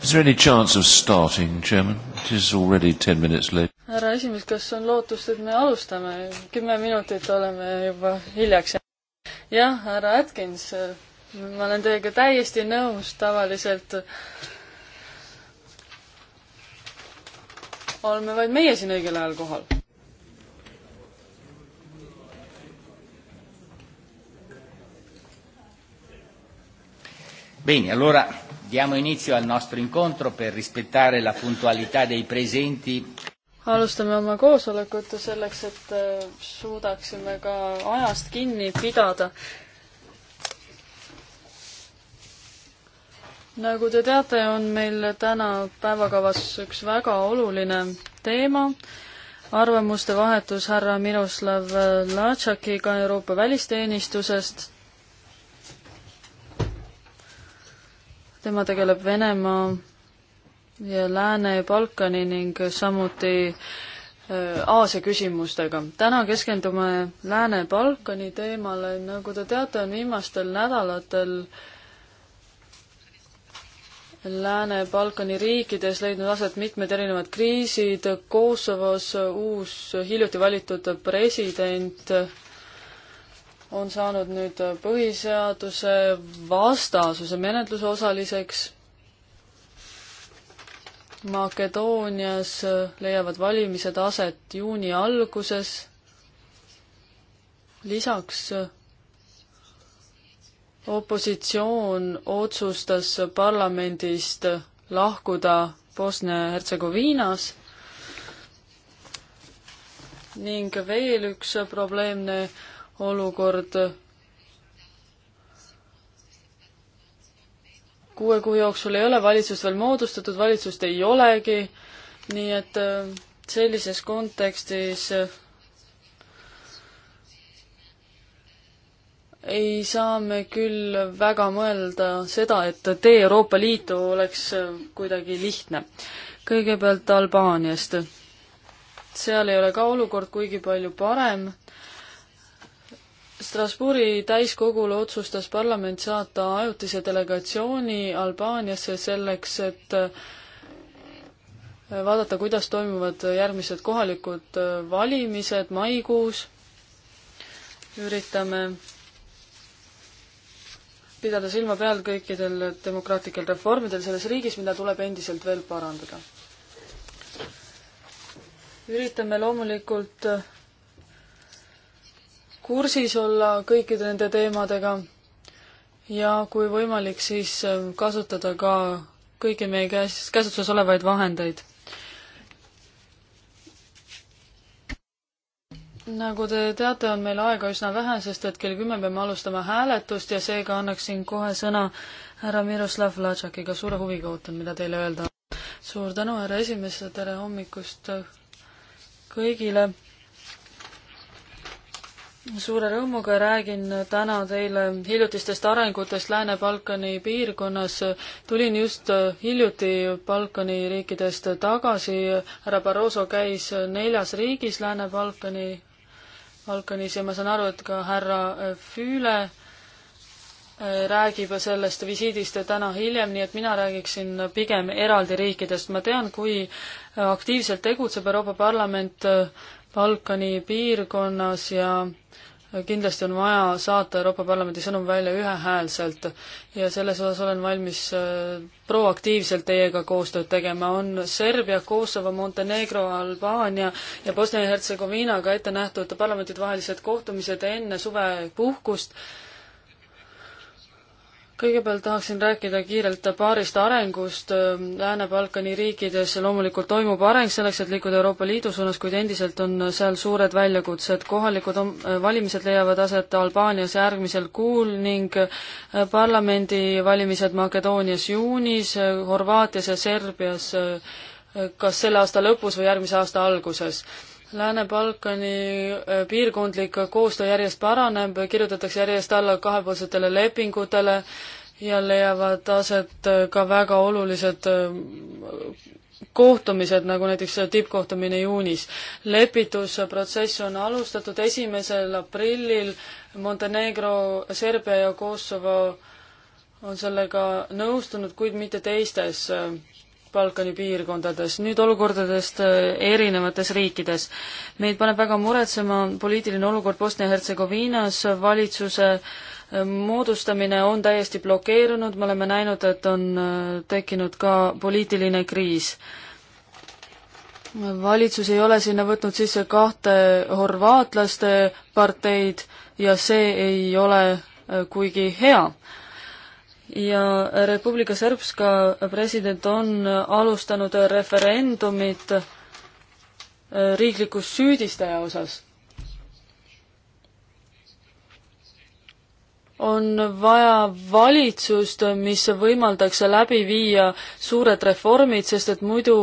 Is there any chance of starting, Chairman? It is already ten minutes late. härra esimees, kas on lootust, et me alustame? kümme minutit oleme juba hiljaks jäänud. jah, härra Atkins, ma olen teiega täiesti nõus, tavaliselt oleme vaid meie siin õigel ajal kohal Bene, allora Diamo inizio al nostro incontro per rispettare la puntualità dei presenti. alustame oma koosolekut selleks, et äh, suudaksime ka ajast kinni pidada. nagu te teate, on meil täna päevakavas üks väga oluline teema, arvamuste vahetus härra Miroslav Latšakiga Euroopa välisteenistusest tema tegeleb Venemaa ja Lääne-Balkani ning samuti äh, Aasia küsimustega. täna keskendume Lääne-Balkani teemale, nagu te teate, on viimastel nädalatel Lääne-Balkani riikides leidnud aset mitmed erinevad kriisid, Kosovos uus hiljuti valitud president on saanud nüüd põhiseaduse vastasuse menetluse osaliseks. Makedoonias leiavad valimised aset juuni alguses. lisaks opositsioon otsustas parlamendist lahkuda Bosnia-Hertsegoviinas ning veel üks probleemne olukord kuue kuu jooksul ei ole valitsust veel moodustatud, valitsust ei olegi, nii et äh, sellises kontekstis äh, ei saa me küll väga mõelda seda, et tee Euroopa Liitu oleks äh, kuidagi lihtne. kõigepealt Albaaniast. seal ei ole ka olukord kuigi palju parem Strasbourgi täiskogul otsustas parlament saata ajutise delegatsiooni Albaaniasse selleks, et äh, vaadata, kuidas toimuvad järgmised kohalikud äh, valimised maikuus. üritame pidada silma peal kõikidel demokraatlikel reformidel selles riigis, mida tuleb endiselt veel parandada. üritame loomulikult äh, kursis olla kõikide nende teemadega ja kui võimalik, siis äh, kasutada ka kõiki meie käes, käsutuses olevaid vahendeid. nagu te teate, on meil aega üsna vähe, sest et kell kümme peame alustama hääletust ja seega annaksin kohe sõna härra Miroslav Latšakiga, suure huviga ootan, mida teile öelda. suur tänu, härra esimees, tere hommikust kõigile suure rõõmuga räägin täna teile hiljutistest arengutest Lääne-Balkani piirkonnas. tulin just hiljuti Balkani riikidest tagasi, härra Barroso käis neljas riigis Lääne-Balkani, Balkanis ja ma saan aru, et ka härra Füüle äh, räägib sellest visiidist täna hiljem, nii et mina räägiksin pigem eraldi riikidest. ma tean, kui aktiivselt tegutseb Euroopa Parlament äh, Balkani piirkonnas ja kindlasti on vaja saata Euroopa Parlamendi sõnum välja ühehäälselt ja selles osas olen valmis äh, proaktiivselt teiega koostööd tegema. on Serbia, Kosovo, Montenegro, Albaania ja Bosnia-Hertsegoviinaga ette nähtud parlamentidevahelised kohtumised enne suvepuhkust kõigepealt tahaksin rääkida kiirelt paarist arengust äh, Lääne-Balkani riikides. loomulikult toimub areng selleks, et liikuda Euroopa Liidu suunas, kuid endiselt on seal suured väljakutsed. kohalikud valimised leiavad aset Albaanias järgmisel kuul ning äh, parlamendivalimised Makedoonias juunis, äh, Horvaatias ja Serbias kas selle aasta lõpus või järgmise aasta alguses Lääne-Balkani äh, piirkondlik koostöö järjest paraneb, kirjutatakse järjest alla kahepoolsetele lepingutele ja leiavad aset äh, ka väga olulised äh, kohtumised, nagu näiteks tippkohtumine juunis. lepitusprotsess on alustatud esimesel aprillil Montenegro, Serbia ja Kosovo on sellega nõustunud, kuid mitte teistes Balkani piirkondades, nüüd olukordadest äh, erinevates riikides. meid paneb väga muretsema poliitiline olukord Bosnia-Hertsegoviinas, valitsuse äh, moodustamine on täiesti blokeerunud, me oleme näinud, et on äh, tekkinud ka poliitiline kriis. valitsus ei ole sinna võtnud sisse kahte horvaatlaste parteid ja see ei ole kuigi hea ja Republika Srpska president on alustanud referendumit äh, riikliku süüdistaja osas. on vaja valitsust, mis võimaldaks läbi viia suured reformid, sest et muidu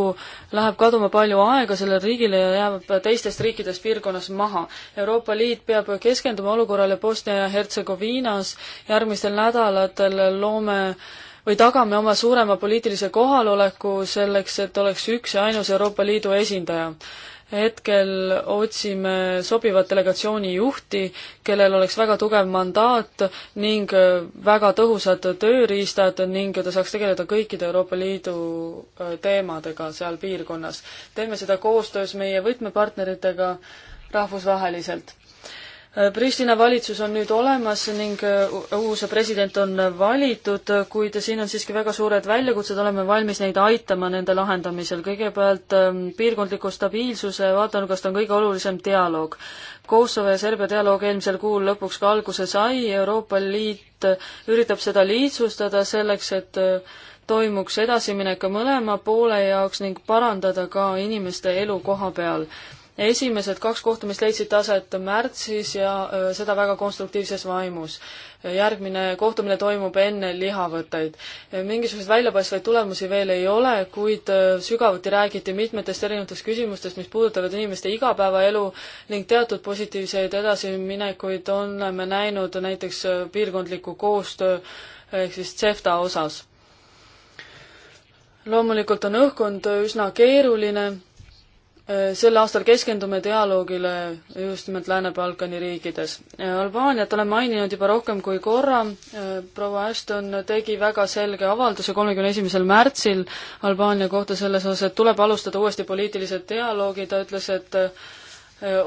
läheb kaduma palju aega sellel riigil ja jääb teistest riikidest piirkonnas maha. Euroopa Liit peab keskenduma olukorrale Bosnia ja Hertsegoviinas, järgmistel nädalatel loome või tagame oma suurema poliitilise kohaloleku selleks, et oleks üks ja ainus Euroopa Liidu esindaja hetkel otsime sobivat delegatsiooni juhti, kellel oleks väga tugev mandaat ning äh, väga tõhusad tööriistad ning ta saaks tegeleda kõikide Euroopa Liidu äh, teemadega seal piirkonnas. teeme seda koostöös meie võtmepartneritega rahvusvaheliselt Äh, Pristina valitsus on nüüd olemas ning äh, uus president on valitud, kuid siin on siiski väga suured väljakutsed, oleme valmis neid aitama nende lahendamisel. kõigepealt ähm, piirkondliku stabiilsuse vaatenurgast on kõige olulisem dialoog. Kosovo ja Serbia dialoog eelmisel kuul lõpuks ka alguse sai, Euroopa Liit äh, üritab seda lihtsustada selleks, et toimuks edasiminek mõlema poole jaoks ning parandada ka inimeste elu koha peal esimesed kaks kohtumist leidsid aset märtsis ja seda väga konstruktiivses vaimus. järgmine kohtumine toimub enne lihavõtteid. mingisuguseid väljapaistvaid tulemusi veel ei ole, kuid sügavuti räägiti mitmetest erinevatest küsimustest, mis puudutavad inimeste igapäevaelu ning teatud positiivseid edasiminekuid oleme näinud näiteks piirkondliku koostöö ehk siis CEFTA osas loomulikult on õhkkond üsna keeruline sel aastal keskendume dialoogile just nimelt Lääne-Balkani riikides. Albaaniat olen maininud juba rohkem kui korra, proua Ashton tegi väga selge avalduse kolmekümne esimesel märtsil Albaania kohta selles osas, et tuleb alustada uuesti poliitilised dialoogi, ta ütles, et eh,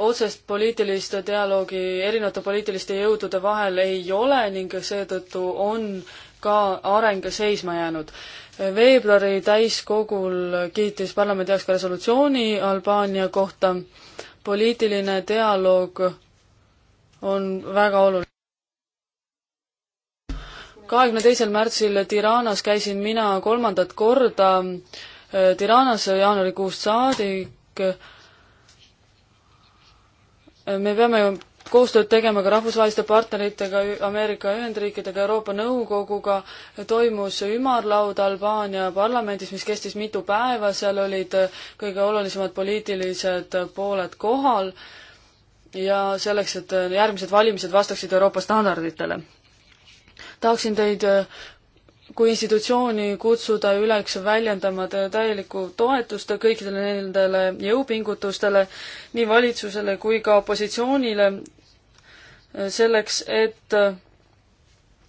otsest poliitilist dialoogi erinevate poliitiliste jõudude vahel ei ole ning seetõttu on ka areng seisma jäänud veebruari täiskogul kiitis parlament heaks ka resolutsiooni Albaania kohta. poliitiline dialoog on väga oluline. kahekümne teisel märtsil Tiranas käisin mina kolmandat korda äh, Tiranas jaanuarikuust saadik. Äh, me peame ju koostööd tegema ka rahvusvaheliste partneritega, Ameerika Ühendriikidega, Euroopa Nõukoguga, toimus ümarlaud Albaania parlamendis, mis kestis mitu päeva, seal olid kõige olulisemad poliitilised pooled kohal ja selleks, et järgmised valimised vastaksid Euroopa standarditele. tahaksin teid kui institutsiooni kutsuda üleks väljendama täielikku toetust kõikidele nendele jõupingutustele, nii valitsusele kui ka opositsioonile selleks, et äh,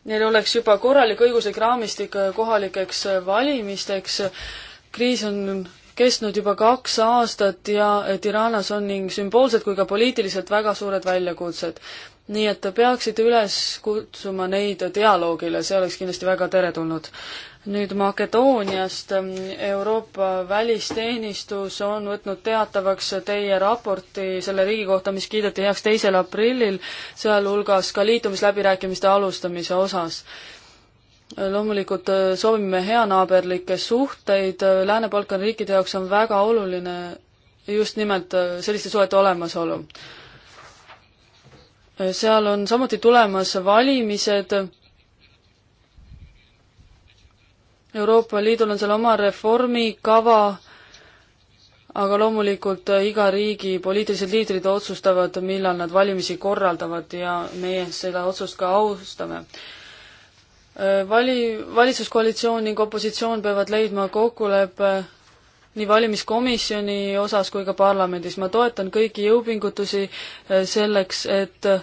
neil oleks juba korralik õiguslik raamistik äh, kohalikeks äh, valimisteks. kriis on kestnud juba kaks aastat ja Tiranas on nii sümboolsed kui ka poliitiliselt väga suured väljakutsed. nii et te peaksite üles kutsuma neid dialoogile, see oleks kindlasti väga teretulnud nüüd Makedooniast. Euroopa välisteenistus on võtnud teatavaks teie raporti selle riigi kohta, mis kiideti heaks teisel aprillil, sealhulgas ka liitumisläbirääkimiste alustamise osas. loomulikult soovime heanaaberlikke suhteid, Lääne-Balkani riikide jaoks on väga oluline just nimelt selliste suhete olemasolu. seal on samuti tulemas valimised Euroopa Liidul on seal oma reformikava, aga loomulikult äh, iga riigi poliitilised liidrid otsustavad, millal nad valimisi korraldavad ja meie seda otsust ka austame. Äh, vali, valitsuskoalitsioon ning opositsioon peavad leidma kokkuleppe nii valimiskomisjoni osas kui ka parlamendis. ma toetan kõiki jõupingutusi äh, selleks, et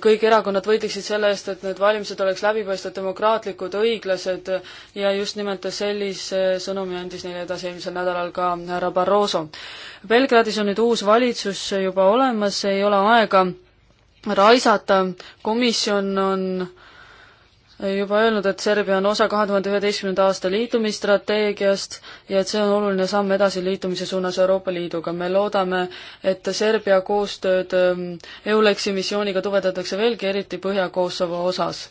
kõik erakonnad võitleksid selle eest, et need valimised oleks läbipaistvad, demokraatlikud, õiglased ja just nimelt sellise sõnumi andis neile edasi eelmisel nädalal ka härra Barroso. Belgradis on nüüd uus valitsus juba olemas, ei ole aega raisata, komisjon on juba öelnud, et Serbia on osa kahe tuhande üheteistkümnenda aasta liitumisstrateegiast ja et see on oluline samm edasi liitumise suunas Euroopa Liiduga. me loodame, et Serbia koostööd ähm, EULEX-i missiooniga tugevdatakse veelgi, eriti Põhja-Kosovo osas.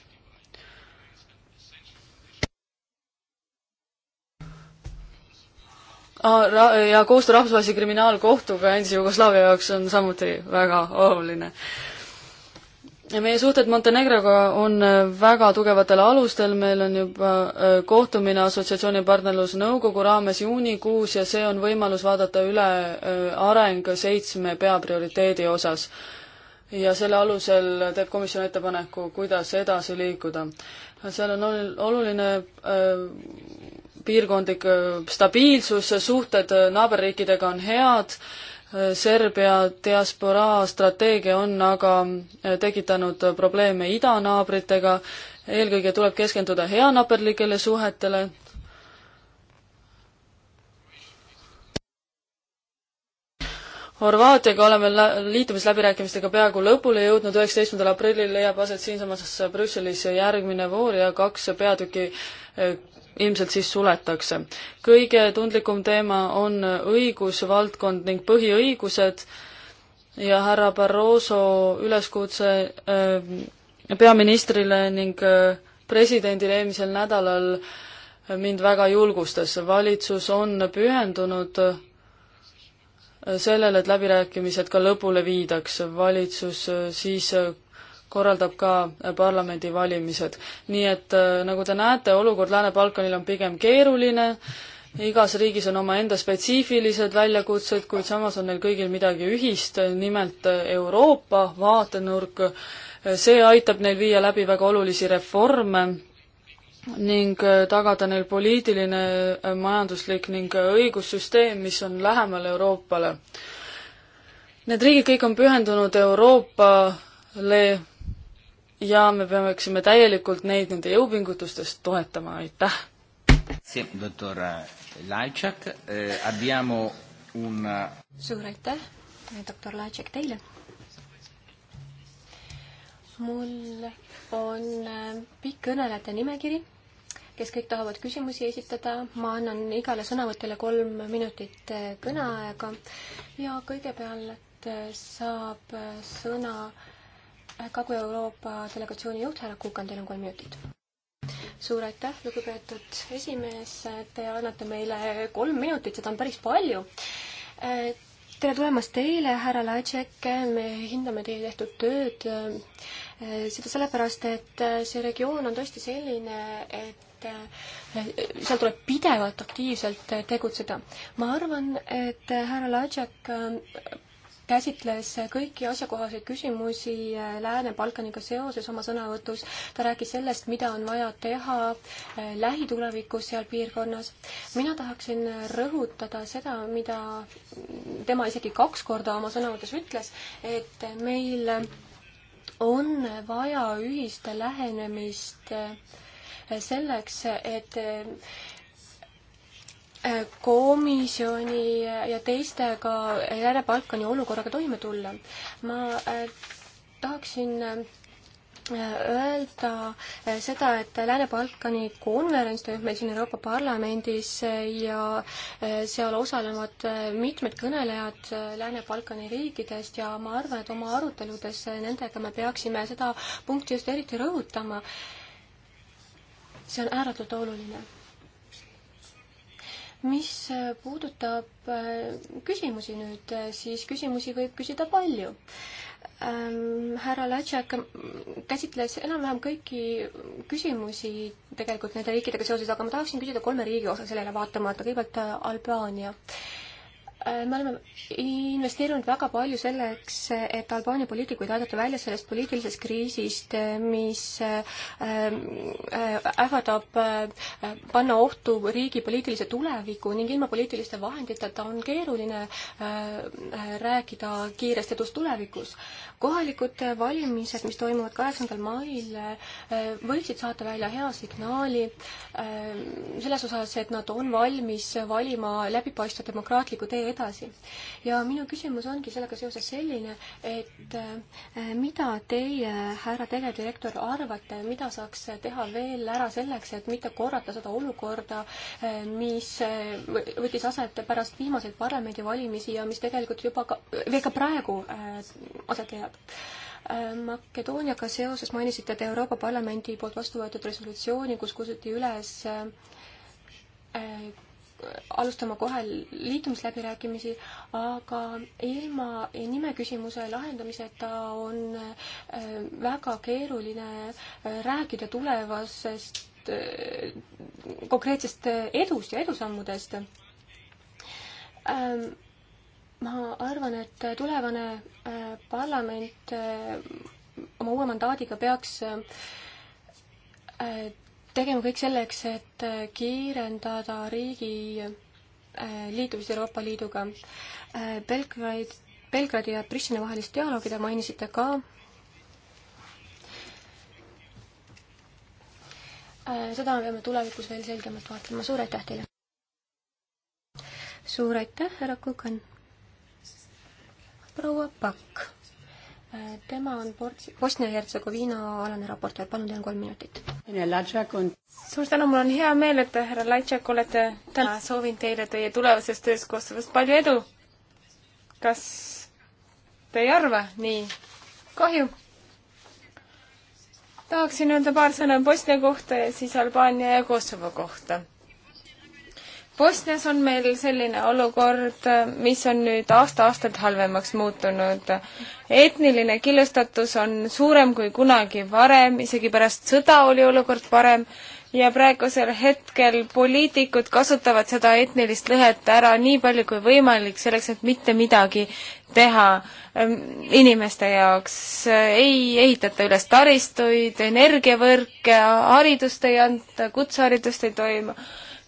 Ah, ja koostöö Rahvusvahelise Kriminaalkohtuga endise Jugoslaavia jaoks on samuti väga oluline meie suhted Montenegroga on äh, väga tugevatel alustel, meil on juba äh, kohtumine assotsiatsiooni partnerlusnõukogu raames juunikuus ja see on võimalus vaadata üle äh, areng seitsme peaprioriteedi osas. ja selle alusel teeb komisjon ettepaneku, kuidas edasi liikuda. seal on oluline piirkondlik stabiilsus, suhted naaberriikidega on head Serbia diasporaa strateegia on aga äh, tekitanud probleeme idanaabritega, eelkõige tuleb keskenduda heanaberlikele suhetele, Horvaatiaga oleme liitumisläbirääkimistega peaaegu lõpule jõudnud, üheksateistkümnendal aprillil leiab aset siinsamas Brüsselis järgmine voor ja kaks peatüki äh, ilmselt siis suletakse. kõige tundlikum teema on õigusvaldkond ning põhiõigused ja härra Barroso üleskutse äh, peaministrile ning äh, presidendile eelmisel nädalal äh, mind väga julgustas. valitsus on pühendunud sellele, et läbirääkimised ka lõpule viidaks. valitsus siis korraldab ka äh, parlamendivalimised. nii et äh, nagu te näete, olukord Lääne-Balkanil on pigem keeruline, igas riigis on omaenda spetsiifilised väljakutsed, kuid samas on neil kõigil midagi ühist, nimelt äh, Euroopa vaatenurk, see aitab neil viia läbi väga olulisi reforme ning tagada neil poliitiline, majanduslik ning õigussüsteem, mis on lähemal Euroopale. Need riigid kõik on pühendunud Euroopale ja me peaksime täielikult neid nende jõupingutustes toetama, aitäh! doktor äh, Laitšak, äh, abbiamo un äh, suur aitäh, doktor Laitšak, teile! mul on pikk kõnelejate nimekiri kes kõik tahavad küsimusi esitada. ma annan igale sõnavõtjale kolm minutit kõneaega ja kõigepealt saab sõna Kagu-Euroopa delegatsiooni juht härra Kukan, teil on kolm minutit. suur aitäh, lugupeetud esimees, te annate meile kolm minutit, seda on päris palju. tere tulemast teile, härra Laetšek, me hindame teie tehtud tööd. seda sellepärast, et see regioon on tõesti selline, et seal tuleb pidevalt aktiivselt tegutseda. ma arvan, et härra Laetšak käsitles kõiki asjakohaseid küsimusi eh, Lääne-Balkaniga seoses oma sõnavõtus. ta rääkis sellest, mida on vaja teha eh, lähitulevikus seal piirkonnas. mina tahaksin rõhutada seda, mida tema isegi kaks korda oma sõnavõtus ütles, et meil on vaja ühist lähenemist eh, selleks, et komisjoni ja teistega Lääne-Balkani olukorraga toime tulla. ma äh, tahaksin äh, öelda äh, seda, et Lääne-Balkani konverents toimub meil siin Euroopa Parlamendis ja seal osalevad mitmed kõnelejad Lääne-Balkani riikidest ja ma arvan, et oma aruteludes nendega me peaksime seda punkti just eriti rõhutama. see on ääretult oluline mis äh, puudutab äh, küsimusi nüüd, äh, siis küsimusi võib küsida palju ähm,. härra Lätšak käsitles enam-vähem kõiki küsimusi tegelikult nende riikidega seoses, aga ma tahaksin küsida kolme riigi osa sellele vaatamata, kõigepealt Albaania äh, Äh, me oleme investeerinud väga palju selleks, et Albaania poliitikuid aidata välja sellest poliitilisest kriisist, mis äh, äh, ähvardab panna ohtu riigi poliitilise tuleviku ning ilma poliitiliste vahenditeta on keeruline rääkida kiirest edust tulevikus. kohalikud valimised, mis toimuvad kaheksandal mail, võiksid saata välja hea signaali selles osas, et nad on valmis valima läbipaistva demokraatliku tee edasi. ja minu küsimus ongi sellega seoses selline, et äh, mida teie, härra tegevdirektor, arvate, mida saaks teha veel ära selleks, et mitte korrata seda olukorda, äh, mis äh, võttis aset pärast viimaseid parlamendivalimisi ja mis tegelikult juba ka, veel ka praegu aset leiab? Makedooniaga seoses mainisite te Euroopa Parlamendi poolt vastu võetud resolutsiooni, kus kutsuti üles alustama kohe liitumisläbirääkimisi, aga ilma nimeküsimuse lahendamiseta on äh, väga keeruline äh, rääkida tulevasest äh, konkreetsest edust ja edusammudest. Ähm, ma arvan, et tulevane parlament oma uue mandaadiga peaks tegema kõik selleks, et kiirendada riigi äh, liitumist Euroopa Liiduga. Äh, Belgrad, Belgradi ja Pristina vahelist dialoogi te mainisite ka. Äh, seda me peame tulevikus veel selgemalt vaatama, suur aitäh teile! suur aitäh, härra Kukan! proua Pakk tema on Bosnia-Hertsegoviina alane raportöör, palun, teil on kolm minutit. suur tänu, mul on hea meel, et te, härra Laitšak, olete täna. soovin teile teie tulevases töös Kosovos palju edu. kas te ei arva nii? kahju. tahaksin öelda paar sõna Bosnia kohta ja siis Albaania ja Kosovo kohta Bosnias on meil selline olukord, mis on nüüd aasta-aastalt halvemaks muutunud. etniline killustatus on suurem kui kunagi varem, isegi pärast sõda oli olukord parem ja praegusel hetkel poliitikud kasutavad seda etnilist lõhet ära nii palju kui võimalik, selleks et mitte midagi teha ehm, inimeste jaoks. ei ehitata üles taristuid, energiavõrke, haridust ei anta, kutseharidust ei toimu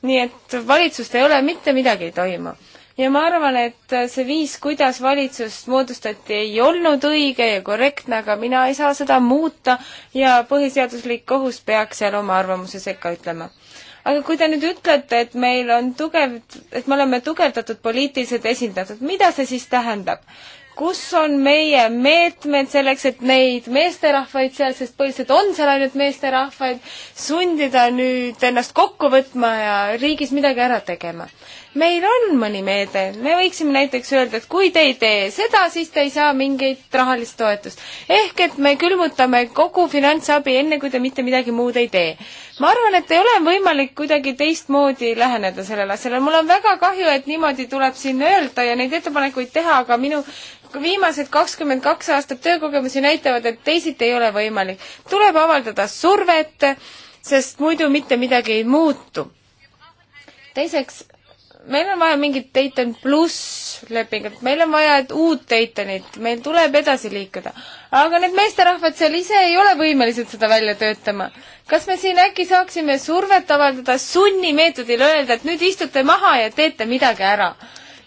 nii et valitsust ei ole, mitte midagi ei toimu. ja ma arvan, et see viis, kuidas valitsust moodustati, ei olnud õige ja korrektne, aga mina ei saa seda muuta ja põhiseaduslik kohus peaks seal oma arvamuse sekka ütlema aga kui te nüüd ütlete, et meil on tugev, et me oleme tugevdatud poliitiliselt esindatud, mida see siis tähendab? kus on meie meetmed selleks, et neid meesterahvaid seal, sest põhiliselt on seal ainult meesterahvaid, sundida nüüd ennast kokku võtma ja riigis midagi ära tegema? meil on mõni meede, me võiksime näiteks öelda, et kui te ei tee seda, siis te ei saa mingit rahalist toetust. ehk et me külmutame kogu finantsabi enne, kui te mitte midagi muud ei tee. ma arvan, et ei ole võimalik kuidagi teistmoodi läheneda sellele asjale, mul on väga kahju, et niimoodi tuleb siin öelda ja neid ettepanekuid teha, aga minu viimased kakskümmend kaks aastat töökogemusi näitavad, et teisiti ei ole võimalik. tuleb avaldada survet, sest muidu mitte midagi ei muutu. teiseks, meil on vaja mingit Dayton pluss lepingut, meil on vaja uut Daytonit, meil tuleb edasi liikuda. aga need meesterahvad seal ise ei ole võimelised seda välja töötama. kas me siin äkki saaksime survet avaldada sunnimeetodil, öelda, et nüüd istute maha ja teete midagi ära?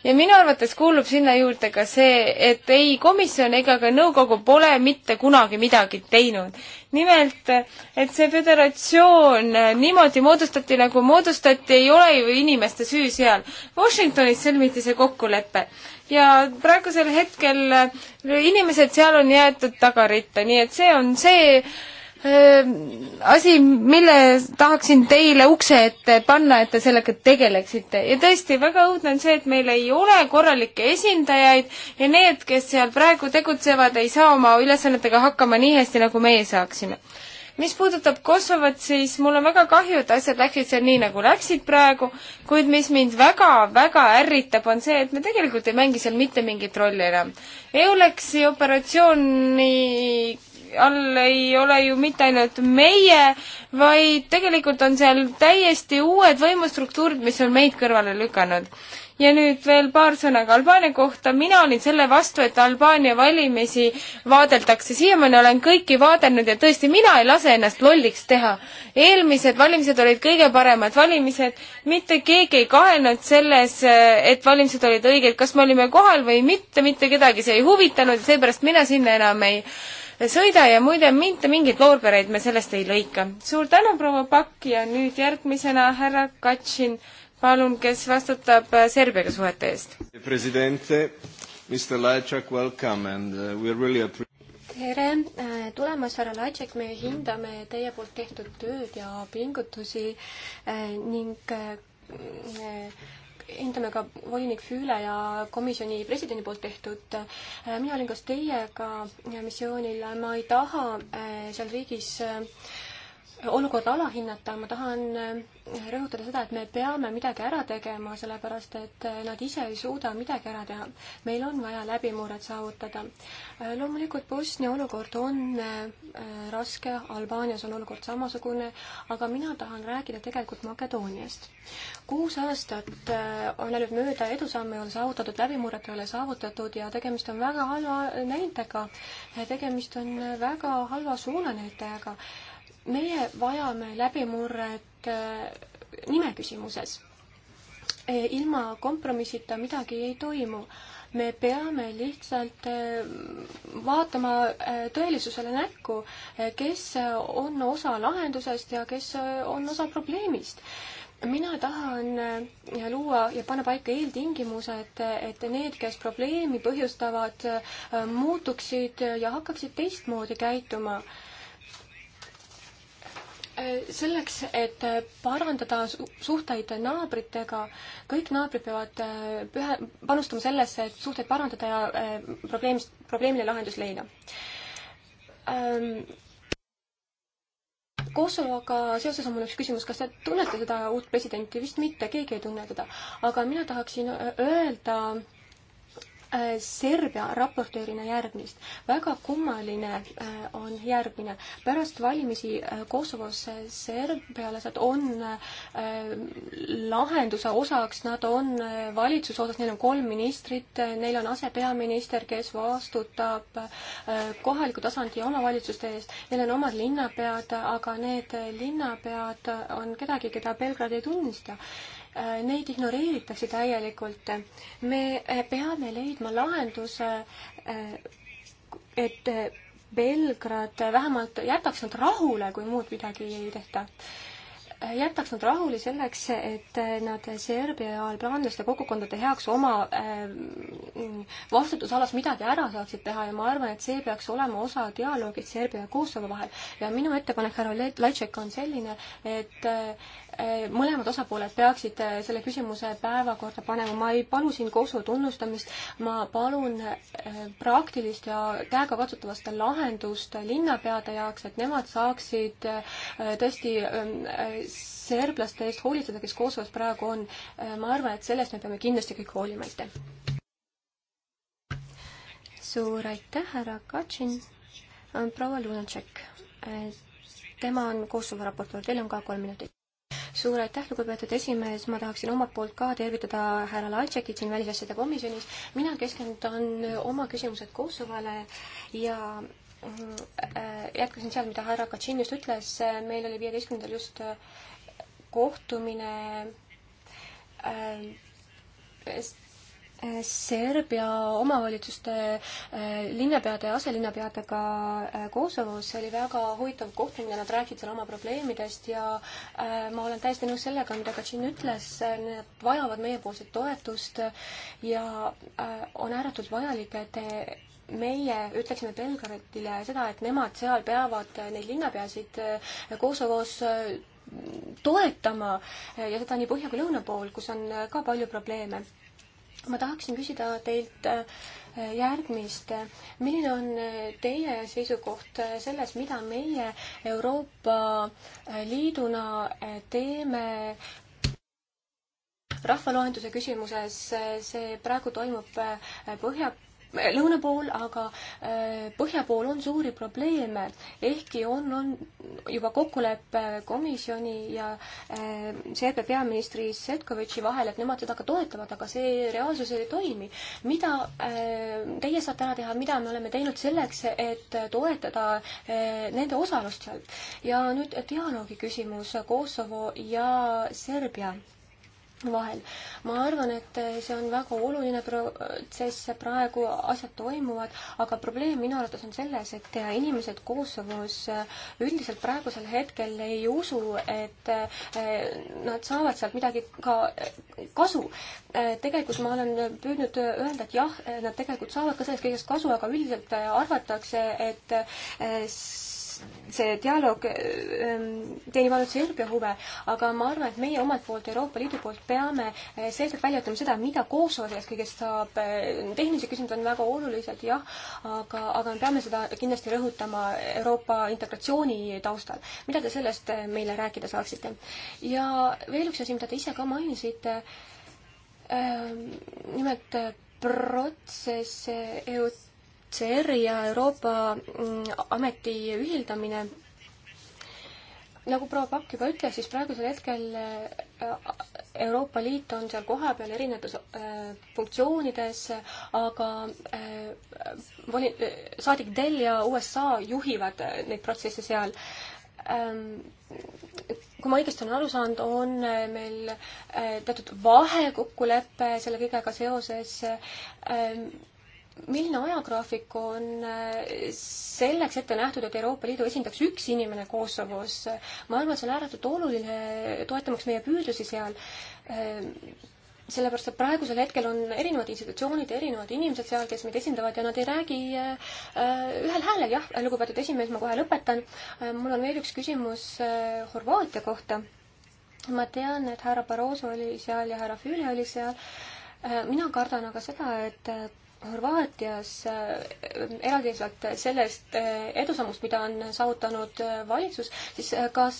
ja minu arvates kuulub sinna juurde ka see, et ei komisjon ega ka nõukogu pole mitte kunagi midagi teinud. nimelt, et see föderatsioon niimoodi moodustati, nagu moodustati, ei ole ju inimeste süü seal. Washingtonis sõlmiti see kokkulepe ja praegusel hetkel inimesed seal on jäetud tagaritta, nii et see on see asi, mille tahaksin teile ukse ette panna, et te sellega tegeleksite ja tõesti, väga õudne on see, et meil ei ole korralikke esindajaid ja need, kes seal praegu tegutsevad, ei saa oma ülesannetega hakkama nii hästi, nagu meie saaksime. mis puudutab Kosovot, siis mul on väga kahju, et asjad läksid seal nii, nagu läksid praegu, kuid mis mind väga-väga ärritab, on see, et me tegelikult ei mängi seal mitte mingit rolli enam. EULEX-i operatsiooni all ei ole ju mitte ainult meie, vaid tegelikult on seal täiesti uued võimustruktuurid, mis on meid kõrvale lükanud. ja nüüd veel paar sõna ka Albaania kohta. mina olin selle vastu, et Albaania valimisi vaadeldakse. siiamaani olen kõiki vaadelnud ja tõesti, mina ei lase ennast lolliks teha. eelmised valimised olid kõige paremad valimised. mitte keegi ei kahelnud selles, et valimised olid õiged, kas me olime kohal või mitte, mitte kedagi see ei huvitanud, seepärast mina sinna enam ei sõida ja muide, mitte mingeid loorbereid me sellest ei lõika. suur tänu, proua Pakk ja nüüd järgmisena härra Katšin, palun, kes vastutab äh, Serbiaga suhete eest. president, Mr Lajčak, welcome and uh, we really appreciate tere äh, tulemast, härra Laitšek, me hindame teie poolt tehtud tööd ja pingutusi äh, ning hindame ka volinik Füüle ja komisjoni presidendi poolt tehtud. mina olin koos teiega missioonil, ma ei taha eh, seal riigis äh, olukorda alahinnata, ma tahan äh, rõhutada seda, et me peame midagi ära tegema, sellepärast et äh, nad ise ei suuda midagi ära teha. meil on vaja läbimurret saavutada. Äh, loomulikult Bosnia olukord on raske, Albaanias on olukord samasugune, aga mina tahan rääkida tegelikult Makedooniast. kuus aastat on läinud mööda, edusamme ei ole saavutatud, läbimurret ei ole saavutatud ja tegemist on väga halva näitega. tegemist on väga halva suunanäitajaga meie vajame läbimurret äh, nime küsimuses. Äh, ilma kompromissita midagi ei toimu. me peame lihtsalt äh, vaatama tõelisusele näkku, kes on osa lahendusest ja kes on osa probleemist mina tahan luua ja panna paika eeltingimused, et need, kes probleemi põhjustavad, muutuksid ja hakkaksid teistmoodi käituma selleks, et parandada suhteid naabritega, kõik naabrid peavad äh, pühe, panustama sellesse, et suhteid parandada ja äh, probleemist, probleemile lahendus leida. Ähm, Kosovoga seoses on mul üks küsimus, kas te tunnete seda uut presidenti? vist mitte, keegi ei tunne teda. aga mina tahaksin äh, öelda Äh, Serbia raportöörina järgmist. väga kummaline äh, on järgmine. pärast valimisi äh, Kosovos serbialased on lahenduse osaks, nad on valitsuse osas, neil on kolm ministrit, neil on asepeaminister, kes vastutab kohaliku tasandi omavalitsuste eest, neil on omad linnapead, aga need linnapead on kedagi, keda Belgrad ei tunnista Äh, neid ignoreeritakse täielikult. me äh, peame leidma lahenduse, äh, et Belgrad vähemalt jätaks nad rahule, kui muud midagi ei tehta jätaks nad rahule selleks, et nad Serbia albaanlaste kogukondade heaks oma ähm, vastutusalas midagi ära saaksid teha ja ma arvan, et see peaks olema osa dialoogist Serbia ja Kosovo vahel. ja minu ettepanek härra Laitšek on selline, et äh, mõlemad osapooled peaksid äh, selle küsimuse päevakorda panema. ma ei palu siin Kosovo tunnustamist, ma palun äh, praktilist ja käegakatsutavast lahendust linnapeade jaoks, et nemad saaksid tõesti ähm, serblaste eest hoolitseda, kes Kosovos praegu on. Äh, ma arvan, et sellest me peame kindlasti kõik hoolima, aitäh. suur aitäh, härra Katšin. Äh, proua Lunatšek, äh, tema on Kosovo raportöör, teil on ka kolm minutit suur aitäh, lugupeetud esimees, ma tahaksin omalt poolt ka tervitada härra Lajtšekit siin välisasjade komisjonis. mina keskendun oma küsimused Kosovole ja Äh, jätkasin seal, mida härra Katšin just ütles, meil oli viieteistkümnendal just äh, kohtumine äh, Serbia omavalitsuste linnapeade ja aselinnapeadega Kosovos, see oli väga huvitav kohtumine, nad rääkisid seal oma probleemidest ja ma olen täiesti nõus sellega, mida Katšin ütles, need vajavad meiepoolset toetust ja on ääretult vajalik, et meie ütleksime Belgradile seda, et nemad seal peavad neid linnapeasid eh, Kosovos eh, toetama eh, ja seda nii põhja kui lõuna pool, kus on ka palju probleeme. ma tahaksin küsida teilt järgmist. milline on teie seisukoht selles, mida meie Euroopa Liiduna teeme rahvaloenduse küsimuses? see praegu toimub põhja lõuna pool, aga äh, põhja pool on suuri probleeme, ehkki on, on juba kokkulepe komisjoni ja äh, Serbia peaministri Setkovitši vahel, et nemad seda ka toetavad, aga see reaalsuses ei toimi. mida äh, teie saate ära teha, mida me oleme teinud selleks, et toetada nende osalust seal? ja nüüd dialoogi küsimus Kosovo ja Serbia vahel. ma arvan, et see on väga oluline protsess, praegu asjad toimuvad, aga probleem minu arvates on selles, et inimesed Kosovos üldiselt praegusel hetkel ei usu, et eh, nad saavad sealt midagi ka eh, kasu. Eh, tegelikult ma olen püüdnud öelda, et jah, nad tegelikult saavad ka sellest kõigest kasu, aga üldiselt arvatakse, et see dialoog ehm, teenib ainult Serbia huve, aga ma arvan, et meie omalt poolt, Euroopa Liidu poolt peame eh, selgelt välja ütlema seda, mida Kosovo sellest kõigest saab. Eh, tehnilised küsimused on väga olulised, jah, aga, aga me peame seda kindlasti rõhutama Euroopa integratsiooni taustal. mida te sellest eh, meile rääkida saaksite? ja veel üks asi, mida te ise ka mainisite, ehm, nimelt protsess EUT UNHCR-i ja Euroopa mm, Ameti ühildamine. nagu proua Pakk juba ütles, siis praegusel hetkel äh, Euroopa Liit on seal kohapeal erinevates äh, funktsioonides, aga äh, voli-, saadik Dell ja USA juhivad neid protsesse seal ähm, kui ma õigesti olen aru saanud, on meil teatud vahekokkulepe selle kõigega seoses. Ähm, milline ajagraafik on eh, selleks ette nähtud, et Euroopa Liidu esindaks üks inimene Kosovos? ma arvan, et see on ääretult oluline, toetamaks meie püüdlusi seal. Eh, sellepärast, et praegusel hetkel on erinevad institutsioonid ja erinevad inimesed seal, kes meid esindavad ja nad ei räägi eh, ühel häälel, jah, lugupeetud esimees, ma kohe lõpetan. mul on veel üks küsimus Horvaatia kohta. ma tean, et härra Barroso oli seal ja härra Füüle oli seal. mina kardan aga seda, et Horvaatias äh, eraldiseisvalt sellest äh, edusammust, mida on saavutanud äh, valitsus, siis kas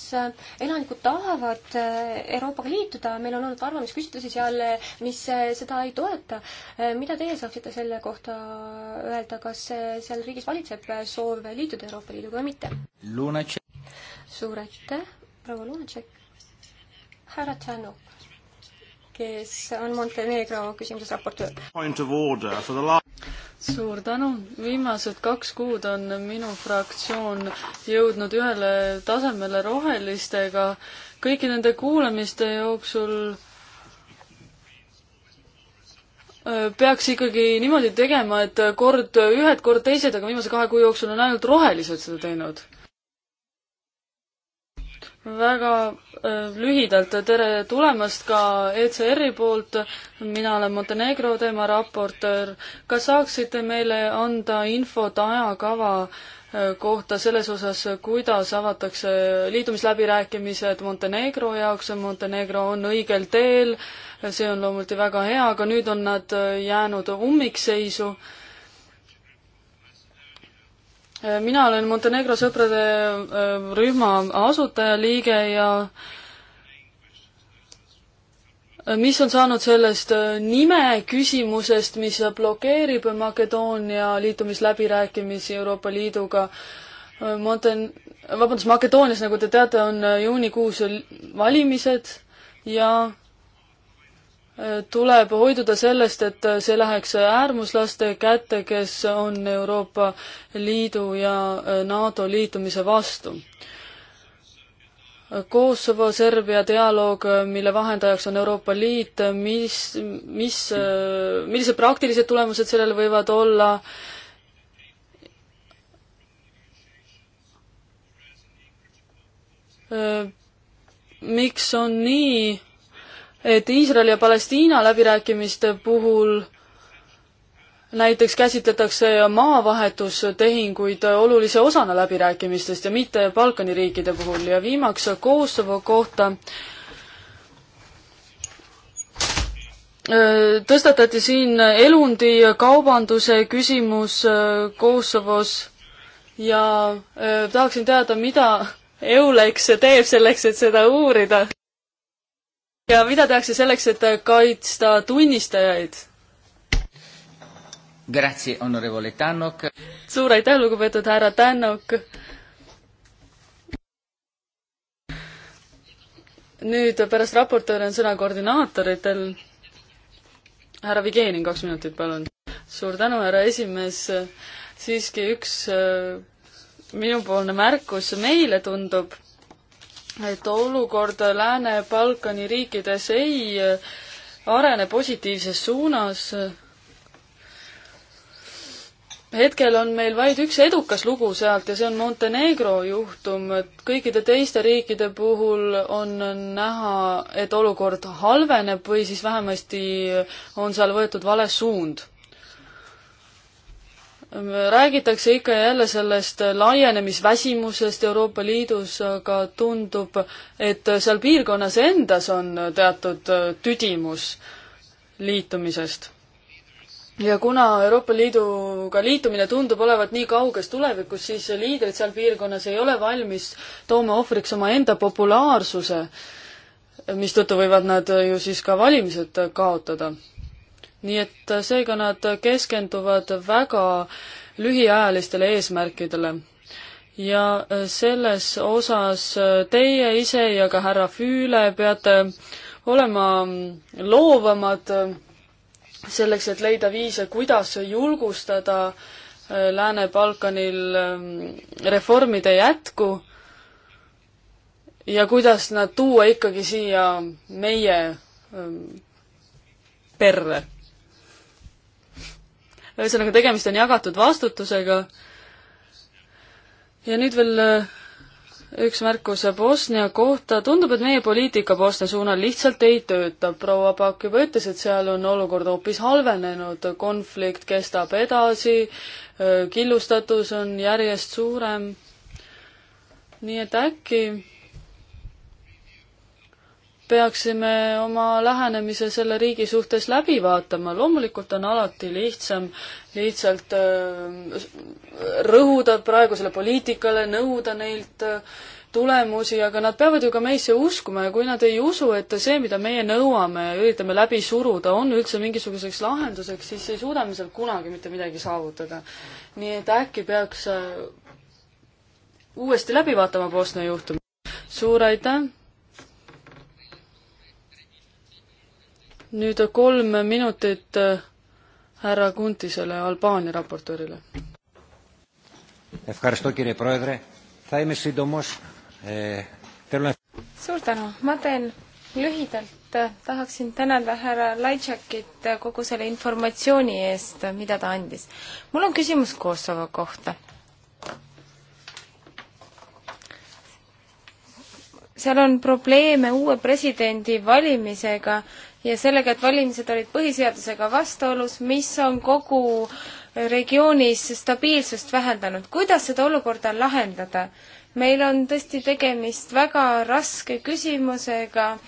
elanikud tahavad Euroopaga liituda, meil on olnud arvamusküsitlusi seal, mis seda ei toeta. mida teie saaksite selle kohta öelda, kas seal riigis valitseb soov liituda Euroopa Liiduga või mitte? suur aitäh, proua Lunatšek. härra Tšanuk kes on Montenegro küsimuses raportöör. suur tänu, viimased kaks kuud on minu fraktsioon jõudnud ühele tasemele rohelistega. kõigi nende kuulamiste jooksul äh, peaks ikkagi niimoodi tegema, et kord ühed, kord teised, aga viimase kahe kuu jooksul on ainult rohelised seda teinud väga äh, lühidalt tere tulemast ka ECR-i poolt, mina olen Montenegro teema raportöör. kas saaksite meile anda infot ajakava äh, kohta selles osas, kuidas avatakse liitumisläbirääkimised Montenegro jaoks, Montenegro on õigel teel, see on loomulikult väga hea, aga nüüd on nad äh, jäänud ummikseisu mina olen Montenegro sõprade äh, rühma asutajaliige ja äh, mis on saanud sellest äh, nime küsimusest, mis blokeerib Makedoonia liitumisläbirääkimisi Euroopa Liiduga. Monten-, vabandust, Makedoonias, nagu te teate, on juunikuus valimised ja tuleb hoiduda sellest, et see läheks äärmuslaste kätte, kes on Euroopa Liidu ja äh, NATO liitumise vastu. Kosovo-Serbia dialoog, mille vahendajaks on Euroopa Liit, mis, mis, äh, millised praktilised tulemused sellel võivad olla, äh, miks on nii, et Iisraeli ja Palestiina läbirääkimiste puhul näiteks käsitletakse maavahetustehinguid olulise osana läbirääkimistest ja mitte Balkani riikide puhul ja viimaks Kosovo kohta tõstatati siin elundi kaubanduse küsimus äh, Kosovos ja äh, tahaksin teada, mida Eulex teeb selleks, et seda uurida ja mida tehakse selleks, et kaitsta tunnistajaid? Grazie, onorevole Tannok. suur aitäh, lugupeetud härra Tannok. nüüd pärast raportööri on sõna koordinaatoritel. härra Vigenin, kaks minutit, palun. suur tänu, härra esimees. siiski üks äh, minupoolne märkus meile tundub et olukord Lääne-Balkani riikides ei arene positiivses suunas. hetkel on meil vaid üks edukas lugu sealt ja see on Montenegro juhtum, et kõikide teiste riikide puhul on näha, et olukord halveneb või siis vähemasti on seal võetud vale suund Ehm, räägitakse ikka ja jälle sellest laienemisväsimusest Euroopa Liidus, aga tundub, et seal piirkonnas endas on teatud äh, tüdimus liitumisest. ja kuna Euroopa Liiduga liitumine tundub olevat nii kauges tulevikus, siis liidrid seal piirkonnas ei ole valmis tooma ohvriks omaenda populaarsuse, mistõttu võivad nad ju siis ka valimised kaotada nii et seega nad keskenduvad väga lühiajalistele eesmärkidele. ja selles osas teie ise ja ka härra Füüle peate olema loovamad selleks, et leida viise, kuidas julgustada Lääne-Balkanil ähm, reformide jätku ja kuidas nad tuua ikkagi siia meie ähm, perre ühesõnaga, tegemist on jagatud vastutusega. ja nüüd veel äh, üks märkus Bosnia kohta. tundub, et meie poliitika Bosnia suunal lihtsalt ei tööta. proua Pakk juba ütles, et seal on olukord hoopis halvenenud, konflikt kestab edasi, äh, killustatus on järjest suurem. nii et äkki peaksime oma lähenemise selle riigi suhtes läbi vaatama, loomulikult on alati lihtsam lihtsalt äh, rõhuda praegusele poliitikale, nõuda neilt äh, tulemusi, aga nad peavad ju ka meisse uskuma ja kui nad ei usu, et see, mida meie nõuame ja üritame läbi suruda, on üldse mingisuguseks lahenduseks, siis ei suuda me sealt kunagi mitte midagi saavutada. nii et äkki peaks äh, uuesti läbi vaatama Bosnia juhtumi. suur aitäh! nüüd kolm minutit äh, härra Kuntisele, Albaania raportöörile. suur tänu, ma teen lühidalt, tahaksin tänada härra Laitšakit kogu selle informatsiooni eest, mida ta andis. mul on küsimus Kosovo kohta seal on probleeme uue presidendi valimisega ja sellega, et valimised olid põhiseadusega vastuolus, mis on kogu regioonis stabiilsust vähendanud. kuidas seda olukorda lahendada? meil on tõesti tegemist väga raske küsimusega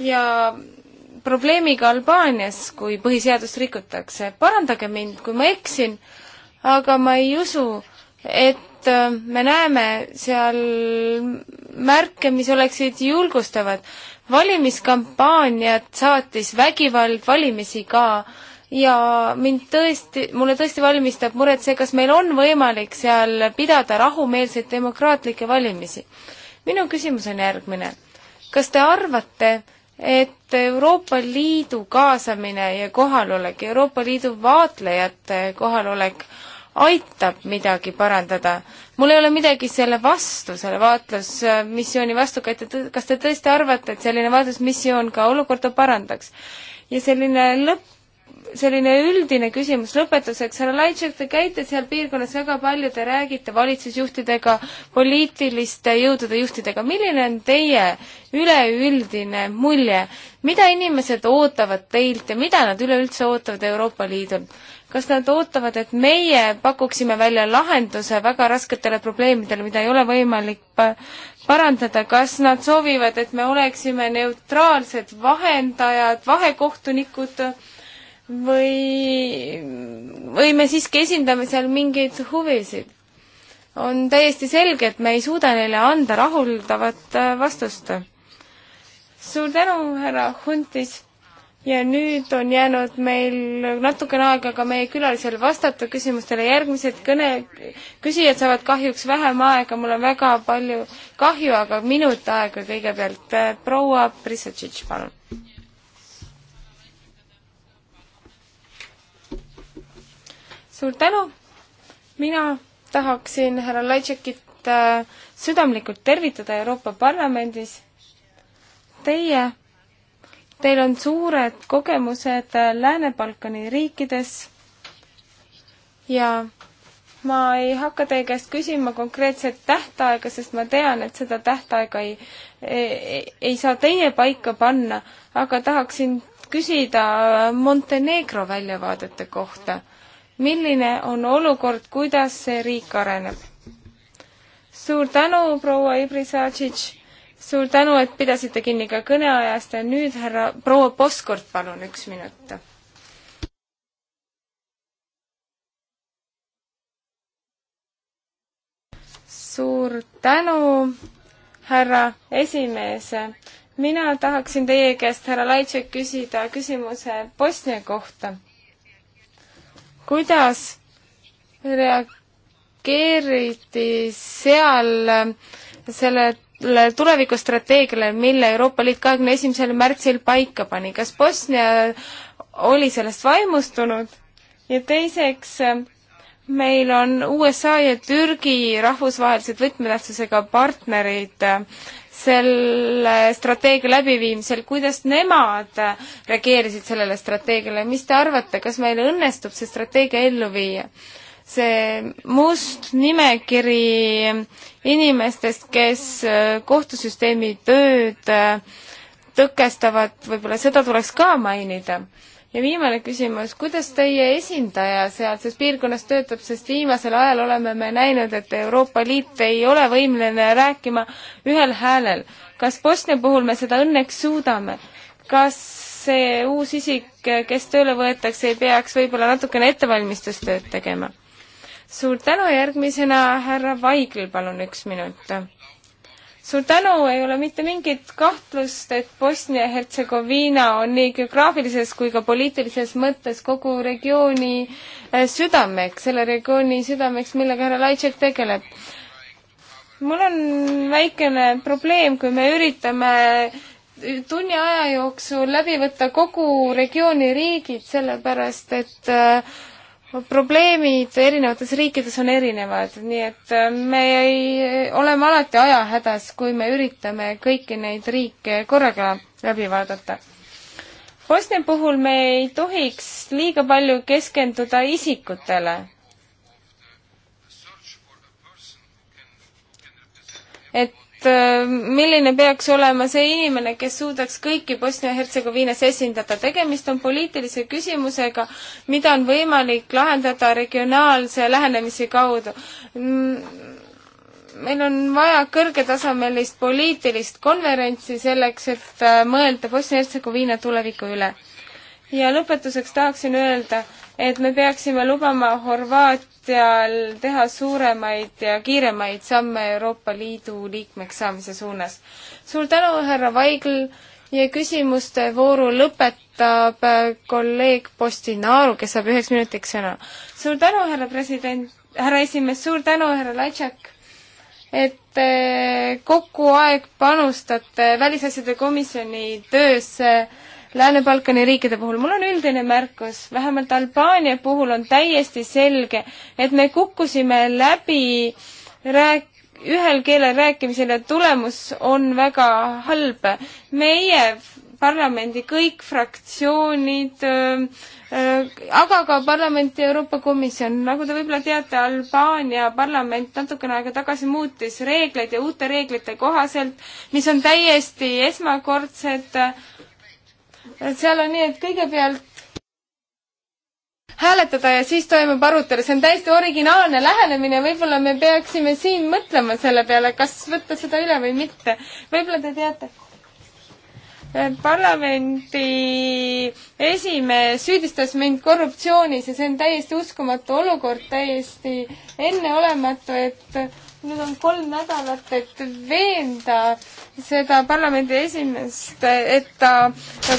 ja probleemiga Albaanias, kui põhiseadust rikutakse. parandage mind, kui ma eksin, aga ma ei usu, et äh, me näeme seal märke, mis oleksid julgustavad valimiskampaaniat saatis vägivald valimisi ka ja mind tõesti, mulle tõesti valmistab muret see, kas meil on võimalik seal pidada rahumeelseid demokraatlikke valimisi. minu küsimus on järgmine. kas te arvate, et Euroopa Liidu kaasamine ja kohalolek, Euroopa Liidu vaatlejate kohalolek aitab midagi parandada. mul ei ole midagi selle vastu, selle vaatlusmissiooni vastu, kas te tõesti arvate, et selline vaatlusmissioon ka olukorda parandaks? ja selline lõpp, selline üldine küsimus lõpetuseks, härra Laitšev, te käite seal piirkonnas väga palju, te räägite valitsusjuhtidega, poliitiliste jõudude juhtidega, milline on teie üleüldine mulje, mida inimesed ootavad teilt ja mida nad üleüldse ootavad Euroopa Liidult? kas nad ootavad, et meie pakuksime välja lahenduse väga rasketele probleemidele, mida ei ole võimalik pa parandada, kas nad soovivad, et me oleksime neutraalsed vahendajad, vahekohtunikud või, või me siiski esindame seal mingeid huvisid? on täiesti selge, et me ei suuda neile anda rahuldavat äh, vastust. suur tänu, härra Huntis ja nüüd on jäänud meil natukene aega ka meie külalisel vastata küsimustele, järgmised kõne, küsijad saavad kahjuks vähem aega, mul on väga palju kahju, aga minut aega kõigepealt. Äh, proua Prisatšitš, palun. suur tänu, mina tahaksin härra Laitšekit äh, südamlikult tervitada Euroopa Parlamendis. Teie Teil on suured kogemused Lääne-Balkani riikides ja ma ei hakka teie käest küsima konkreetset tähtaega, sest ma tean, et seda tähtaega ei, ei, ei saa teie paika panna, aga tahaksin küsida Montenegro väljavaadete kohta. milline on olukord, kuidas see riik areneb? suur tänu, proua Ibrisatšitš suur tänu, et pidasite kinni ka kõneajast ja nüüd härra proua Poskurt, palun üks minut. suur tänu, härra esimees. mina tahaksin teie käest, härra Laitšek, küsida küsimuse Bosnia kohta. kuidas reageeriti seal selle tulevikustrateegiale, mille Euroopa Liit kahekümne esimesel märtsil paika pani. kas Bosnia oli sellest vaimustunud? ja teiseks, meil on USA ja Türgi rahvusvahelised võtmetähtsusega partnerid äh, selle strateegia läbiviimisel, kuidas nemad äh, reageerisid sellele strateegiale, mis te arvate, kas meil õnnestub see strateegia ellu viia? see must nimekiri inimestest, kes äh, kohtusüsteemi tööd äh, tõkestavad, võib-olla seda tuleks ka mainida. ja viimane küsimus, kuidas teie esindaja sealses piirkonnas töötab, sest viimasel ajal oleme me näinud, et Euroopa Liit ei ole võimeline rääkima ühel häälel. kas Bosnia puhul me seda õnneks suudame? kas see uus isik, kes tööle võetakse, ei peaks võib-olla natukene ettevalmistustööd tegema? suur tänu, järgmisena härra Vaigel, palun üks minut. suur tänu, ei ole mitte mingit kahtlust, et Bosnia-Hertsegoviina on nii geograafilises kui ka poliitilises mõttes kogu regiooni eh, südameks, selle regiooni südameks, millega härra Laitšek tegeleb mul on väikene probleem, kui me üritame eh, tunni aja jooksul läbi võtta kogu regiooni riigid, sellepärast et äh, probleemid erinevates riikides on erinevad, nii et äh, me ei, oleme alati ajahädas, kui me üritame kõiki neid riike korraga läbi vaadata. Bosnia puhul me ei tohiks liiga palju keskenduda isikutele. et Äh, milline peaks olema see inimene, kes suudaks kõiki Bosnia-Hertsegoviinas esindada. tegemist on poliitilise küsimusega, mida on võimalik lahendada regionaalse lähenemise kaudu. Mm, meil on vaja kõrgetasemelist poliitilist konverentsi selleks, et äh, mõelda Bosnia-Hertsegoviina tuleviku üle. ja lõpetuseks tahaksin öelda, et me peaksime lubama Horvaat-, seal teha suuremaid ja kiiremaid samme Euroopa Liidu liikmeks saamise suunas. suur tänu, härra Vaigl ja küsimuste vooru lõpetab äh, kolleeg Postinaaru, kes saab üheks minutiks sõna. suur tänu, härra president, härra esimees, suur tänu, härra Laitšak, et äh, kogu aeg panustate Välisasjade Komisjoni töösse äh, Lääne-Balkani riikide puhul. mul on üldine märkus, vähemalt Albaania puhul on täiesti selge, et me kukkusime läbi rääk-, ühel keelel rääkimisel ja tulemus on väga halb. meie parlamendi kõik fraktsioonid äh,, äh, aga ka parlament ja Euroopa Komisjon, nagu te võib-olla teate, Albaania parlament natukene aega tagasi muutis reegleid ja uute reeglite kohaselt, mis on täiesti esmakordsed äh,, seal on nii, et kõigepealt hääletada ja siis toimub arutelu, see on täiesti originaalne lähenemine, võib-olla me peaksime siin mõtlema selle peale, kas võtta seda üle või mitte. võib-olla te teate. parlamendi esimees süüdistas mind korruptsioonis ja see on täiesti uskumatu olukord, täiesti enneolematu, et nüüd on kolm nädalat, et veenda seda parlamendi esimeest, et ta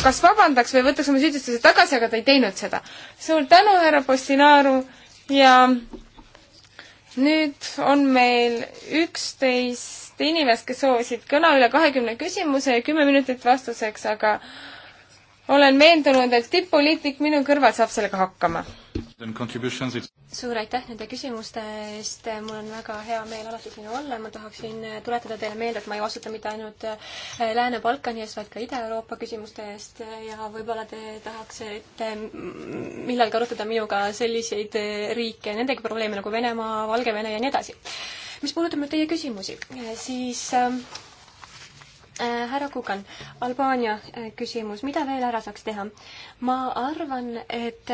kas vabandaks või võtaks oma süüdistuse tagasi, aga ta ei teinud seda. suur tänu, härra Postinaru ja nüüd on meil üksteist inimest, kes soovisid kõna üle kahekümne küsimuse ja kümme minutit vastuseks, aga olen veendunud, et tipp-poliitik minu kõrval saab sellega hakkama suur aitäh nende küsimuste eest, mul on väga hea meel alati siin olla, ma tahaksin äh, tuletada teile meelde, et ma ei vastuta mitte ainult äh, Lääne-Balkani eest, vaid ka Ida-Euroopa küsimuste eest ja võib-olla te tahaksite äh, millalgi arutada minuga selliseid riike, nendega probleeme nagu Venemaa, Valgevene ja nii edasi. mis puudutab nüüd teie küsimusi, siis ähm, härra Kukan, Albaania küsimus, mida veel ära saaks teha? ma arvan, et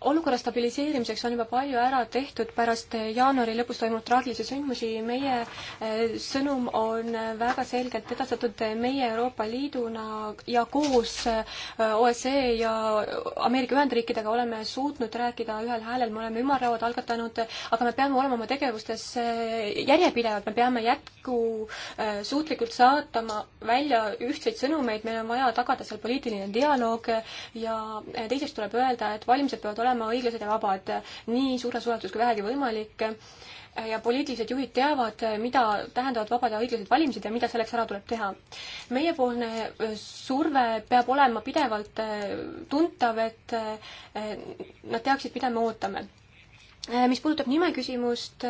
olukorra stabiliseerimiseks on juba palju ära tehtud pärast jaanuari lõpus toimunud traagilisi sündmusi. meie eh, sõnum on eh, väga selgelt edastatud meie Euroopa Liiduna ja koos eh, OSCE ja Ameerika Ühendriikidega oleme suutnud rääkida ühel häälel, me oleme ümarlauad algatanud, aga me peame olema oma tegevustes järjepidevad, me peame jätkusuutlikult saatama välja ühtseid sõnumeid, meil on vaja tagada seal poliitiline dialoog ja teiseks tuleb öelda, et valimised peavad olema olema õiglased ja vabad nii suures ulatuses kui vähegi võimalik ja poliitilised juhid teavad, mida tähendavad vabad ja õiglased valimised ja mida selleks ära tuleb teha. meiepoolne äh, surve peab olema pidevalt äh, tuntav, et äh, nad teaksid, mida me ootame. mis puudutab nime küsimust,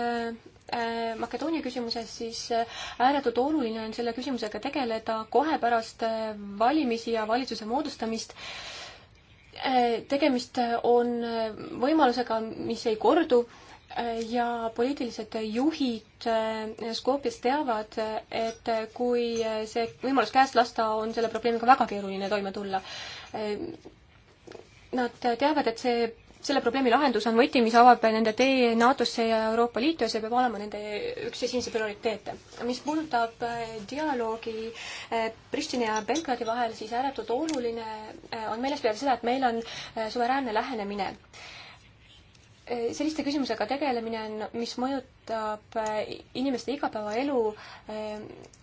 Makedoonia küsimuses, siis ääretult oluline on selle küsimusega tegeleda kohe pärast valimisi ja valitsuse moodustamist Äh, tegemist on äh, võimalusega, mis ei kordu äh, ja poliitilised juhid Skopjas teavad, et kui see võimalus käest lasta, on selle probleemiga väga keeruline toime tulla. Nad teavad, et see selle probleemi lahendus on võti, mis avab nende tee NATO-sse ja Euroopa Liitu ja see peab olema nende üks esimesi prioriteete. mis puudutab äh, dialoogi äh, Pristini ja Belgradi vahel, siis ääretult oluline äh, on meeles pidada seda, et meil on suveräänne lähenemine selliste küsimusega tegelemine, mis mõjutab eh, inimeste igapäevaelu, eh,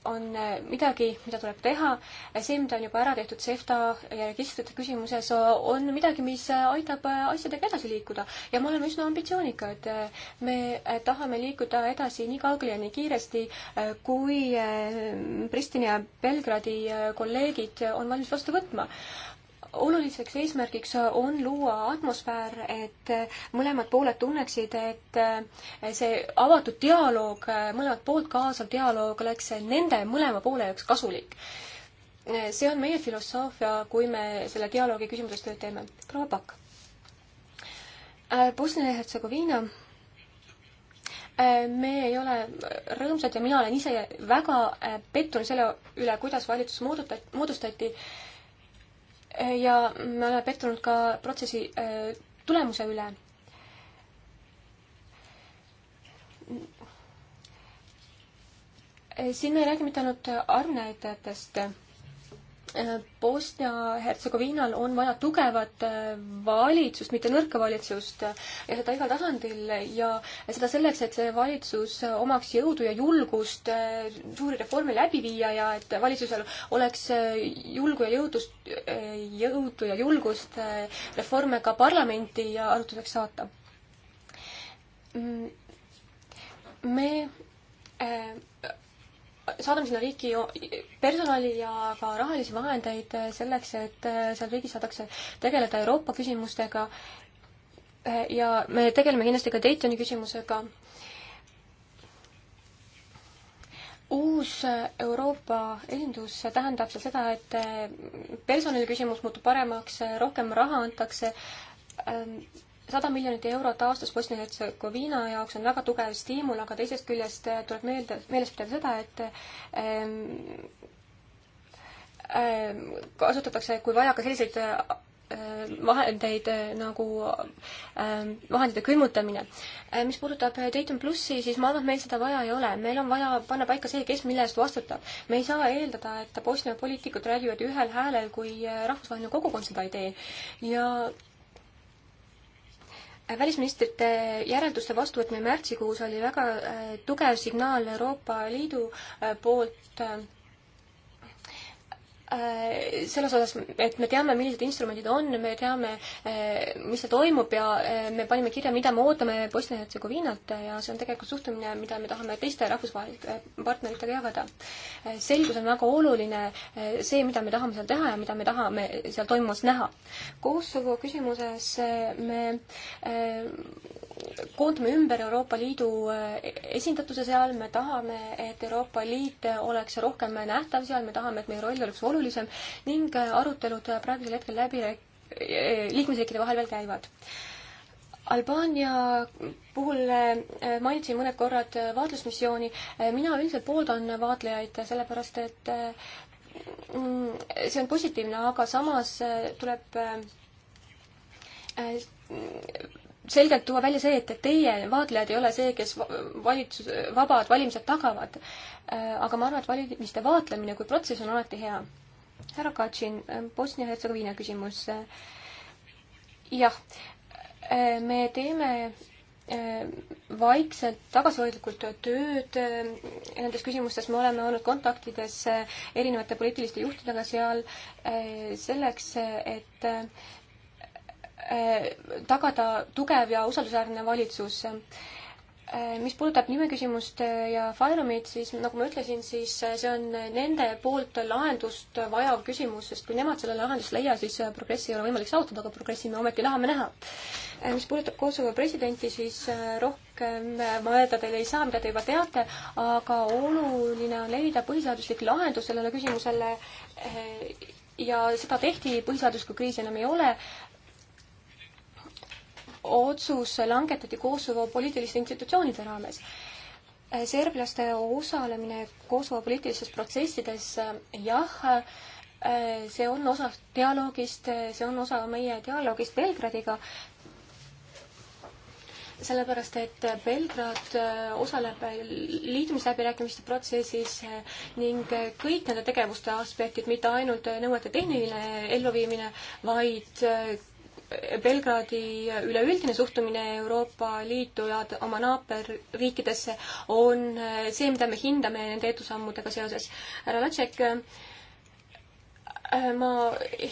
on eh, midagi, mida tuleb teha. see, mida on juba ära tehtud CEFTA ja registrite küsimuses, on midagi, mis aitab asjadega edasi liikuda ja me oleme üsna ambitsioonikad. me tahame liikuda edasi nii kaugele ja nii kiiresti, kui Pristini ja Belgradi kolleegid on valmis vastu võtma oluliseks eesmärgiks on luua atmosfäär, et mõlemad pooled tunneksid, et eh, see avatud dialoog, eh, mõlemat poolt kaasav dialoog oleks nende mõlema poole jaoks kasulik. Eh, see on meie filosoofia, kui me selle dialoogi küsimuses tööd teeme. proua Pakk. Bosnia-Hertsegoviina me ei ole rõõmsad ja mina olen ise väga pettunud selle üle, kuidas valitsus moodutati, moodustati ja me oleme pettunud ka protsessi äh, tulemuse üle. siin me ei räägi mitte ainult arvnäitajatest Äh, Bosnia-Hertsegoviinal on vaja tugevat äh, valitsust, mitte nõrka valitsust äh, ja seda igal tasandil ja seda selleks, et see valitsus omaks jõudu ja julgust suuri reforme läbi viia ja et valitsusel oleks julgu ja jõudust, jõudu ja julgust reforme ka parlamenti ja arutuseks saata. Mm, me saadame sinna riiki personali ja ka rahalisi vahendeid eh, selleks, et eh, seal riigis saadakse tegeleda Euroopa küsimustega. Eh, ja me tegeleme kindlasti ka Daytoni küsimusega. uus Euroopa esindus tähendab see seda, et personali küsimus muutub paremaks, rohkem raha antakse ehm, sada miljonit eurot aastas Bosnia-Hertsegoviina jaoks on väga tugev stiimul, aga teisest küljest eh, tuleb meelde, meeles pidada seda, et ähm, ähm, kasutatakse, kui vaja, ka selliseid äh, vahendeid eh, nagu ähm, vahendite külmutamine. mis puudutab Dayton plussi, siis ma arvan, et meil seda vaja ei ole. meil on vaja panna paika see, kes mille eest vastutab. me ei saa eeldada, et Bosnia poliitikud räägivad ühel häälel, kui rahvusvaheline kogukond seda ei tee. ja välisministrite järelduste vastuvõtmine märtsikuus oli väga äh, tugev signaal Euroopa Liidu äh, poolt äh, Äh, selles osas, et me teame, millised instrumendid on, me teame, äh, mis seal toimub ja äh, me panime kirja, mida me ootame Bosnia-Hertsegoviinalt ja see on tegelikult suhtumine, mida me tahame teiste rahvusvaheliste partneritega jagada. selgus on väga oluline, see, mida me tahame seal teha ja mida me tahame seal toimumas näha. Kosovo küsimuses me koondame ümber Euroopa Liidu eh, esindatuse seal, me tahame, et Euroopa Liit oleks rohkem nähtav seal, me tahame, et meie roll oleks olulisem ning eh, arutelud praegusel hetkel läbi eh, liikmesriikide vahel veel käivad Albaania puhul mainisin mõned korrad vaatlusmissiooni. mina üldiselt pooldan vaatlejaid, sellepärast et mm, see on positiivne, aga samas tuleb selgelt tuua välja see, et teie, vaatlejad, ei ole see, kes valitsus, vabad valimised tagavad. Äh, aga ma arvan, et valimiste vaatlemine kui protsess on alati hea. härra Katšin, äh, Bosnia-Hertsegoviina küsimus. jah, äh, me teeme vaikselt, tagasihoidlikult tööd nendes küsimustes, me oleme olnud kontaktides erinevate poliitiliste juhtidega seal selleks, et Äh, tagada tugev ja usaldusväärne valitsus. Äh, mis puudutab nimeküsimust äh, ja Fairumit, siis nagu ma ütlesin, siis see on nende poolt lahendust vajav küsimus, sest kui nemad selle lahendust leia, siis progressi ei ole võimalik saavutada, aga progressi me ometi tahame näha. mis puudutab Kosovo presidenti, siis rohkem ma öelda teile ei saa, mida te juba teate, aga oluline on leida põhiseaduslik lahendus sellele küsimusele ja seda tehti, põhiseaduslikku kriisi enam ei ole, otsus langetati Kosovo poliitiliste institutsioonide raames. serblaste osalemine Kosovo poliitilistes protsessides, jah, see on osa dialoogist, see on osa meie dialoogist Belgradiga, sellepärast, et Belgrad osaleb liitumisläbirääkimiste protsessis ning kõik nende tegevuste aspektid, mitte ainult nõuete tehniline elluviimine, vaid Belgradi üleüldine suhtumine Euroopa Liitu ja oma naaberriikidesse on eh, see, mida me hindame nende edusammudega seoses. härra Latšek, eh, ma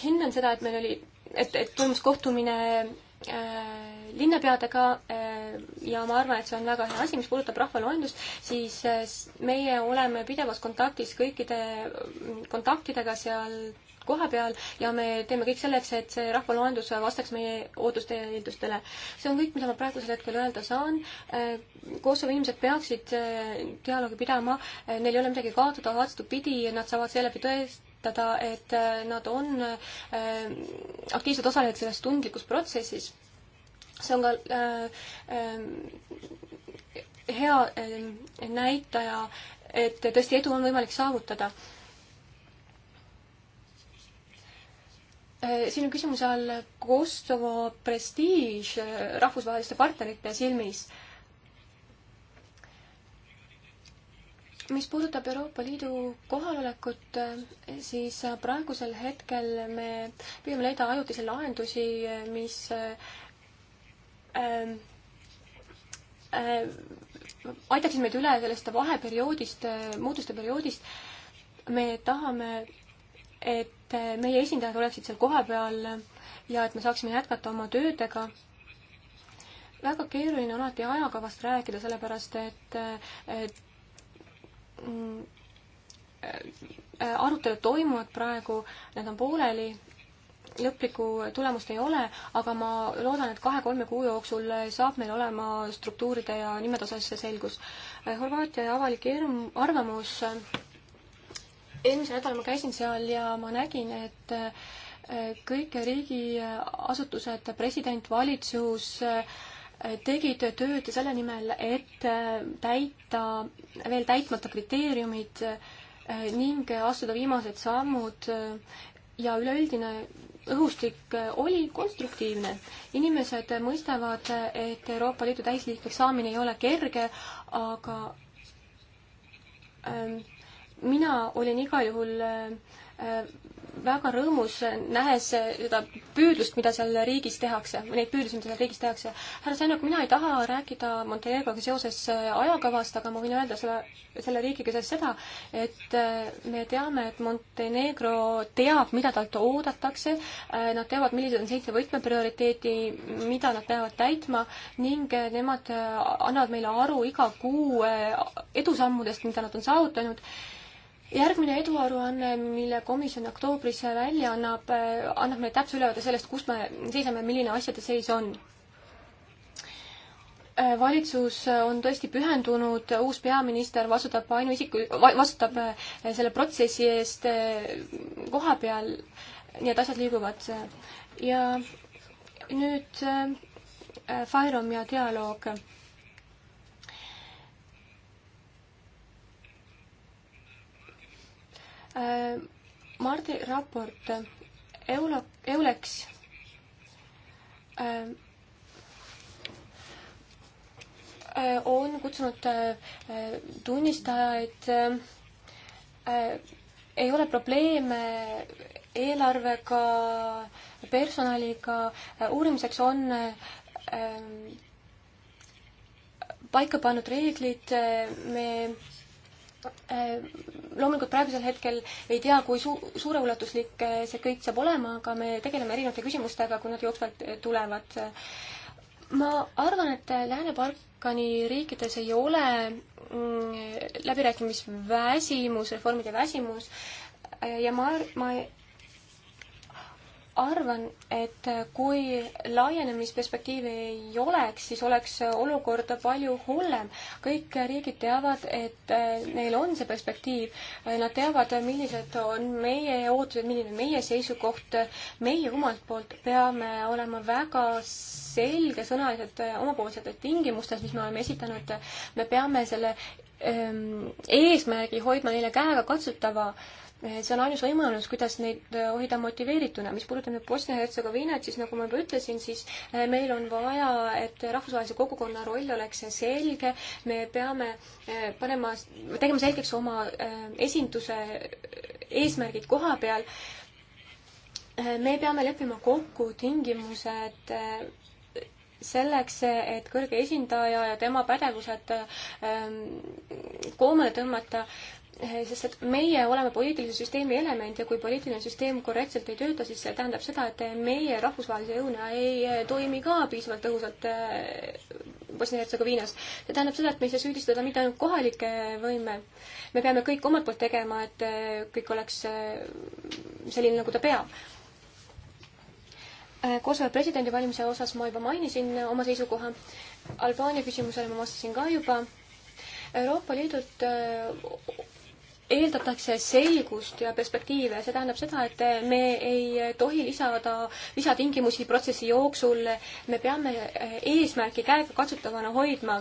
hindan seda, et meil oli, et, et toimus kohtumine eh, linnapeadega ja ma arvan, et see on väga hea asi, mis puudutab rahvaloendust, siis meie oleme pidevas kontaktis kõikide kontaktidega sealt koha peal ja me teeme kõik selleks, et see rahvaloendus vastaks meie ootuste ja eeldustele. see on kõik, mida ma praegusel hetkel öelda saan. Äh, Kosovo inimesed peaksid äh, dialoogi pidama, äh, neil ei ole midagi kaotada, vastupidi, nad saavad seeläbi tõestada, et nad on aktiivsed osalejad selles tundlikus protsessis. see on ka äh, äh, hea näitaja, et tõesti edu on võimalik saavutada Eh, siin on küsimuse all Kosovo prestiiž eh, rahvusvaheliste partnerite silmis. mis puudutab Euroopa Liidu kohalolekut, eh, siis praegusel hetkel me püüame leida ajutisi lahendusi, mis äh, äh, aitaksid meid üle sellest vaheperioodist, muutuste perioodist. me tahame et äh, meie esindajad oleksid seal kohapeal ja et me saaksime jätkata oma töödega. väga keeruline on alati ajakavast rääkida, sellepärast et, äh, et mm, äh, arutelud toimuvad praegu, need on pooleli, lõplikku tulemust ei ole, aga ma loodan, et kahe-kolme kuu jooksul saab meil olema struktuuride ja nimede osas selgus. Horvaatia avalik arvamus eelmisel nädalal ma käisin seal ja ma nägin, et äh, kõik riigiasutused, president, valitsus äh, tegid tööd selle nimel, et äh, täita veel täitmata kriteeriumid ning astuda viimased sammud ja üleüldine õhustik oli konstruktiivne. inimesed mõistavad, et Euroopa Liidu täisliikmeks saamine ei ole kerge, aga ähm, mina olin igal juhul äh, väga rõõmus, nähes seda püüdlust, mida seal riigis tehakse, neid püüdlusi, mida seal riigis tehakse. härra Sennok, mina ei taha rääkida Montenegroga seoses äh, ajakavast, aga ma võin öelda selle, selle riigiga seoses seda, et äh, me teame, et Montenegro teab, mida talt oodatakse, nad teavad, millised on seitse võtmeprioriteeti, mida nad peavad täitma ning nemad annavad meile aru iga kuu edusammudest, mida nad on saavutanud järgmine eduaruanne, mille komisjon oktoobris välja annab, eh, annab meile täpse ülevaade sellest, kus me seisame, milline asjade seis on. Eh, valitsus on tõesti pühendunud, uus peaminister vastutab ainuisiku, vastutab eh, selle protsessi eest koha peal, nii et asjad liiguvad. ja nüüd Fairom ja dialoog Äh, Mardi raport äh, Eula, Euleks äh, on kutsunud tunnistajaid, ei ole probleeme eelarvega, personaliga, uurimiseks on paika pannud reeglid, me Äh, loomulikult praegusel hetkel ei tea, kui su-, suureulatuslik äh, see kõik saab olema, aga me tegeleme erinevate küsimustega, kui nad jooksvalt äh, tulevad. ma arvan, et Lääne-Balkani riikides ei ole mm, läbirääkimisväsimus, reformide väsimus ja ma, ma arvan, et kui laienemisperspektiivi ei oleks, siis oleks olukord palju hullem. kõik riigid teavad, et neil on see perspektiiv. Nad teavad, millised on meie ootused, milline on meie seisukoht. meie omalt poolt peame olema väga selgesõnalised omapoolsetes tingimustes, mis me oleme esitanud. me peame selle ehm, eesmärgi hoidma neile käega katsutava Eh, see on ainus võimalus, kuidas neid eh, hoida motiveerituna. mis puudutab nüüd Bosnia-Hertsegoviinat, siis nagu ma juba ütlesin, siis eh, meil on vaja, et rahvusvahelise kogukonna roll oleks selge. me peame panema, tegema selgeks oma esinduse eesmärgid koha peal. me peame leppima kokku tingimused selleks, et kõrge esindaja ja tema pädevused koomale tõmmata Eh, sest et meie oleme poliitilise süsteemi element ja kui poliitiline süsteem korrektselt ei tööta, siis see tähendab seda, et meie rahvusvahelise jõuna ei eh, toimi ka piisavalt tõhusalt eh, Bosnia-Hertsegoviinas. see tähendab seda, et me ei saa süüdistada mitte ainult kohalikke võime, me peame kõik omalt poolt tegema, et kõik oleks selline, nagu ta peab Kosovo presidendivalimise osas ma juba mainisin oma seisukoha. Albaania küsimusele ma vastasin ka juba. Euroopa Liidult eeldatakse selgust ja perspektiive, see tähendab seda, et me ei tohi lisada lisatingimusi protsessi jooksul, me peame eesmärki käegakatsutavana hoidma.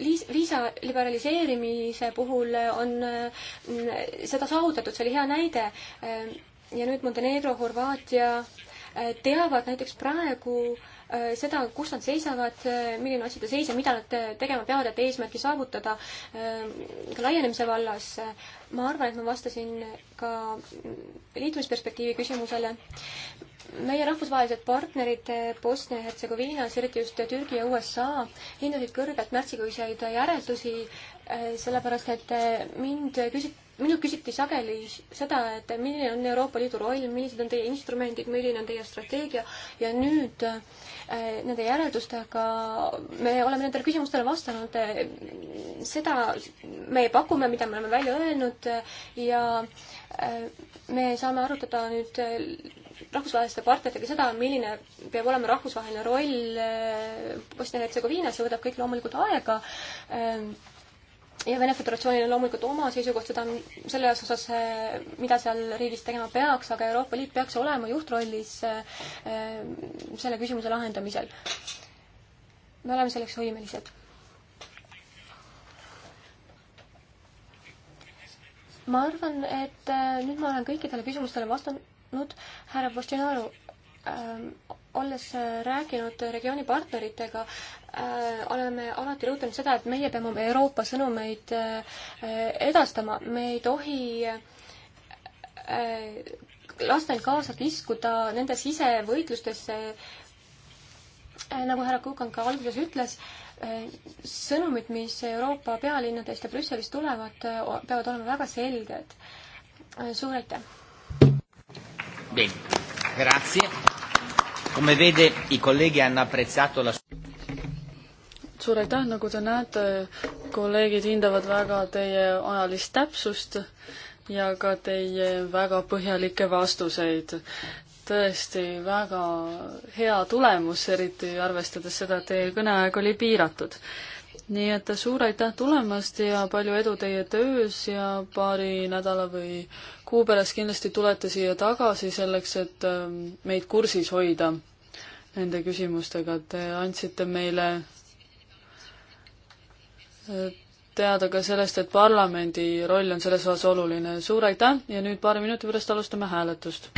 Liis-, viisa liberaliseerimise puhul on seda saavutatud, see oli hea näide, ja nüüd Montenegro, Horvaatia teavad näiteks praegu äh, Äh, seda, kus nad seisavad, äh, milline on asjade seis ja mida nad äh, tegema peavad, et eesmärki saavutada ka laienemise vallas. ma arvan, et ma vastasin ka liitumisperspektiivi küsimusele. meie rahvusvahelised partnerid Bosnia-Hertsegoviinas, eriti just Türgi ja USA, hindasid kõrgelt märtsikuiseid järeldusi, sellepärast et mind küsiti minult küsiti sageli seda, et milline on Euroopa Liidu roll, millised on teie instrumendid, milline on teie strateegia ja nüüd äh, Äh, nende järeldustega, me oleme nendele küsimustele vastanud, äh, seda me pakume, mida me oleme välja öelnud äh, ja me saame arutada nüüd rahvusvaheliste partneritega seda, milline peab olema rahvusvaheline roll Bosnia-Hertsegoviinas, see võtab kõik loomulikult aega ja Vene Föderatsioonil on loomulikult oma seisukoht seda, selles osas, eh, mida seal riigis tegema peaks, aga Euroopa Liit peaks olema juhtrollis eh, selle küsimuse lahendamisel. me oleme selleks võimelised. ma arvan, et eh, nüüd ma olen kõikidele küsimustele vastanud. härra Postinaru, Ähm, olles äh, rääkinud regiooni partneritega, äh, oleme alati rõhutanud seda, et meie peame oma Euroopa sõnumeid äh, edastama, me ei tohi lastel kaasa kiskuda nende sisevõitlustesse, nagu härra Kukan ka alguses ütles, sõnumid, mis Euroopa pealinnadest ja Brüsselist tulevad, peavad olema väga selged. suur aitäh! Grazie. Come vede, i colleghi hanno apprezzato la suur aitäh, nagu te näete, kolleegid hindavad väga teie ajalist täpsust ja ka teie väga põhjalikke vastuseid. tõesti väga hea tulemus, eriti arvestades seda, et teie kõneaeg oli piiratud nii et suur aitäh tulemast ja palju edu teie töös ja paari nädala või kuu pärast kindlasti tulete siia tagasi selleks, et ähm, meid kursis hoida nende küsimustega. Te andsite meile äh, teada ka sellest, et parlamendi roll on selles osas oluline. suur aitäh ja nüüd paari minuti pärast alustame hääletust.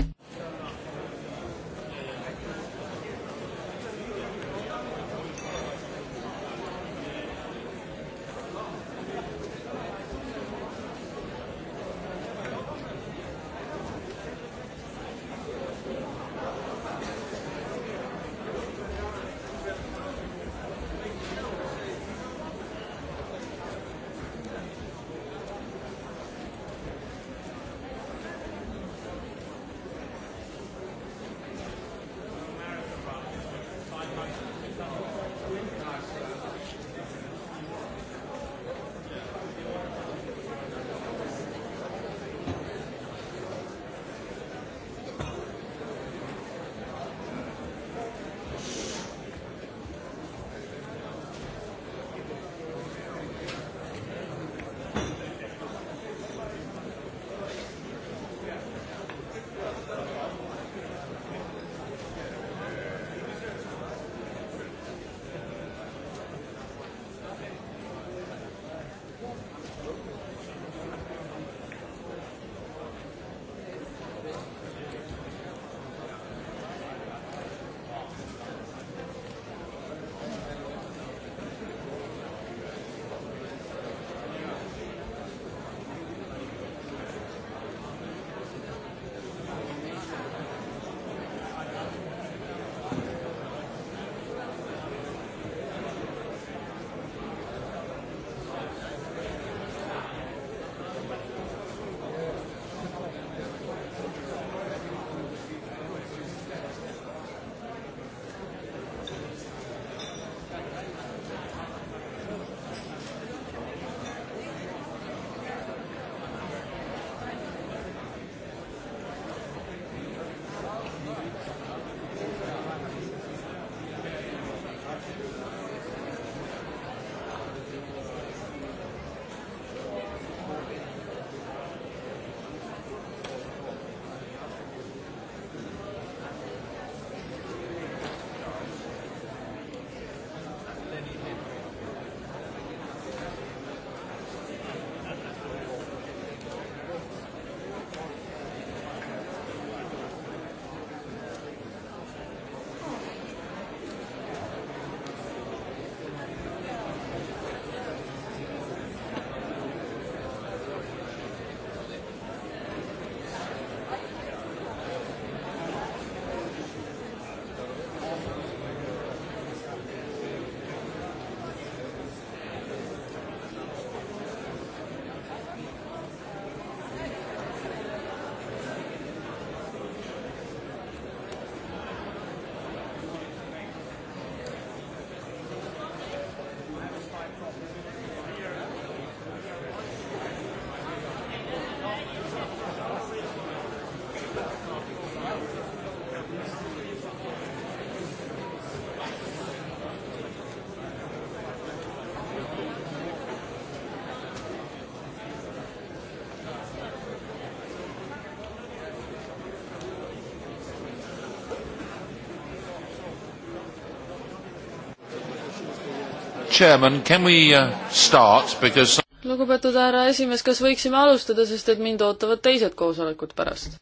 Chairman, can we uh, start because lugupeetud härra esimees, kas võiksime alustada, sest et mind ootavad teised koosolekud pärast?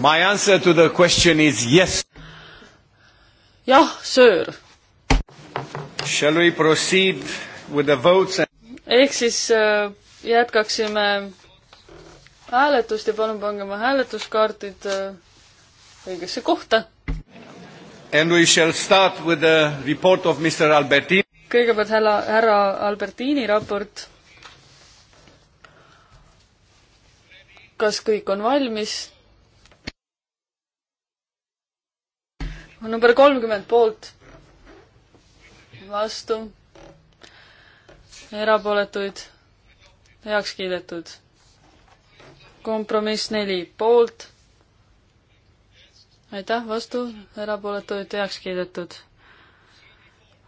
My answer to the question is yes. jah, söör. Shall we proceed with the votes and... ehk siis äh, jätkaksime hääletust ja palun pange oma hääletuskaardid äh, õigesse kohta. And we shall start with the report of Mr Albertini. kõigepealt härra, härra Albertini raport. kas kõik on valmis? number kolmkümmend poolt, vastu, erapooletuid, heaks kiidetud kompromiss neli poolt. aitäh, vastu, erapooletuid heaks kiidetud.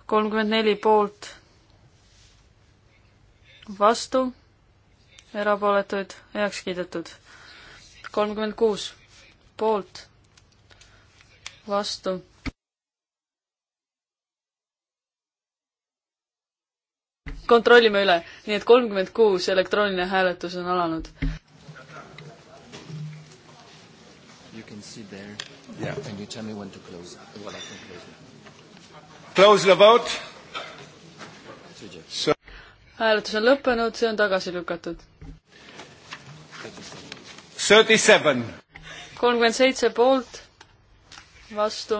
kolmkümmend neli poolt, vastu, erapooletuid heaks kiidetud. kolmkümmend kuus poolt, vastu kontrollime üle, nii et kolmkümmend kuus elektrooniline hääletus on alanud. can see there. Yeah. And you tell me when to close. Well, I can close now. Close the vote. So hääletus on lõppenud, see on tagasi lükatud. kolmkümmend seitse poolt, vastu,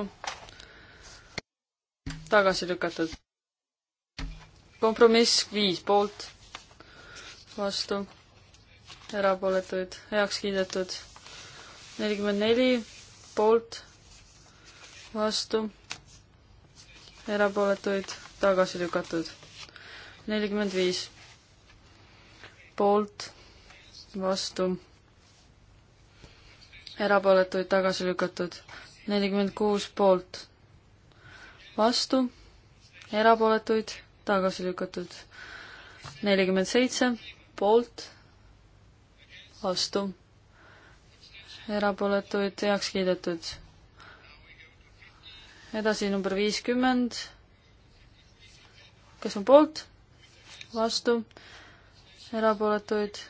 tagasi lükatud. kompromiss viis poolt, vastu, erapooletuid, heaks kiidetud nelikümmend neli poolt, vastu, erapooletuid tagasi lükatud. nelikümmend viis poolt, vastu, erapooletuid tagasi lükatud. nelikümmend kuus poolt, vastu, erapooletuid tagasi lükatud. nelikümmend seitse poolt, vastu erapooletuid heaks kiidetud. edasi number viiskümmend. kes on poolt? vastu. erapooletuid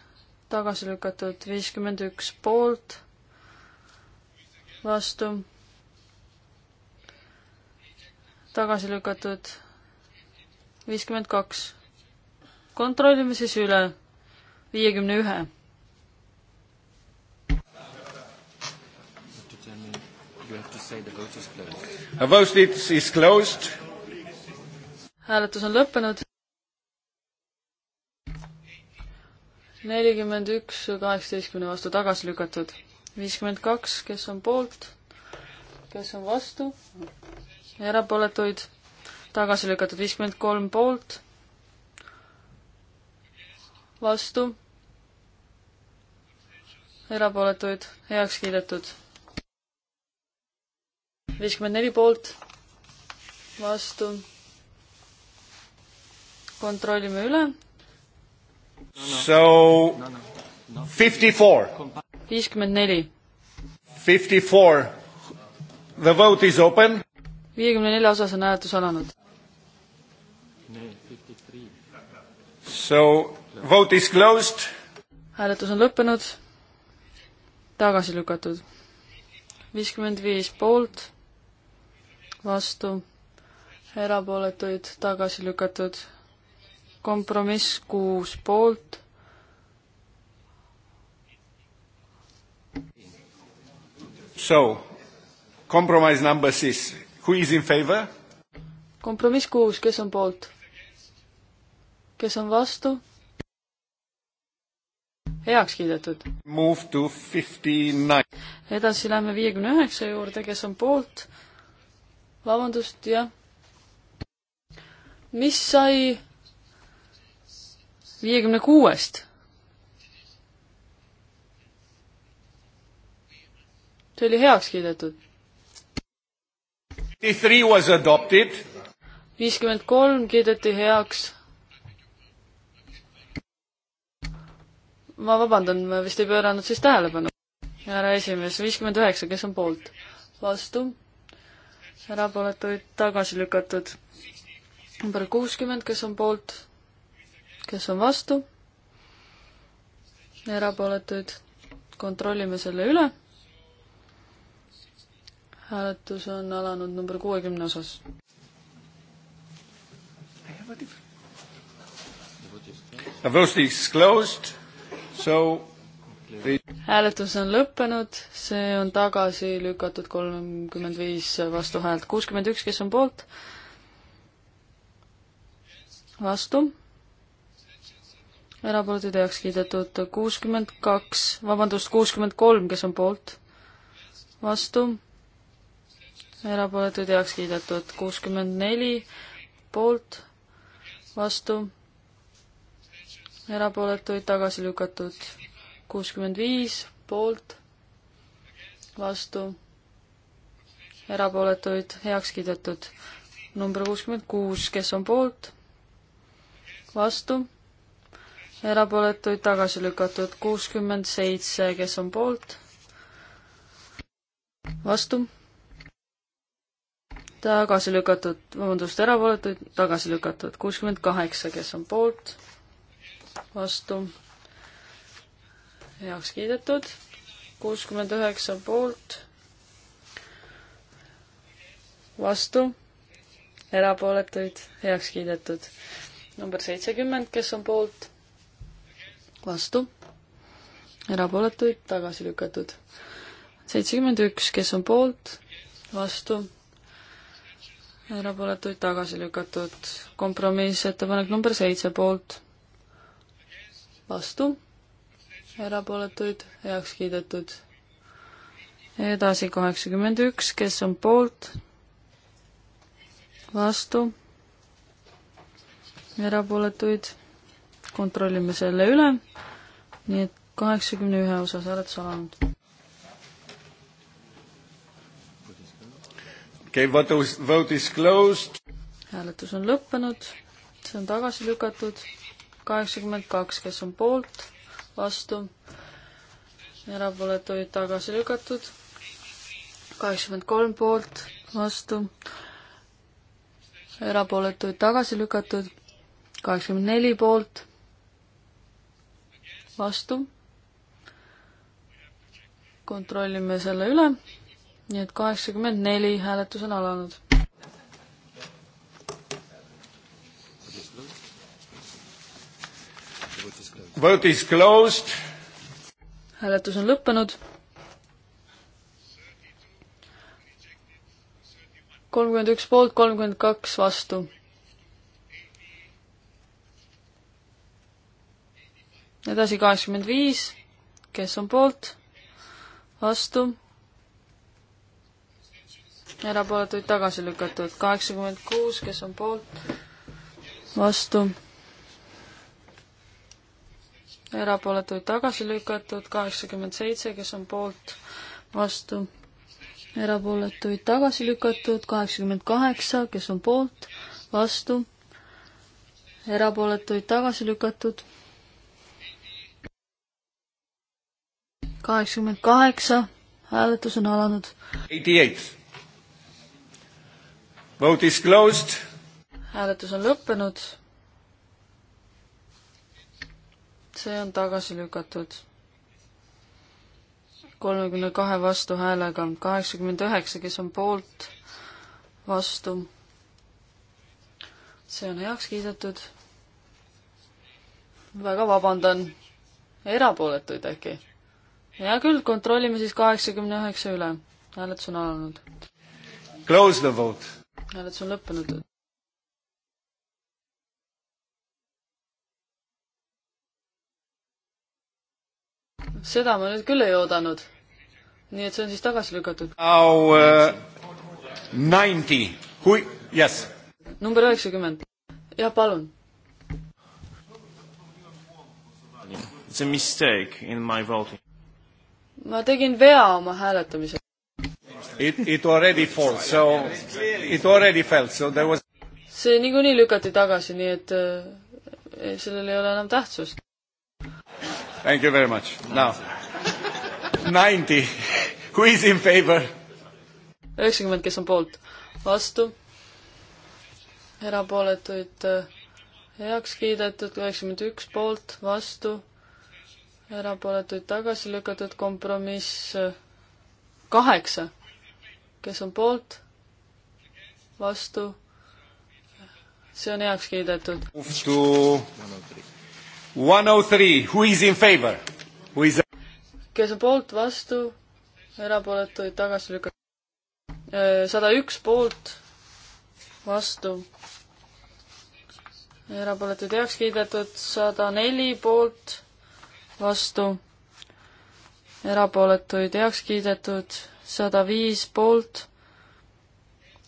tagasi lükatud viiskümmend üks poolt. vastu. tagasi lükatud viiskümmend kaks kontrollime siis üle viiekümne ühe. say the vote is closed. The vote is closed. hääletus on lõppenud. nelikümmend üks kaheksateistkümne vastu tagasi lükatud. viiskümmend kaks, kes on poolt, kes on vastu, erapooletuid tagasi lükatud. viiskümmend kolm poolt, vastu erapooletuid heaks kiidetud viiskümmend neli poolt, vastu. kontrollime üle. So fifty four. viiskümmend neli. Fifty four. The vote is open. viiekümne nelja osas on hääletus alanud. So vote is closed. hääletus on lõppenud. tagasi lükatud. viiskümmend viis poolt vastu, erapooletuid tagasi lükatud. kompromiss kuus poolt So, compromise number six. Who is in favor? kompromiss kuus, kes on poolt? kes on vastu? heaks kiidetud. Move to fifty nine. edasi lähme viiekümne üheksa juurde, kes on poolt, vabandust, jah. mis sai viiekümne kuuest? see oli heaks kiidetud. viiskümmend kolm kiideti heaks. ma vabandan, ma vist ei pööranud siis tähelepanu. härra esimees, viiskümmend üheksa, kes on poolt? vastu erapooletuid tagasi lükatud. number kuuskümmend, kes on poolt, kes on vastu, erapooletuid, kontrollime selle üle. hääletus on alanud number kuuekümne osas. The vote is closed, so hääletus on lõppenud, see on tagasi lükatud kolmkümmend viis vastuhäält, kuuskümmend üks, kes on poolt, vastu, erapooletud heaks kiidetud kuuskümmend kaks, vabandust, kuuskümmend kolm, kes on poolt, vastu, erapooletud heaks kiidetud kuuskümmend neli, poolt, vastu, erapooletuid tagasi lükatud kuuskümmend viis poolt, vastu, erapooletuid heaks kiidetud. number kuuskümmend kuus, kes on poolt, vastu, erapooletuid tagasi lükatud. kuuskümmend seitse, kes on poolt, vastu, tagasi lükatud, vabandust, erapooletuid tagasi lükatud. kuuskümmend kaheksa, kes on poolt, vastu heaks kiidetud, kuuskümmend üheksa poolt, vastu, erapooletuid heaks kiidetud. number seitsekümmend, kes on poolt, vastu, erapooletuid tagasi lükatud. seitsekümmend üks, kes on poolt, vastu, erapooletuid tagasi lükatud. kompromissettepanek number seitse poolt, vastu erapooletuid, heaks kiidetud. edasi kaheksakümmend üks, kes on poolt, vastu, erapooletuid, kontrollime selle üle, nii et kaheksakümne ühe osas hääletus alanud. okei okay,, vote is closed. hääletus on lõppenud, see on tagasi lükatud, kaheksakümmend kaks, kes on poolt vastu, erapooletuid tagasi lükatud, kaheksakümmend kolm poolt, vastu, erapooletuid tagasi lükatud, kaheksakümmend neli poolt, vastu. kontrollime selle üle, nii et kaheksakümmend neli hääletus on alanud Vote is closed. hääletus on lõppenud. kolmkümmend üks poolt, kolmkümmend kaks vastu. edasi kaheksakümmend viis, kes on poolt, vastu, erapooletuid tagasi lükatud, kaheksakümmend kuus, kes on poolt, vastu erapooletuid tagasi lükatud, kaheksakümmend seitse, kes on poolt, vastu, erapooletuid tagasi lükatud, kaheksakümmend kaheksa, kes on poolt, vastu, erapooletuid tagasi lükatud, kaheksakümmend kaheksa, hääletus on alanud. Vote is closed. hääletus on lõppenud see on tagasi lükatud. kolmekümne kahe vastuhäälega, kaheksakümmend üheksa, kes on poolt, vastu. see on heaks kiidetud. väga vabandan, erapooletuid äkki? hea küll, kontrollime siis kaheksakümne üheksa üle. hääletus on alanud. Close the vote. hääletus on lõppenud. seda ma nüüd küll ei oodanud. nii et see on siis tagasi lükatud. Now äh, ninety uh,, who, yes. number üheksakümmend, jah, palun. It's a mistake in my voting. ma tegin vea oma hääletamisel. It, it already falls, so it already fell, so there was see niikuinii lükati tagasi, nii et äh, sellel ei ole enam tähtsust Thank you very much. Now, ninety, who is in favor? üheksakümmend, kes on poolt, vastu, erapooletuid äh, heaks kiidetud, üheksakümmend üks poolt, vastu, erapooletuid tagasi lükatud, kompromiss äh, kaheksa, kes on poolt, vastu, see on heaks kiidetud. 103, who is in favor? Who is kes on poolt, vastu, erapooletuid tagasi lükata. Äh, sada üks poolt, vastu, erapooletuid heaks kiidetud, sada neli poolt, vastu, erapooletuid heaks kiidetud, sada viis poolt,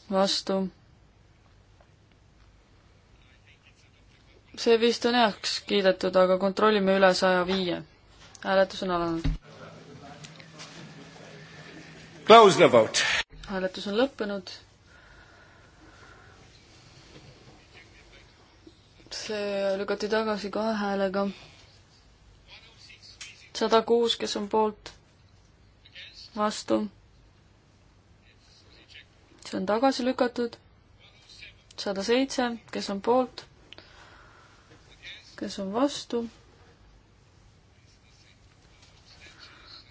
vastu see vist on heaks kiidetud, aga kontrollime üle saja viie. hääletus on alanud. Close the vote. hääletus on lõppenud. see lükati tagasi kahe häälega. sada kuus, kes on poolt, vastu. see on tagasi lükatud. sada seitse, kes on poolt kes on vastu?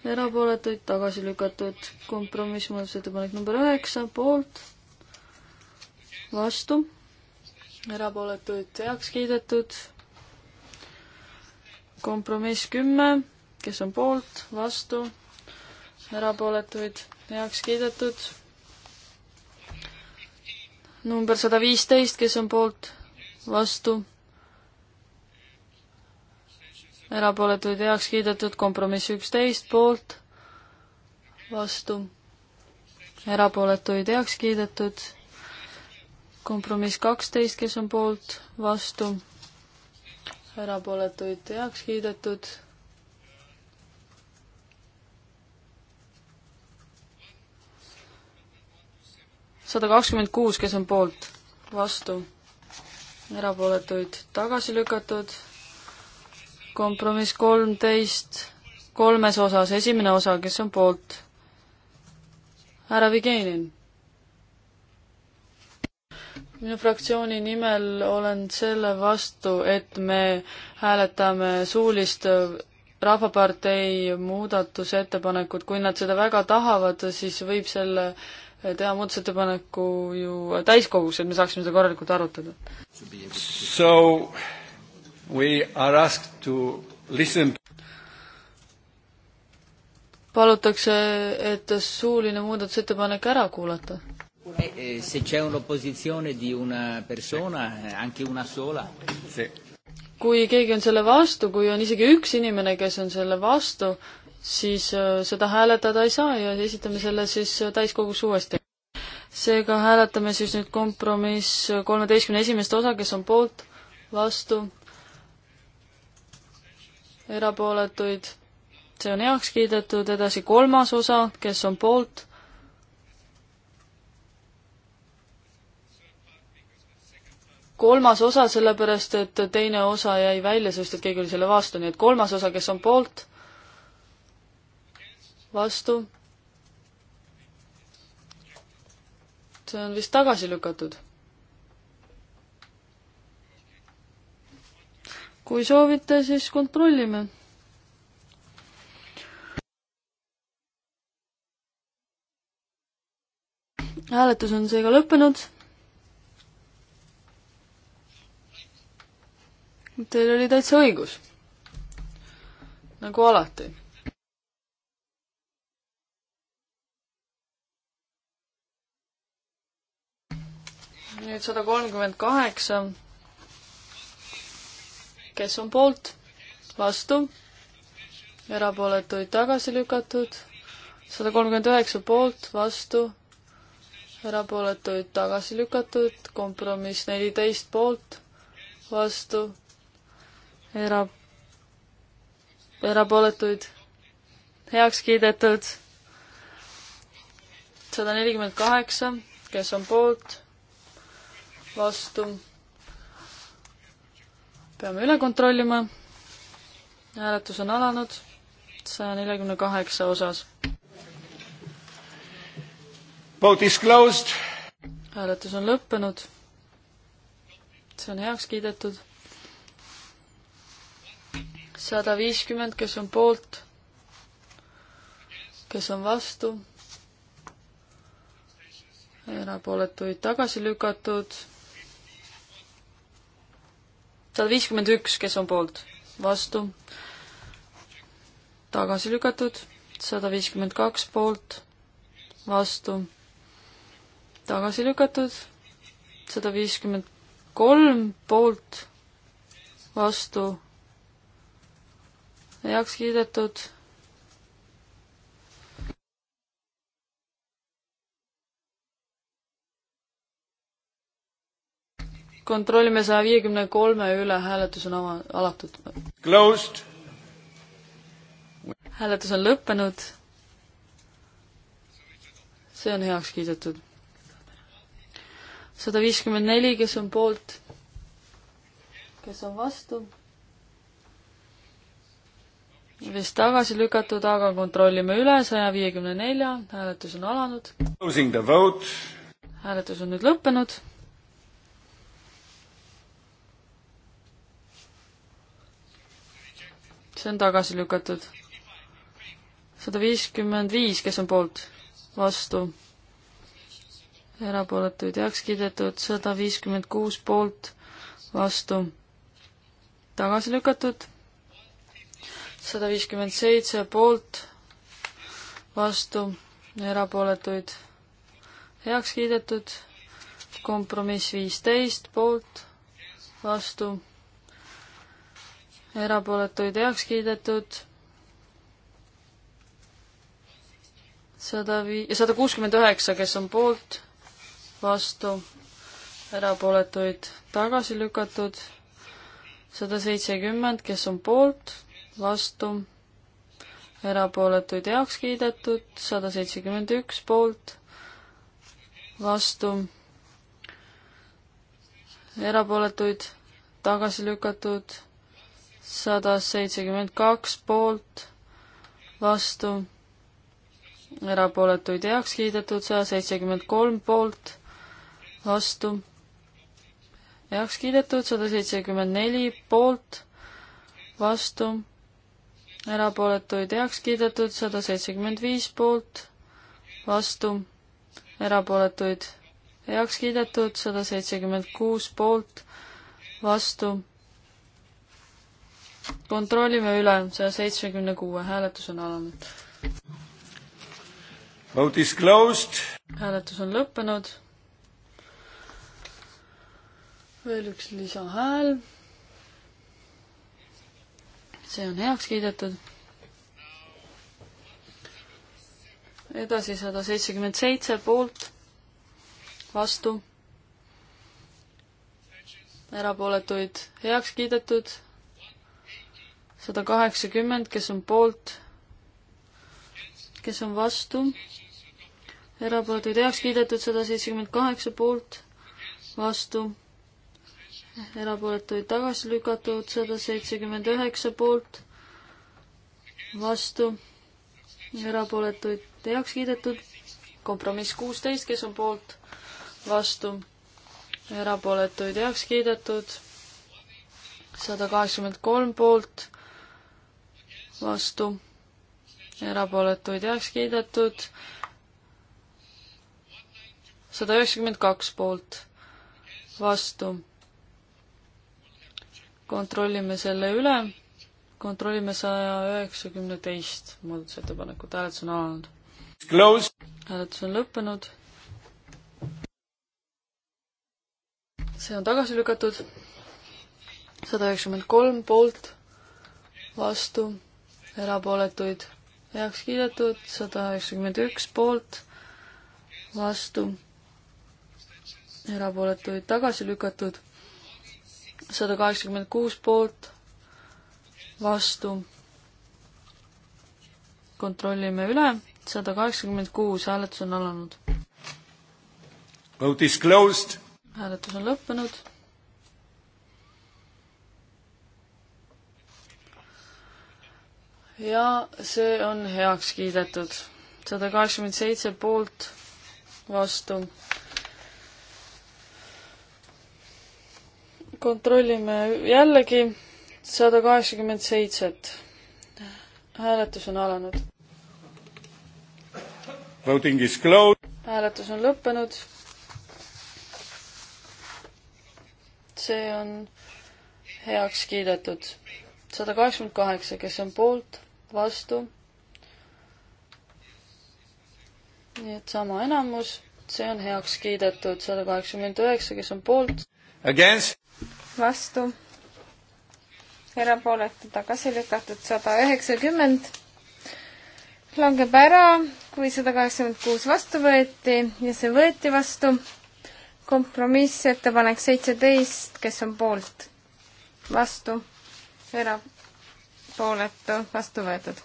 erapooletuid tagasi lükatud. kompromiss muudatusettepanek number üheksa, poolt, vastu, erapooletuid heaks kiidetud. kompromiss kümme, kes on poolt, vastu, erapooletuid heaks kiidetud. number sada viisteist, kes on poolt, vastu erapooletuid heaks kiidetud, kompromiss üksteist poolt, vastu, erapooletuid heaks kiidetud, kompromiss kaksteist, kes on poolt, vastu, erapooletuid heaks kiidetud sada kakskümmend kuus, kes on poolt, vastu, erapooletuid tagasi lükatud kompromiss kolmteist kolmes osas, esimene osa, kes on poolt? härra Vigenin. minu fraktsiooni nimel olen selle vastu, et me hääletame suulist Rahvapartei muudatusettepanekut, kui nad seda väga tahavad, siis võib selle teha muudatusettepaneku ju täiskogus, et me saaksime seda korralikult arutada. So We are asked to listen palutakse, et suuline muudatusettepanek ära kuulata. Eh, se c'è un'oppositsioone di una persona, eh, anche una sola. kui keegi on selle vastu, kui on isegi üks inimene, kes on selle vastu, siis eh, seda hääletada ei saa ja esitame selle siis täiskogus uuesti. seega hääletame siis nüüd kompromiss kolmeteistkümne esimest osa, kes on poolt, vastu, erapooletuid, see on heaks kiidetud, edasi kolmas osa, kes on poolt, kolmas osa, sellepärast et teine osa jäi välja, sest et keegi oli selle vastu, nii et kolmas osa, kes on poolt, vastu, see on vist tagasi lükatud kui soovite, siis kontrollime. hääletus on seega lõppenud. Teil oli täitsa õigus. nagu alati nüüd sada kolmkümmend kaheksa kes on poolt, vastu, erapooletuid tagasi lükatud, sada kolmkümmend üheksa poolt, vastu, erapooletuid tagasi lükatud, kompromiss neliteist poolt, vastu, era-, erapooletuid heaks kiidetud, sada nelikümmend kaheksa, kes on poolt, vastu peame üle kontrollima. hääletus on alanud saja neljakümne kaheksa osas. Vote is closed. hääletus on lõppenud. see on heaks kiidetud. sada viiskümmend, kes on poolt, kes on vastu, erapooletuid tagasi lükatud sada viiskümmend üks, kes on poolt, vastu, tagasi lükatud, sada viiskümmend kaks poolt, vastu, tagasi lükatud, sada viiskümmend kolm poolt, vastu, heaks kiidetud kontrollime saja viiekümne kolme üle, hääletus on ava-, alatud. Closed. hääletus on lõppenud. see on heaks kiidetud. sada viiskümmend neli, kes on poolt, kes on vastu, vist tagasi lükatud, aga kontrollime üle, saja viiekümne nelja, hääletus on alanud. hääletus on nüüd lõppenud see on tagasi lükatud. sada viiskümmend viis, kes on poolt, vastu, erapooletuid heaks kiidetud, sada viiskümmend kuus poolt, vastu, tagasi lükatud, sada viiskümmend seitse poolt, vastu, erapooletuid heaks kiidetud, kompromiss viisteist poolt, vastu erapooletuid heaks kiidetud. sada vii-, sada kuuskümmend üheksa, kes on poolt, vastu, erapooletuid tagasi lükatud. sada seitsekümmend, kes on poolt, vastu, erapooletuid heaks kiidetud, sada seitsekümmend üks poolt, vastu, erapooletuid tagasi lükatud sada seitsekümmend kaks poolt, vastu, erapooletuid heaks kiidetud, sada seitsekümmend kolm poolt, vastu, heaks kiidetud, sada seitsekümmend neli poolt, vastu, erapooletuid heaks kiidetud, sada seitsekümmend viis poolt, vastu, erapooletuid heaks kiidetud, sada seitsekümmend kuus poolt, vastu kontrollime üle, saja seitsmekümne kuue, hääletus on alanud. Vote is closed. hääletus on lõppenud. veel üks lisahääl. see on heaks kiidetud. edasi sada seitsekümmend seitse poolt, vastu, erapooletuid heaks kiidetud sada kaheksakümmend, kes on poolt, kes on vastu, erapooletuid heaks kiidetud, sada seitsekümmend kaheksa poolt, vastu, erapooletuid tagasi lükatud, sada seitsekümmend üheksa poolt, vastu, erapooletuid heaks kiidetud, kompromiss kuusteist, kes on poolt, vastu, erapooletuid heaks kiidetud, sada kaheksakümmend kolm poolt, vastu, erapooletuid heaks kiidetud, sada üheksakümmend kaks poolt, vastu. kontrollime selle üle, kontrollime saja üheksakümne teist muudatusettepanekut, hääletus on alanud. hääletus on lõppenud. see on tagasi lükatud, sada üheksakümmend kolm poolt, vastu erapooletuid heaks kiidetud, sada üheksakümmend üks poolt, vastu, erapooletuid tagasi lükatud, sada kaheksakümmend kuus poolt, vastu, kontrollime üle, sada kaheksakümmend kuus, hääletus on alanud. Vote is closed. hääletus on lõppenud ja see on heaks kiidetud. sada kaheksakümmend seitse poolt, vastu. kontrollime jällegi sada kaheksakümmend seitset. hääletus on alanud. Voting is closed. hääletus on lõppenud. see on heaks kiidetud. sada kaheksakümmend kaheksa, kes on poolt vastu. nii et sama enamus, see on heaks kiidetud, sada kaheksakümmend üheksa, kes on poolt. vastu. erapooletu tagasi lükatud sada üheksakümmend. langeb ära, kui sada kaheksakümmend kuus vastu võeti ja see võeti vastu. kompromissettepanek seitseteist, kes on poolt? vastu era-, erapooletu, vastu võetud.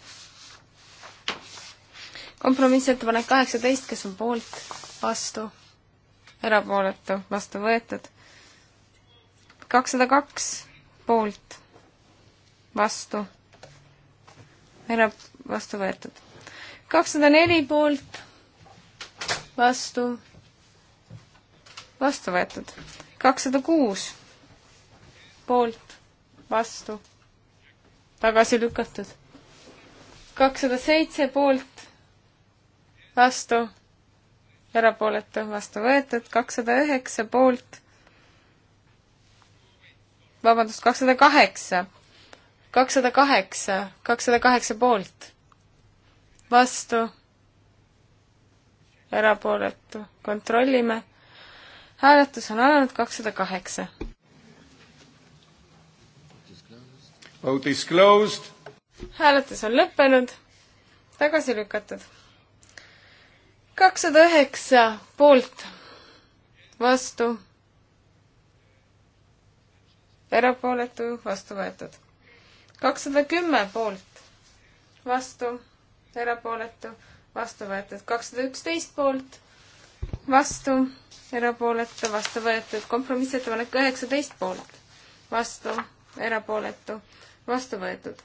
kompromissettepanek kaheksateist, kes on poolt, vastu, erapooletu, vastu võetud. kakssada kaks, poolt, vastu, era-, vastu võetud. kakssada neli poolt, vastu, vastu võetud. kakssada kuus, poolt, vastu tagasi lükatud. kakssada seitse poolt, vastu, erapooletu, vastu võetud, kakssada üheksa poolt, vabandust, kakssada kaheksa, kakssada kaheksa, kakssada kaheksa poolt, vastu, erapooletu, kontrollime. hääletus on alanud kakssada kaheksa. Vote is closed. hääletus on lõppenud, tagasi lükatud. kakssada üheksa poolt, vastu, erapooletu, vastu võetud. kakssada kümme poolt, vastu, erapooletu, vastu võetud. kakssada üksteist poolt, vastu, erapooletu, vastu võetud. kompromissettepanek üheksateist poolt, vastu, erapooletu vastu võetud.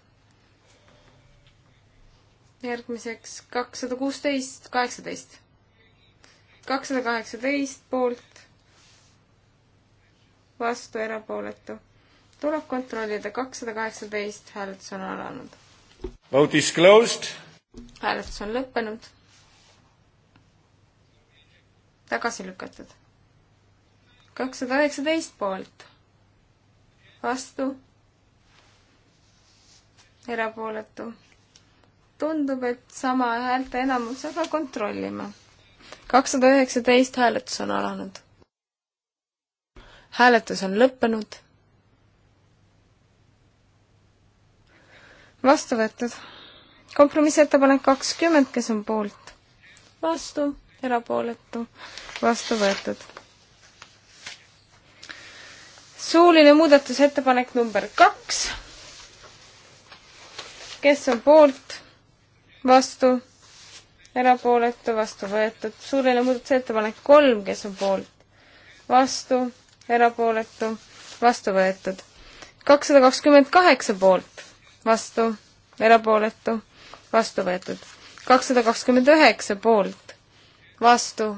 järgmiseks kakssada kuusteist, kaheksateist. kakssada kaheksateist poolt, vastu, erapooletu. tuleb kontrollida, kakssada kaheksateist hääletus on alanud. Vote is closed. hääletus on lõppenud. tagasi lükatud. kakssada üheksateist poolt, vastu erapooletu. tundub, et sama häälte enamus, aga kontrollime. kakssada üheksateist hääletus on alanud. hääletus on lõppenud. vastu võetud. kompromissettepanek kakskümmend, kes on poolt? vastu, erapooletu, vastu võetud suuline muudatusettepanek number kaks kes on poolt, vastu, erapooletu, vastu võetud. suuline muudatusettepanek kolm, kes on poolt, vastu, erapooletu, vastu võetud. kakssada kakskümmend kaheksa poolt, vastu, erapooletu, vastu võetud. kakssada kakskümmend üheksa poolt, vastu,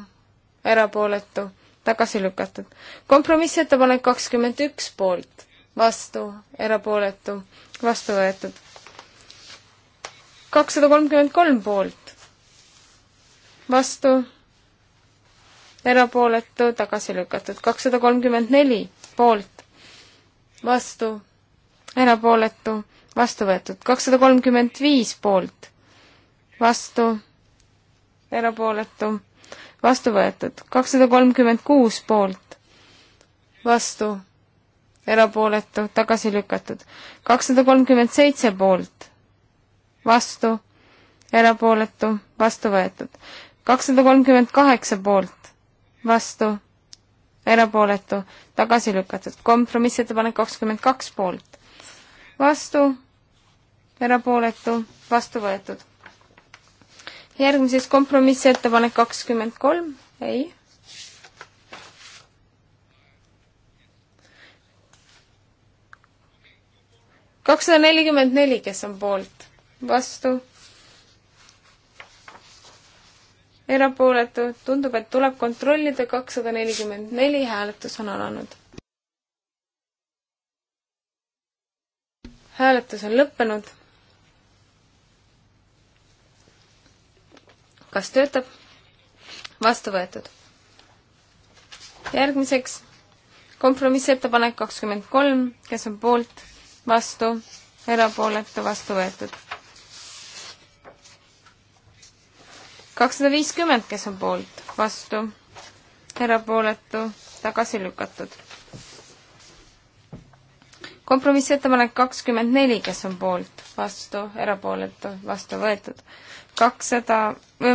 erapooletu, tagasi lükatud. kompromissettepanek kakskümmend üks poolt, vastu, erapooletu, vastu võetud kakssada kolmkümmend kolm poolt, vastu, erapooletu, tagasi lükatud. kakssada kolmkümmend neli poolt, vastu, erapooletu, vastu võetud. kakssada kolmkümmend viis poolt, vastu, erapooletu, vastu võetud. kakssada kolmkümmend kuus poolt, vastu, erapooletu, tagasi lükatud. kakssada kolmkümmend seitse poolt vastu, erapooletu, vastu võetud. kakssada kolmkümmend kaheksa poolt, vastu, erapooletu, tagasi lükatud. kompromissettepanek kakskümmend kaks poolt, vastu, erapooletu, vastu võetud. järgmises kompromissettepanek kakskümmend kolm, ei kakssada nelikümmend neli, kes on poolt, vastu, erapooletu, tundub, et tuleb kontrollida, kakssada nelikümmend neli hääletus on alanud. hääletus on lõppenud. kas töötab? vastu võetud. järgmiseks kompromissettepanek kakskümmend kolm, kes on poolt, vastu, erapooletu, vastu võetud kakssada viiskümmend, kes on poolt, vastu, erapooletu, tagasi lükatud. kompromissettepanek kakskümmend neli, kes on poolt, vastu, erapooletu, vastu võetud. kakssada,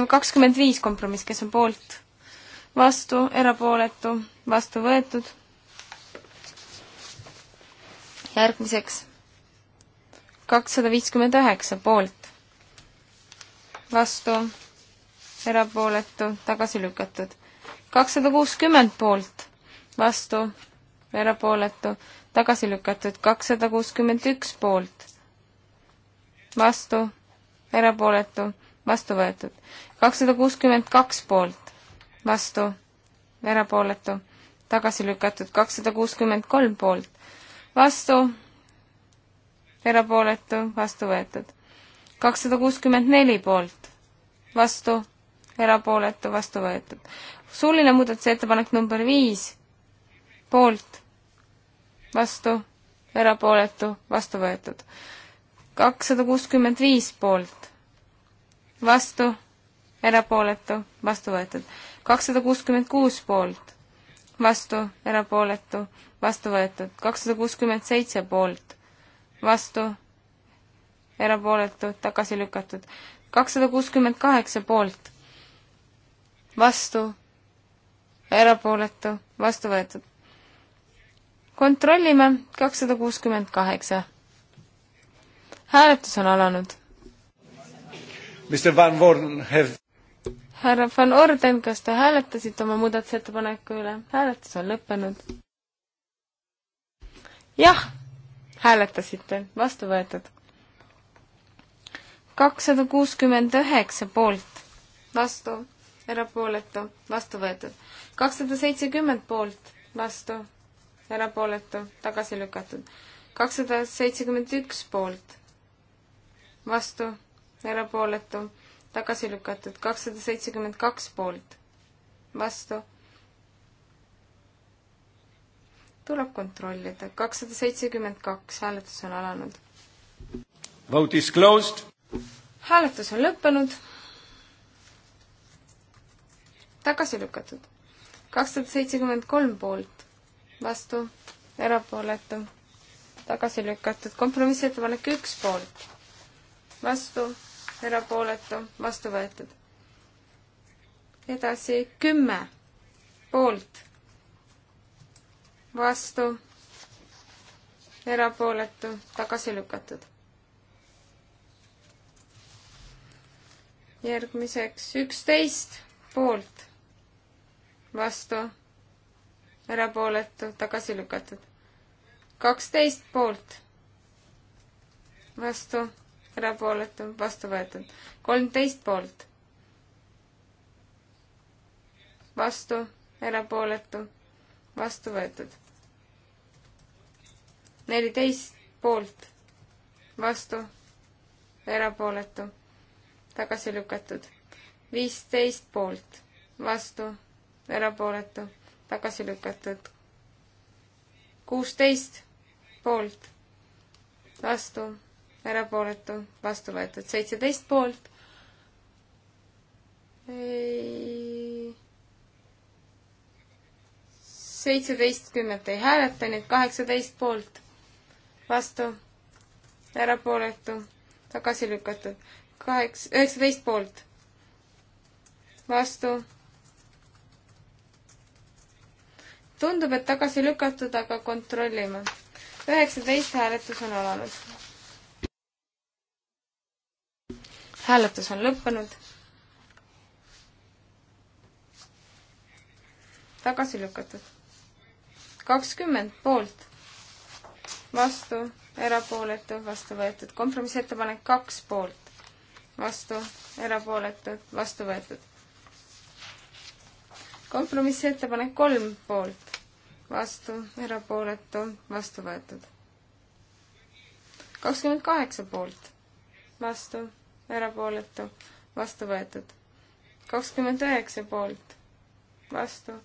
kakskümmend viis kompromiss, kes on poolt, vastu, erapooletu, vastu võetud. järgmiseks kakssada viiskümmend üheksa poolt, vastu erapooletu, tagasi lükatud. kakssada kuuskümmend poolt, vastu, erapooletu, tagasi lükatud. kakssada kuuskümmend üks poolt, vastu, erapooletu, vastu võetud. kakssada kuuskümmend kaks poolt, vastu, erapooletu, tagasi lükatud. kakssada kuuskümmend kolm poolt, vastu, erapooletu, vastu võetud. kakssada kuuskümmend neli poolt, vastu, erapooletu, vastu võetud. suuline muudatusettepanek number viis, poolt, vastu, erapooletu, vastu võetud. kakssada kuuskümmend viis poolt, vastu, erapooletu, vastu võetud. kakssada kuuskümmend kuus poolt, vastu, erapooletu, vastu võetud. kakssada kuuskümmend seitse poolt, vastu, erapooletu, tagasi lükatud. kakssada kuuskümmend kaheksa poolt, vastu, erapooletu, vastu võetud. kontrollime, kakssada kuuskümmend kaheksa. hääletus on alanud. härra Van Orden, kas te hääletasite oma muudatusettepaneku üle? hääletus on lõppenud. jah, hääletasite, vastu võetud kakssada kuuskümmend üheksa poolt, vastu, erapooletu, vastu võetud. kakssada seitsekümmend poolt, vastu, erapooletu, tagasi lükatud. kakssada seitsekümmend üks poolt, vastu, erapooletu, tagasi lükatud. kakssada seitsekümmend kaks poolt, vastu. tuleb kontrollida. kakssada seitsekümmend kaks, hääletus on alanud. Vote is closed. hääletus on lõppenud tagasi lükatud. kakssada seitsekümmend kolm poolt, vastu, erapooletu, tagasi lükatud. kompromissettepanek üks poolt, vastu, erapooletu, vastu võetud. edasi kümme poolt, vastu, erapooletu, tagasi lükatud. järgmiseks üksteist poolt vastu, erapooletu, tagasi lükatud. kaksteist poolt, vastu, erapooletu, vastu võetud. kolmteist poolt, vastu, erapooletu, vastu võetud. neliteist poolt, vastu, erapooletu, tagasi lükatud. viisteist poolt, vastu erapooletu, tagasi lükatud. kuusteist poolt, vastu, erapooletu, vastu võetud. seitseteist poolt. seitseteistkümmet ei hääleta, nii et kaheksateist poolt, vastu, erapooletu, tagasi lükatud. kaheksa, üheksateist poolt, vastu tundub, et tagasi lükatud, aga kontrollime. üheksateist hääletus on alanud. hääletus on lõppenud. tagasi lükatud. kakskümmend poolt, vastu, erapooletu, vastu võetud. kompromissettepanek kaks poolt, vastu, erapooletu, vastu võetud kompromissettepanek kolm poolt, vastu, erapooletu, vastu võetud. kakskümmend kaheksa poolt, vastu, erapooletu, vastu võetud. kakskümmend üheksa poolt, vastu,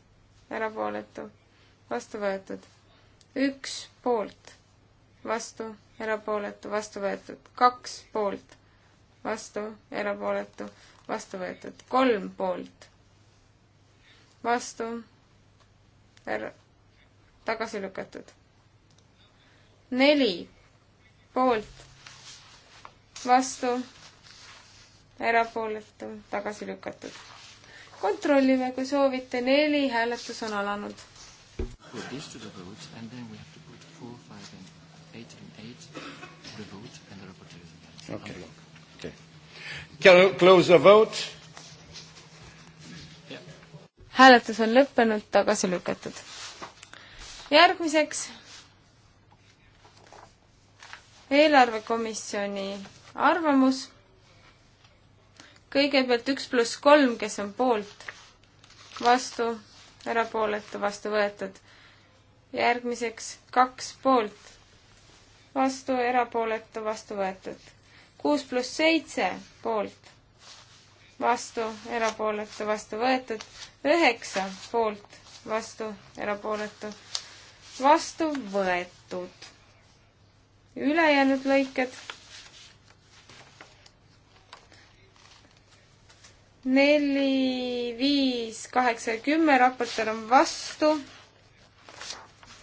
erapooletu, vastu võetud. üks poolt, vastu, erapooletu, vastu võetud. kaks poolt, vastu, erapooletu, vastu võetud. kolm poolt, vastu, era-, tagasi lükatud. neli poolt, vastu, erapooletu, tagasi lükatud. kontrollime, kui soovite, neli, hääletus on alanud. Okay. Okay. Can I close the vote? hääletus on lõppenud, tagasi lükatud järgmiseks eelarvekomisjoni arvamus. kõigepealt üks pluss kolm, kes on poolt, vastu, erapooletu, vastu võetud. järgmiseks kaks poolt, vastu, erapooletu, vastu võetud. kuus pluss seitse poolt, vastu, erapooletu, vastu võetud. üheksa poolt, vastu, erapooletu vastu võetud. ülejäänud lõiked. neli, viis, kaheksa ja kümme, raportöör on vastu.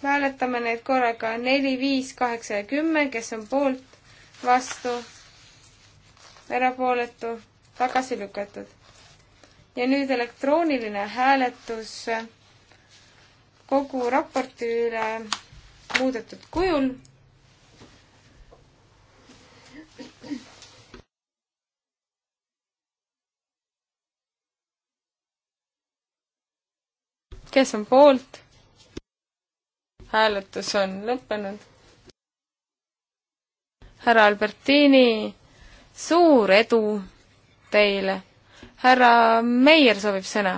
hääletame neid korraga neli, viis, kaheksa ja kümme, kes on poolt, vastu, erapooletu, tagasi lükatud. ja nüüd elektrooniline hääletus kogu raporti üle muudetud kujul. kes on poolt? hääletus on lõppenud. härra Albertini, suur edu teile. härra Meier soovib sõna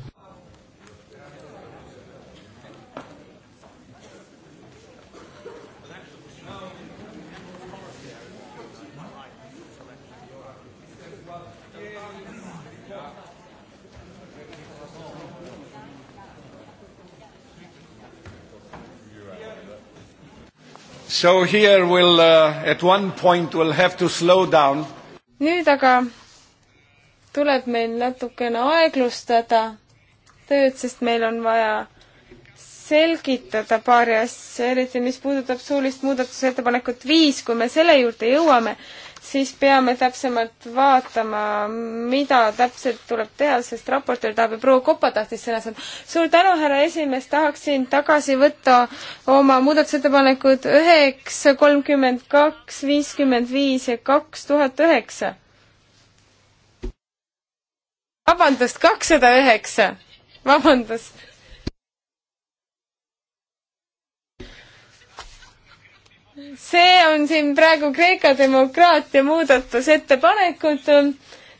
So here we'll uh, at one point we'll have to slow down. nüüd aga tuleb meil natukene aeglustada tööd, sest meil on vaja selgitada paari asja, eriti mis puudutab suulist muudatusettepanekut viis, kui me selle juurde jõuame, siis peame täpsemalt vaatama, mida täpselt tuleb teha, sest raportöör tahab ja proua Kopa tahtis sõna saada. suur tänu, härra esimees, tahaksin tagasi võtta oma muudatusettepanekud üheksa, kolmkümmend kaks, viiskümmend viis ja kaks tuhat üheksa. vabandust, kakssada üheksa, vabandust see on siin praegu Kreeka demokraatia muudatusettepanekud,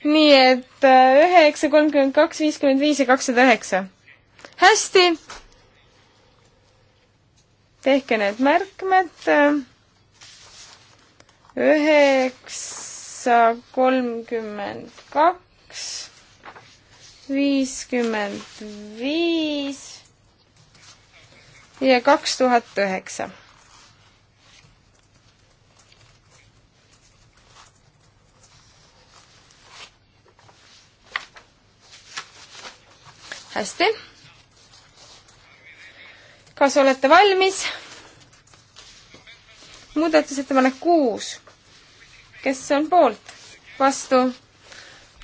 nii et äh, üheksa, kolmkümmend kaks, viiskümmend viis ja kakssada üheksa. hästi. tehke need märkmed. üheksa, kolmkümmend kaks, viiskümmend viis ja kaks tuhat üheksa hästi. kas olete valmis? muudatusettepanek kuus. kes on poolt? vastu?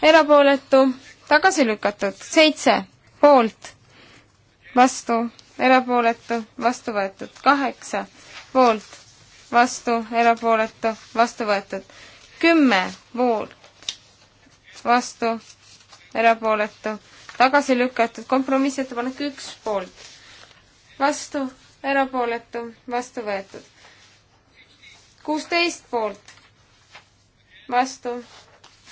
erapooletu? tagasi lükatud. seitse. poolt? vastu? erapooletu? vastu võetud. kaheksa. poolt? vastu? erapooletu? vastu võetud. kümme. poolt? vastu? erapooletu? tagasi lükatud, kompromissettepanek üks poolt, vastu, erapooletu, vastu võetud. kuusteist poolt, vastu,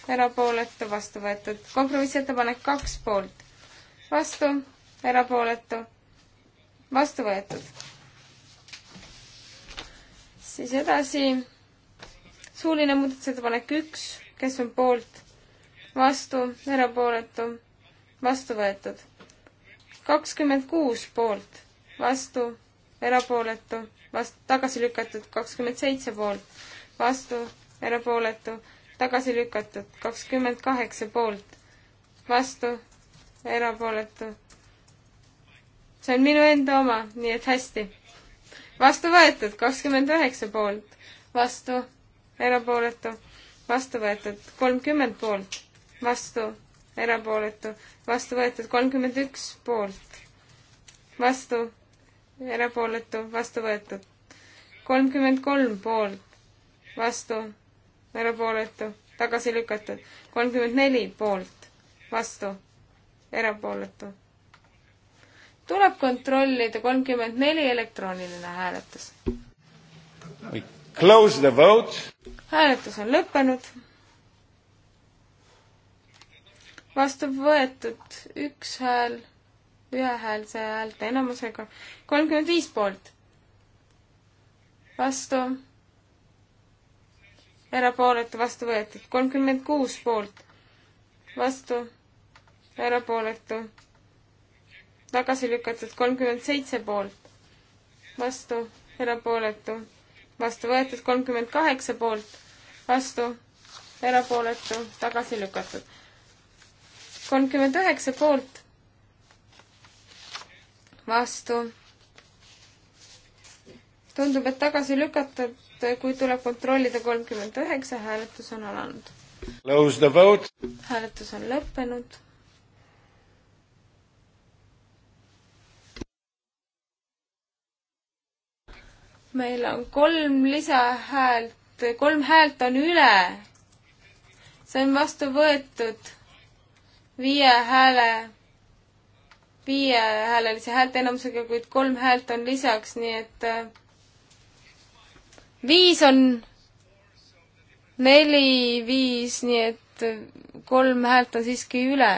erapooletu, vastu võetud. kompromissettepanek kaks poolt, vastu, erapooletu, vastu võetud. siis edasi, suuline muudatusettepanek üks, kes on poolt, vastu, erapooletu vastu võetud. kakskümmend kuus poolt, vastu, erapooletu, vast-, tagasi lükatud, kakskümmend seitse poolt, vastu, erapooletu, tagasi lükatud, kakskümmend kaheksa poolt, vastu, erapooletu. see on minu enda oma, nii et hästi. vastu võetud, kakskümmend üheksa poolt, vastu, erapooletu, vastu võetud, kolmkümmend poolt, vastu erapooletu, vastu võetud kolmkümmend üks poolt, vastu, erapooletu, vastu võetud kolmkümmend kolm poolt, vastu, erapooletu, tagasi lükatud, kolmkümmend neli poolt, vastu, erapooletu. tuleb kontrollida kolmkümmend neli elektrooniline hääletus. Close the vote. hääletus on lõppenud vastu võetud üks hääl ühehäälse häälte enamusega, kolmkümmend viis poolt. vastu, erapooletu vastu võetud, kolmkümmend kuus poolt, vastu, erapooletu, tagasi lükatud, kolmkümmend seitse poolt, vastu, erapooletu, vastu võetud, kolmkümmend kaheksa poolt, vastu, erapooletu, tagasi lükatud kolmkümmend üheksa poolt, vastu. tundub, et tagasi lükatud, kuid tuleb kontrollida kolmkümmend üheksa, hääletus on alanud. hääletus on lõppenud meil on kolm lisahäält, kolm häält on üle. see on vastu võetud viie hääle, viiehäälelise häälteenamusega, kuid kolm häält on lisaks, nii et äh, viis on neli, viis, nii et äh, kolm häält on siiski üle.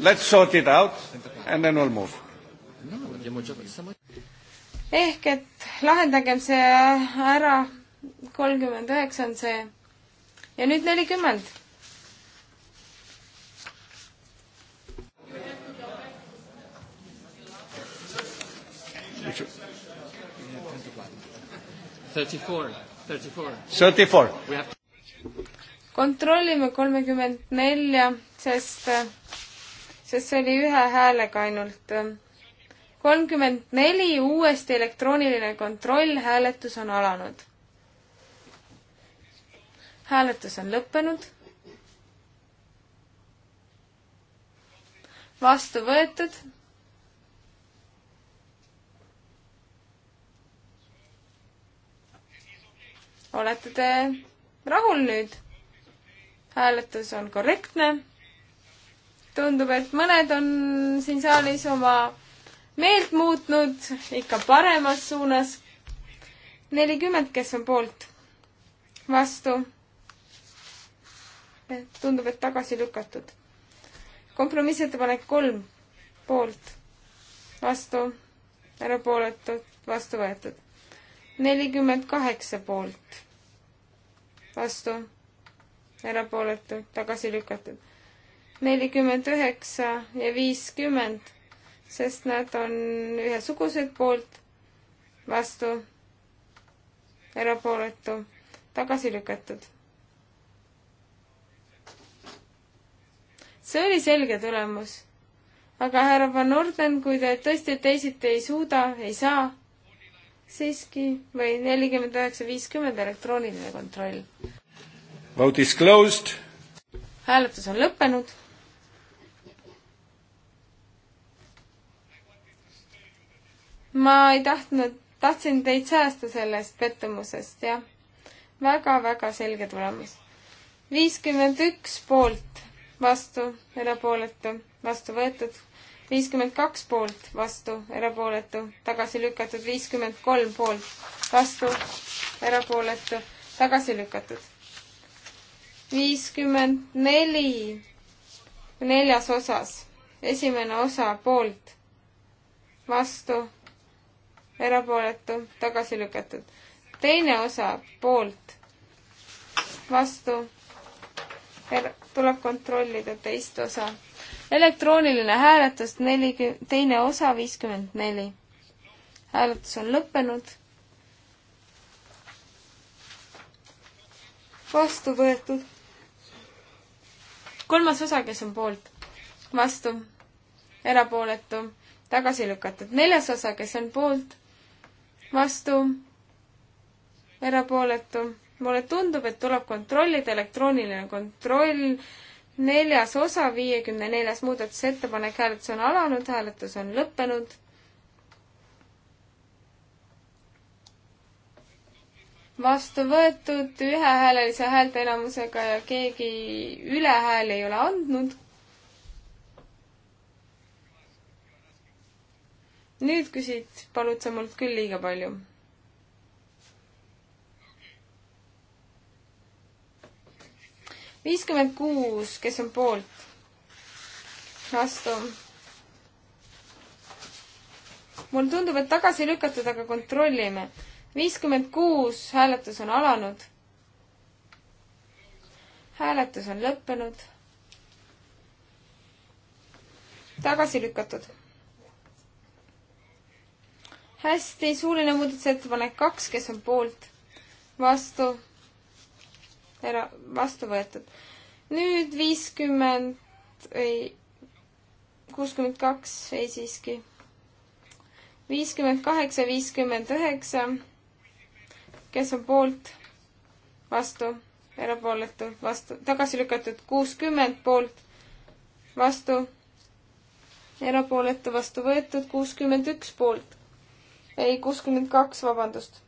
Let's sort it out and then we'll move ehk et lahendagem see ära, kolmkümmend üheksa on see ja nüüd nelikümmend. kontrollime kolmekümmend nelja, sest, sest see oli ühe häälega ainult. kolmkümmend neli uuesti elektrooniline kontroll, hääletus on alanud hääletus on lõppenud. vastu võetud. olete te rahul nüüd? hääletus on korrektne. tundub, et mõned on siin saalis oma meelt muutnud ikka paremas suunas. nelikümmend, kes on poolt, vastu tundub, et tagasi lükatud. kompromissettepanek kolm, poolt, vastu, erapooletud, vastu võetud. nelikümmend kaheksa poolt, vastu, erapooletud, tagasi lükatud. nelikümmend üheksa ja viiskümmend, sest nad on ühesugused poolt, vastu, erapooletu, tagasi lükatud see oli selge tulemus. aga härra Van Orden, kui te tõesti teisiti ei suuda, ei saa, siiski või nelikümmend üheksa, viiskümmend elektrooniline kontroll. Vote is closed. hääletus on lõppenud. ma ei tahtnud, tahtsin teid säästa sellest pettumusest, jah väga,. väga-väga selge tulemus. viiskümmend üks poolt vastu, erapooletu, vastu võetud. viiskümmend kaks poolt, vastu, erapooletu, tagasi lükatud. viiskümmend kolm poolt, vastu, erapooletu, tagasi lükatud. viiskümmend neli neljas osas. esimene osa poolt, vastu, erapooletu, tagasi lükatud. teine osa poolt, vastu, tuleb kontrollida teist osa. elektrooniline hääletus nelikümmend, teine osa viiskümmend neli. hääletus on lõppenud. vastu võetud. kolmas osa, kes on poolt? vastu. erapooletu. tagasi lükatud. neljas osa, kes on poolt? vastu. erapooletu mulle tundub, et tuleb kontrollida, elektrooniline kontroll, neljas osa, viiekümne neljas muudatusettepanek, hääletus on alanud, hääletus on lõppenud. vastu võetud ühehäälelise häälteenamusega ja keegi ülehääli ei ole andnud nüüd küsid, palud sa mult küll liiga palju viiskümmend kuus, kes on poolt? vastu. mulle tundub, et tagasi lükatud, aga kontrollime. viiskümmend kuus, hääletus on alanud. hääletus on lõppenud. tagasi lükatud. hästi, suuline muudatusettepanek kaks, kes on poolt? vastu era-, vastu võetud. nüüd viiskümmend, ei, kuuskümmend kaks, ei siiski. viiskümmend kaheksa, viiskümmend üheksa. kes on poolt? vastu, erapooletu, vastu, tagasi lükatud, kuuskümmend poolt, vastu, erapooletu, vastu võetud, kuuskümmend üks poolt. ei, kuuskümmend kaks, vabandust.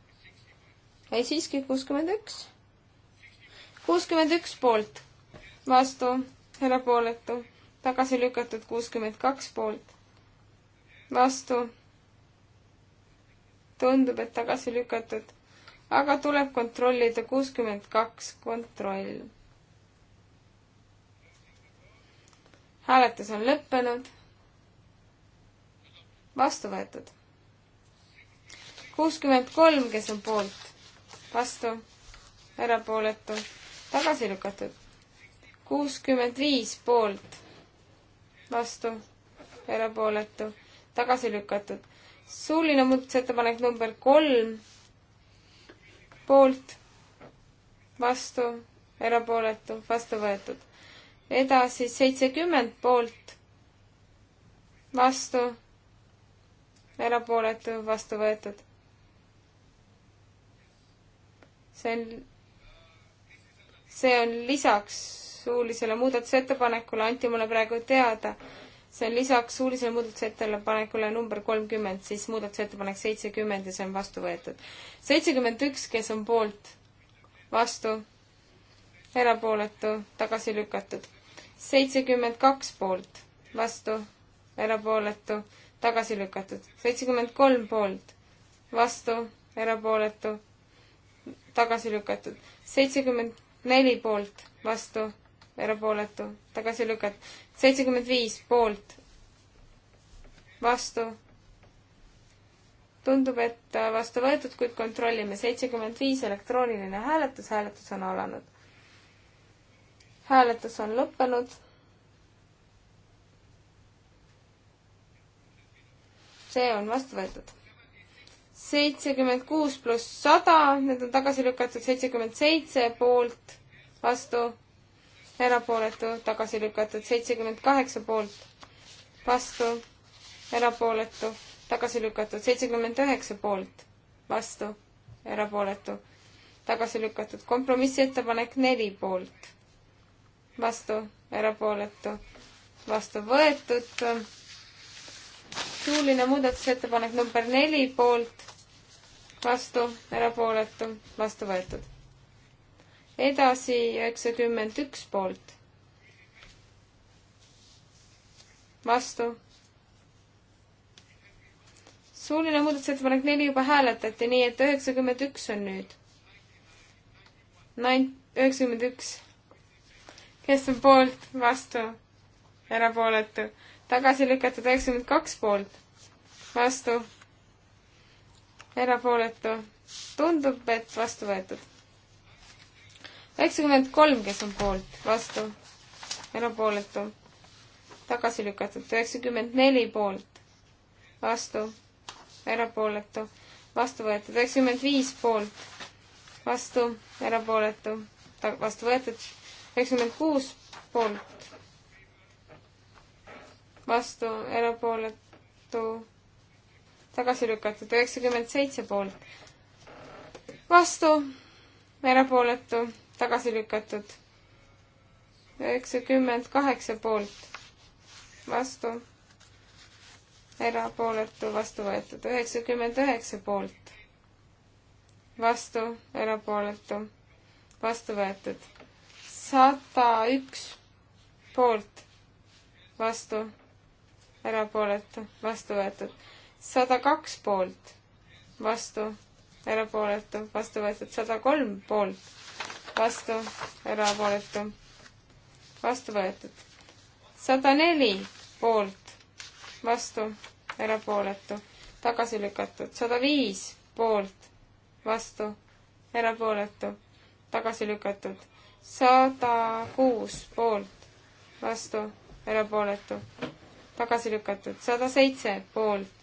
ei siiski, kuuskümmend üks kuuskümmend üks poolt, vastu, erapooletu, tagasi lükatud kuuskümmend kaks poolt, vastu. tundub, et tagasi lükatud, aga tuleb kontrollida kuuskümmend kaks, kontroll. hääletus on lõppenud. vastu võetud. kuuskümmend kolm, kes on poolt, vastu, erapooletu tagasi lükatud. kuuskümmend viis poolt, vastu, erapooletu, tagasi lükatud. suuline muudatusettepanek number kolm, poolt, vastu, erapooletu, vastu võetud. edasi seitsekümmend poolt, vastu, erapooletu, vastu võetud. see on see on lisaks suulisele muudatusettepanekule, anti mulle praegu teada, see on lisaks suulisele muudatusettepanekule number kolmkümmend, siis muudatusettepanek seitsekümmend ja see on vastu võetud. seitsekümmend üks, kes on poolt, vastu, erapooletu, tagasi lükatud. seitsekümmend kaks poolt, vastu, erapooletu, tagasi lükatud. seitsekümmend kolm poolt, vastu, erapooletu, tagasi lükatud. seitsekümmend neli poolt, vastu, erapooletu, tagasi lükatud. seitsekümmend viis poolt, vastu. tundub, et äh, vastu võetud, kuid kontrollime. seitsekümmend viis elektrooniline hääletus, hääletus on alanud. hääletus on lõppenud. see on vastu võetud seitsekümmend kuus pluss sada, need on tagasi lükatud, seitsekümmend seitse poolt, vastu, erapooletu, tagasi lükatud, seitsekümmend kaheksa poolt, vastu, erapooletu, tagasi lükatud, seitsekümmend üheksa poolt, vastu, erapooletu, tagasi lükatud, kompromissettepanek neli poolt, vastu, erapooletu, vastu võetud, suuline muudatusettepanek number neli poolt vastu, erapooletu, vastu võetud. edasi üheksakümmend üks poolt. vastu. suuline muudatusettepanek neli juba hääletati, nii et üheksakümmend üks on nüüd. Nine, üheksakümmend üks. kes on poolt, vastu, erapooletu, tagasi lükatud üheksakümmend kaks poolt, vastu erapooletu, tundub, et vastu võetud. üheksakümmend kolm, kes on poolt, vastu, erapooletu, tagasi lükatud, üheksakümmend neli poolt, vastu, erapooletu, vastu võetud, üheksakümmend viis poolt, vastu, erapooletu, vastu võetud, üheksakümmend kuus poolt, vastu, erapooletu tagasi lükatud, üheksakümmend seitse poolt. vastu, erapooletu, tagasi lükatud. üheksakümmend kaheksa poolt, vastu, erapooletu, vastu võetud. üheksakümmend üheksa poolt, vastu, erapooletu, vastu võetud. sada üks poolt, vastu, erapooletu, vastu võetud sada kaks poolt, vastu, erapooletu, vastu võetud sada kolm poolt, vastu, erapooletu, vastu võetud sada neli poolt, vastu, erapooletu, tagasi lükatud, sada viis poolt, vastu, erapooletu, tagasi lükatud, sada kuus poolt, vastu, erapooletu, tagasi lükatud, sada seitse poolt,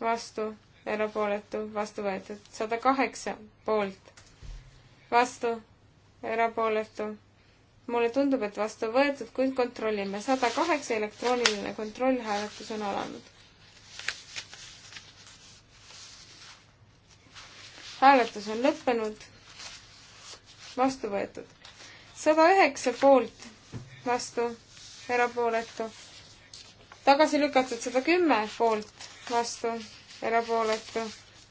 vastu, erapooletu, vastu võetud. sada kaheksa poolt, vastu, erapooletu. mulle tundub, et vastu võetud, kuid kontrollime. sada kaheksa elektrooniline kontrollhääletus on alanud. hääletus on lõppenud, vastu võetud. sada üheksa poolt, vastu, erapooletu tagasi lükatud sada kümme poolt, vastu, erapooletu,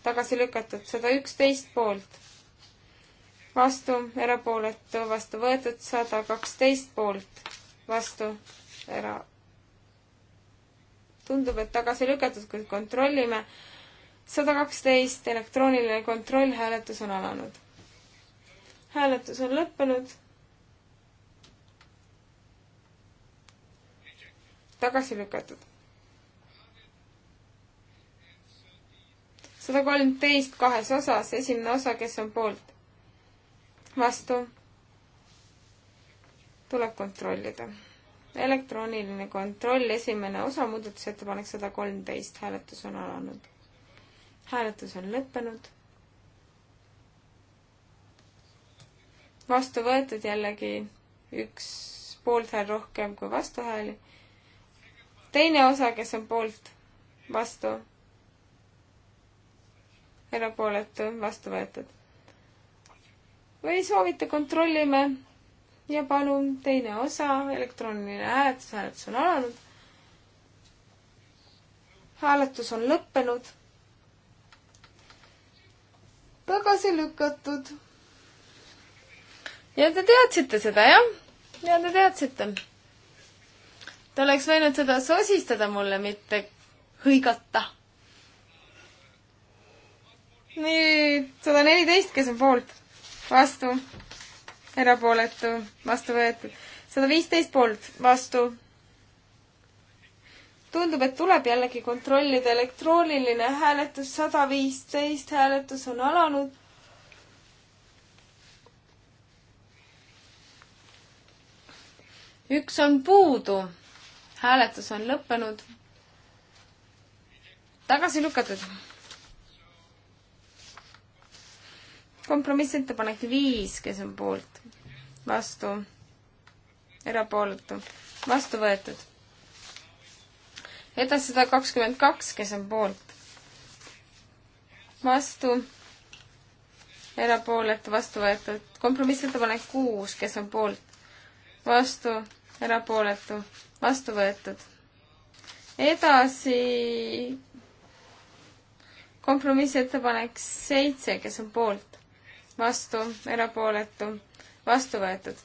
tagasi lükatud, sada üksteist poolt, vastu, erapooletu, vastu võetud, sada kaksteist poolt, vastu, era-. tundub, et tagasi lükatud, kui kontrollime. sada kaksteist, elektrooniline kontroll, hääletus on alanud. hääletus on lõppenud tagasi lükatud. sada kolmteist kahes osas, esimene osa, kes on poolt? vastu. tuleb kontrollida. elektrooniline kontroll, esimene osa, muudatusettepanek sada kolmteist, hääletus on alanud. hääletus on lõppenud. vastu võetud jällegi üks poolthääl rohkem kui vastuhääli. teine osa, kes on poolt, vastu erapooletu, vastu võetud. või soovite, kontrollime ja palun teine osa, elektrooniline hääletus, hääletus on alanud. hääletus on lõppenud. tagasi lükatud. ja te teadsite seda, jah? ja te teadsite. Te oleks võinud seda sosistada mulle, mitte hõigata nüüd sada neliteist, kes on poolt, vastu, erapooletu, vastu võetud. sada viisteist poolt, vastu. tundub, et tuleb jällegi kontrollida elektrooniline hääletus, sada viisteist hääletus on alanud üks on puudu. hääletus on lõppenud. tagasi lükatud kompromissettepanek viis, kes on poolt, vastu, erapooletu, vastu võetud. edasi sada kakskümmend kaks, kes on poolt, vastu, erapooletu, vastu võetud. kompromissettepanek kuus, kes on poolt, vastu, erapooletu, vastu võetud. edasi kompromissettepanek seitse, kes on poolt, vastu, erapooletu, vastu võetud.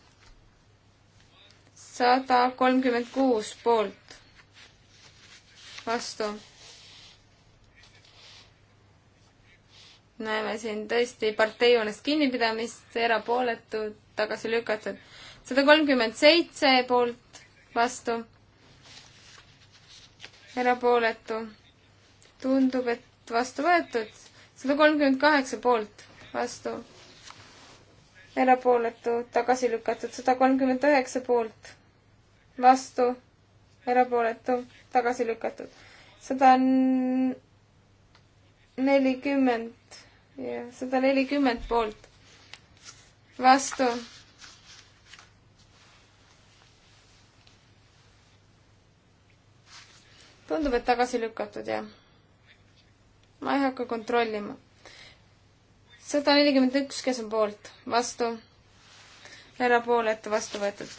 sada kolmkümmend kuus poolt, vastu. näeme siin tõesti parteijoonest kinnipidamist, erapooletud, tagasi lükatud. sada kolmkümmend seitse poolt, vastu, erapooletu. tundub, et vastu võetud, sada kolmkümmend kaheksa poolt, vastu erapooletu, tagasi lükatud, sada kolmkümmend üheksa poolt, vastu, erapooletu, tagasi lükatud, sada nelikümmend ja sada nelikümmend poolt, vastu. tundub, et tagasi lükatud, jah. ma ei hakka kontrollima sada nelikümmend üks, kes on poolt, vastu, erapooletu, vastu võetud.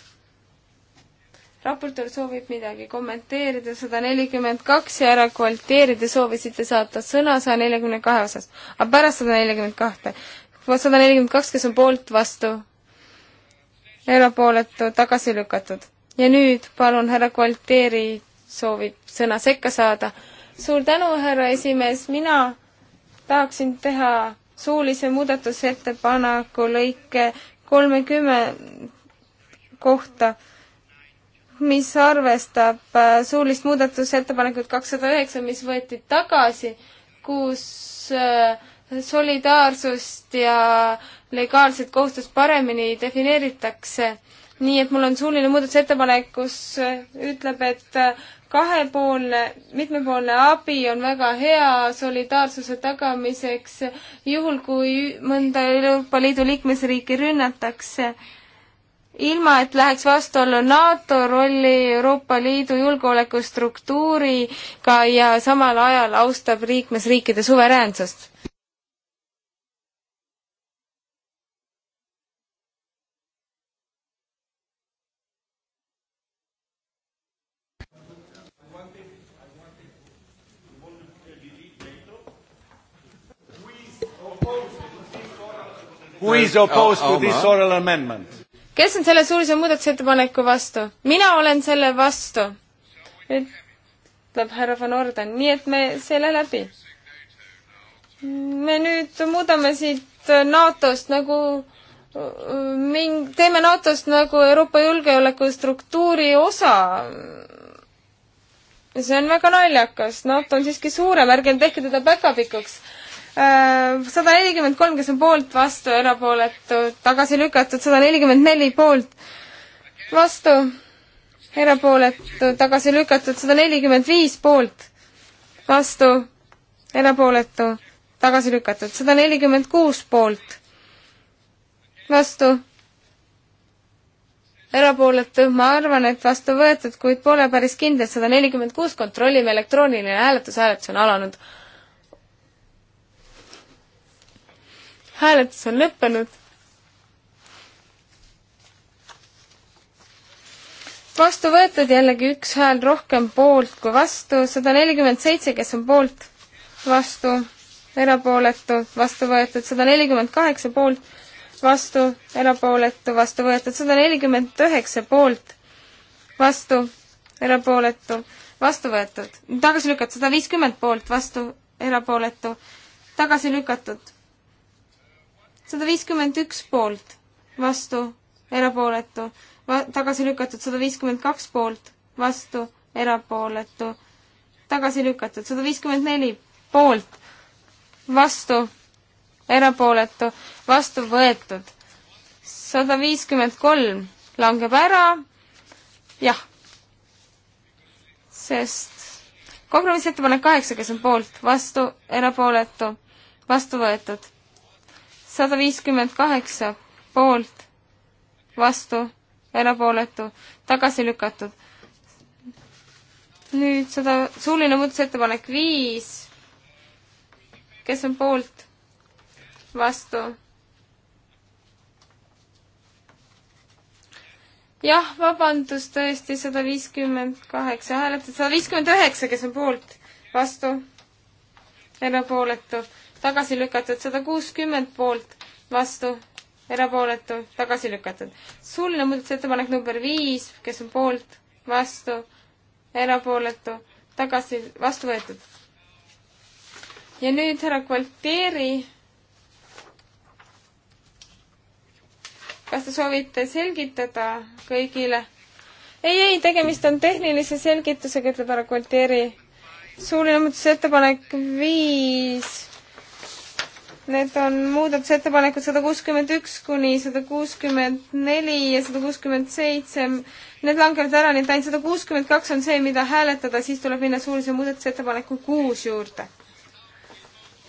raportöör soovib midagi kommenteerida, sada nelikümmend kaks ja ära kvaliteerida soovisite saata sõna saja neljakümne kahe osas, aga pärast sada nelikümmend kahte. sada nelikümmend kaks, kes on poolt, vastu, erapooletu, tagasi lükatud. ja nüüd palun härra Kvalteeri soovib sõna sekka saada. suur tänu, härra esimees, mina tahaksin teha suulise muudatusettepaneku lõike kolmekümmend kohta, mis arvestab äh, suulist muudatusettepanekut kakssada üheksa, mis võeti tagasi, kus äh, solidaarsust ja legaalset kohustust paremini defineeritakse. nii et mul on suuline muudatusettepanek, kus äh, ütleb, et kahepoolne, mitmepoolne abi on väga hea solidaarsuse tagamiseks, juhul kui mõnda Euroopa Liidu liikmesriiki rünnatakse, ilma et läheks vastuollu NATO rolli Euroopa Liidu julgeolekustruktuuriga ja samal ajal austab liikmesriikide suveräänsust. Who is opposed to this oral amendment? kes on selle suurise muudatusettepaneku vastu? mina olen selle vastu. ütleb härra von Orden, nii et me selle läbi. me nüüd muudame siit NATO-st nagu ming-, teeme NATO-st nagu Euroopa julgeolekustruktuuri osa. see on väga naljakas, NATO on siiski suurem, ärgem tehke teda päkapikuks Äh, sada nelikümmend kolm, kes on poolt, vastu, erapooletud, tagasi lükatud, sada nelikümmend neli poolt, vastu, erapooletud, tagasi lükatud, sada nelikümmend viis poolt, vastu, erapooletu, tagasi lükatud, sada nelikümmend kuus poolt, vastu, erapooletu, ma arvan, et vastu võetud, kuid pole päris kindel, sada nelikümmend kuus, kontrollime elektrooniline hääletus, hääletus on alanud hääletus on lõppenud. vastu võetud jällegi üks hääl rohkem poolt kui vastu, sada nelikümmend seitse, kes on poolt, vastu, erapooletu, vastu võetud, sada nelikümmend kaheksa poolt, vastu, erapooletu, vastu võetud, sada nelikümmend üheksa poolt, vastu, erapooletu, vastu võetud, tagasi lükatud, sada viiskümmend poolt, vastu, erapooletu, tagasi lükatud sada viiskümmend üks poolt, vastu, erapooletu, tagasi lükatud sada viiskümmend kaks poolt, vastu, erapooletu, tagasi lükatud sada viiskümmend neli poolt, vastu, erapooletu, vastu võetud. sada viiskümmend kolm langeb ära, jah, sest kompromissettepanek kaheksa, kes on poolt, vastu, erapooletu, vastu võetud sada viiskümmend kaheksa poolt, vastu, erapooletu, tagasi lükatud. nüüd sada, suuline muudatusettepanek viis. kes on poolt? vastu. jah, vabandust, tõesti sada viiskümmend kaheksa hääletajat, sada viiskümmend üheksa, kes on poolt, vastu, erapooletu tagasi lükatud, sada kuuskümmend poolt, vastu, erapooletu, tagasi lükatud. suuline muudatusettepanek number viis, kes on poolt, vastu, erapooletu, tagasi, vastu võetud. ja nüüd härra Kvalteeri. kas te soovite selgitada kõigile? ei, ei, tegemist on tehnilise selgitusega, ütleb härra Kvalteeri. suuline muudatusettepanek viis Need on muudatusettepanekud sada kuuskümmend üks kuni sada kuuskümmend neli ja sada kuuskümmend seitse. Need langevad ära, nii et ainult sada kuuskümmend kaks on see, mida hääletada, siis tuleb minna suurise muudatusettepaneku kuus juurde.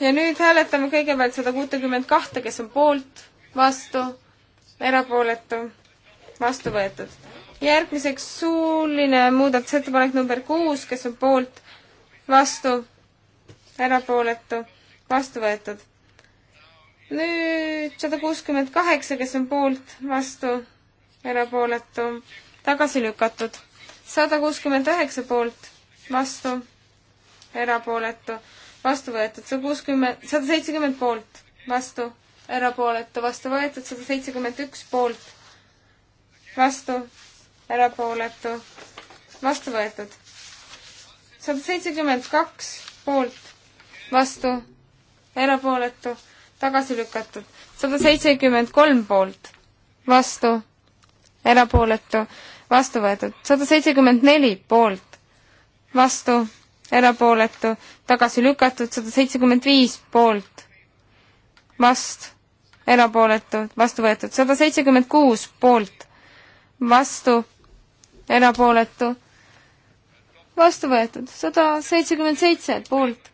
ja nüüd hääletame kõigepealt sada kuutekümmet kahte, kes on poolt, vastu, erapooletu, vastu võetud. järgmiseks suuline muudatusettepanek number kuus, kes on poolt, vastu, erapooletu, vastu võetud nüüd sada kuuskümmend kaheksa, kes on poolt, vastu, erapooletu, tagasi lükatud. sada kuuskümmend üheksa poolt, vastu, erapooletu, vastu võetud. sada kuuskümmend, sada seitsekümmend poolt, vastu, erapooletu, vastu võetud. sada seitsekümmend üks poolt, vastu, erapooletu, vastu võetud. sada seitsekümmend kaks poolt, vastu, erapooletu tagasi lükatud. sada seitsekümmend kolm poolt, vastu, erapooletu, vastu võetud. sada seitsekümmend neli poolt, vastu, erapooletu, tagasi lükatud. sada seitsekümmend viis poolt, vast, erapooletu, vastu võetud. sada seitsekümmend kuus poolt, vastu, erapooletu, vastu võetud. sada seitsekümmend seitse poolt,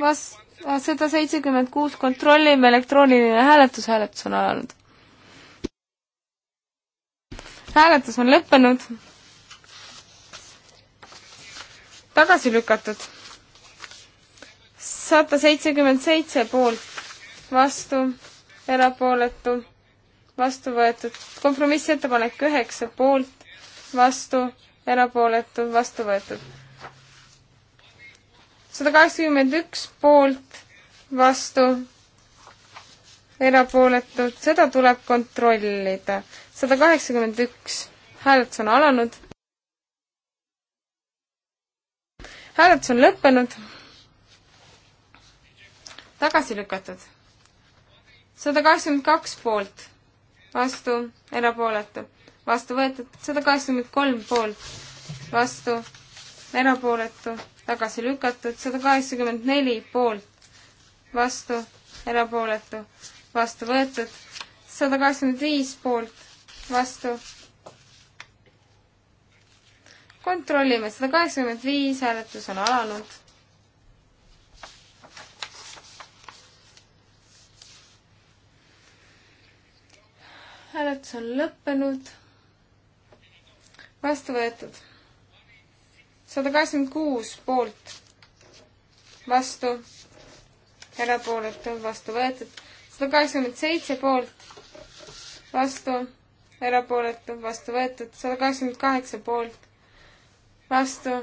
vastu sada seitsekümmend kuus kontrollime, elektrooniline hääletus, hääletus on alanud. hääletus on lõppenud. tagasi lükatud. sada seitsekümmend seitse poolt, vastu, erapooletu, vastu võetud. kompromissettepanek üheksa poolt, vastu, erapooletu, vastu võetud sada kaheksakümmend üks poolt, vastu, erapooletud, seda tuleb kontrollida. sada kaheksakümmend üks, hääletus on alanud. hääletus on lõppenud. tagasi lükatud. sada kaheksakümmend kaks poolt, vastu, erapooletu, vastu võetud, sada kaheksakümmend kolm poolt, vastu, erapooletu tagasi lükatud, sada kaheksakümmend neli poolt, vastu, erapooletu, vastu võetud, sada kaheksakümmend viis poolt, vastu. kontrollime, sada kaheksakümmend viis, hääletus on alanud. hääletus on lõppenud, vastu võetud sada kaheksakümmend kuus poolt, vastu, erapooletu, vastu võetud. sada kaheksakümmend seitse poolt, vastu, erapooletu, vastu võetud. sada kaheksakümmend kaheksa poolt, vastu,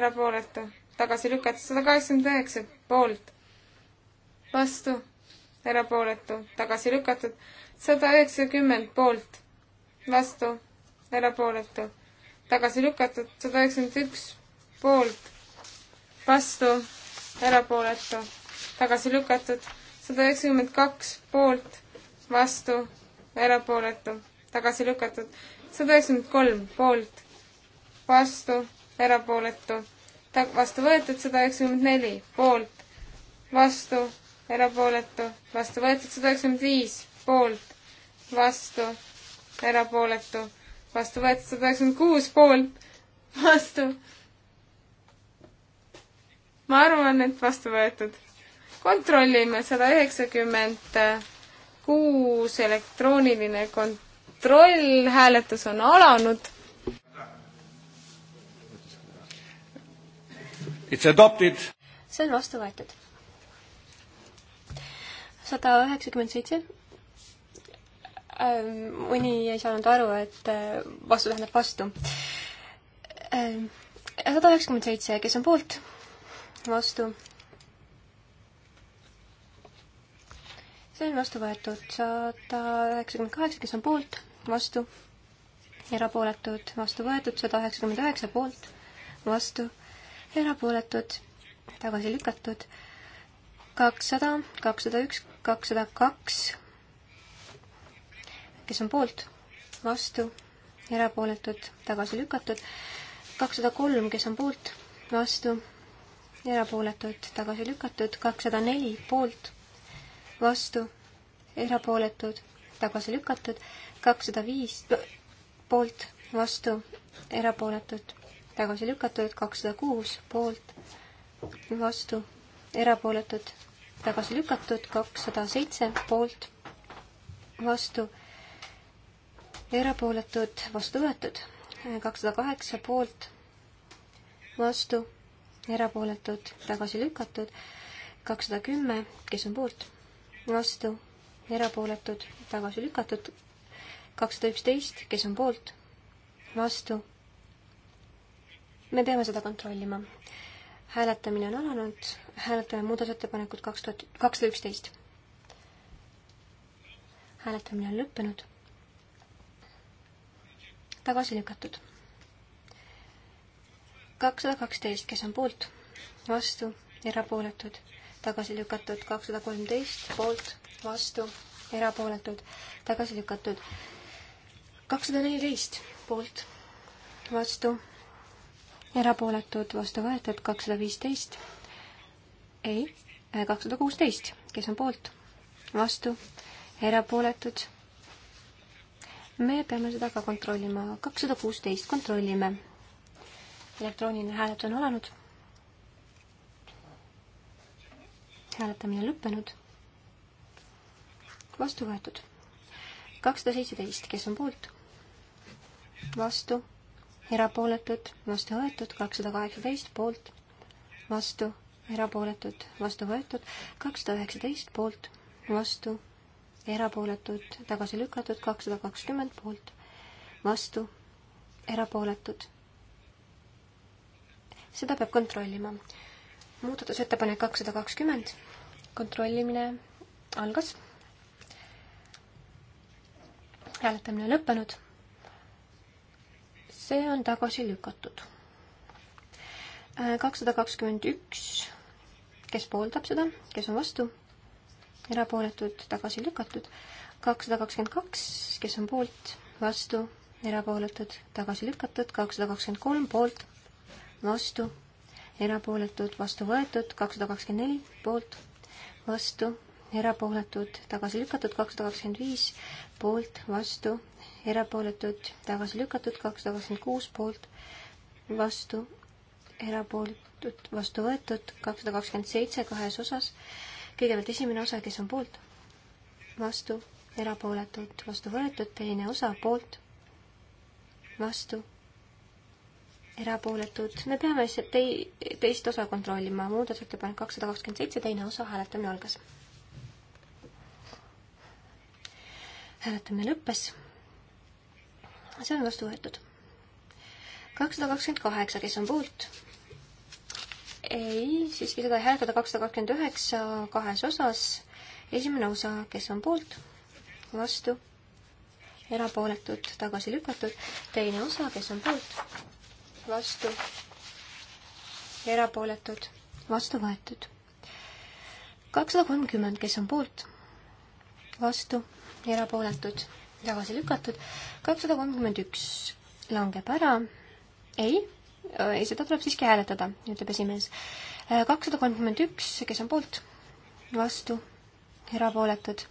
erapooletu, tagasi lükatud. sada kaheksakümmend üheksa poolt, vastu, erapooletu, tagasi lükatud. sada üheksakümmend poolt, vastu, erapooletu tagasi lükatud, sada üheksakümmend üks poolt, vastu, erapooletu, tagasi lükatud, sada üheksakümmend kaks poolt, vastu, erapooletu, tagasi lükatud, sada üheksakümmend kolm poolt, vastu, erapooletu, ta-, vastu võetud, sada üheksakümmend neli poolt, vastu, erapooletu, vastu võetud, sada üheksakümmend viis poolt, vastu, erapooletu vastu võetud sada üheksakümmend kuus poolt, vastu. ma arvan, et vastu võetud. kontrollime sada üheksakümmend kuus elektrooniline kontroll, hääletus on alanud. It's adopted. see on vastu võetud. sada üheksakümmend seitse Ehm, mõni ei saanud aru, et eh, vastu tähendab vastu. Ehm, sada üheksakümmend seitse, kes on poolt? vastu. see on vastu võetud. sada üheksakümmend kaheksa, kes on poolt? vastu. erapooletud, vastu võetud. sada üheksakümmend üheksa poolt, vastu. erapooletud, tagasi lükatud. kakssada, kakssada üks, kakssada kaks kes on poolt, vastu, erapooletud, tagasi lükatud. kakssada kolm, kes on poolt, vastu, erapooletud, tagasi lükatud. kakssada neli poolt, vastu, erapooletud, tagasi lükatud. kakssada viis poolt, vastu, erapooletud, tagasi lükatud. kakssada kuus poolt, vastu, erapooletud, tagasi lükatud. kakssada seitse poolt, vastu erapooletud, vastu võetud, kakssada kaheksa poolt, vastu, erapooletud, tagasi lükatud, kakssada kümme, kes on poolt, vastu, erapooletud, tagasi lükatud, kakssada üksteist, kes on poolt, vastu. me peame seda kontrollima. hääletamine on alanud, hääletame muudatusettepanekut kaks tuhat, kakssada üksteist. hääletamine on lõppenud tagasi lükatud. kakssada kaksteist, kes on poolt, vastu, erapooletud, tagasi lükatud, kakssada kolmteist, poolt, vastu, erapooletud, tagasi lükatud, kakssada neliteist, poolt, vastu, erapooletud, vastu võetud, kakssada viisteist, ei, kakssada kuusteist, kes on poolt, vastu, erapooletud me peame seda ka kontrollima. kakssada kuusteist, kontrollime. elektrooniline hääletus on alanud. hääletamine lõppenud. vastu võetud. kakssada seitseteist, kes on poolt? vastu erapooletud, vastu võetud, kakssada kaheksateist poolt, vastu, erapooletud, vastu võetud, kakssada üheksateist poolt, vastu, erapooletud, tagasi lükatud, kakssada kakskümmend poolt, vastu, erapooletud. seda peab kontrollima. muudatusettepanek kakssada kakskümmend, kontrollimine algas. hääletamine lõppenud. see on tagasi lükatud. Äh, kakssada kakskümmend üks, kes pooldab seda, kes on vastu erapooletud, tagasi lükatud. kakssada kakskümmend kaks, kes on poolt, vastu, erapooletud, tagasi lükatud. kakssada kakskümmend kolm poolt, vastu, erapooletud, vastu võetud. kakssada kakskümmend neli poolt, vastu, erapooletud, tagasi lükatud. kakssada kakskümmend viis poolt, vastu, erapooletud, tagasi lükatud. kakssada kakskümmend kuus poolt, vastu, erapooletud, vastu võetud. kakssada kakskümmend seitse kahes osas kõigepealt esimene osa, kes on poolt, vastu, erapooletud, vastu võetud, teine osa poolt, vastu, erapooletud. me peame siis tei-, teist osa kontrollima, muudatusettepanek kakssada kakskümmend seitse, teine osa, hääletamine algas. hääletamine lõppes. see on vastu võetud. kakssada kakskümmend kaheksa, kes on poolt ei, siiski seda ei hääletada, kakssada kakskümmend üheksa kahes osas. esimene osa, kes on poolt, vastu, erapooletud, tagasi lükatud. teine osa, kes on poolt, vastu, erapooletud, vastu võetud. kakssada kolmkümmend, kes on poolt, vastu, erapooletud, tagasi lükatud. kakssada kolmkümmend üks langeb ära. ei Äh, ei, seda tuleb siiski hääletada, ütleb esimees. Äh, kakssada kolmkümmend üks, kes on poolt, vastu, erapooletud,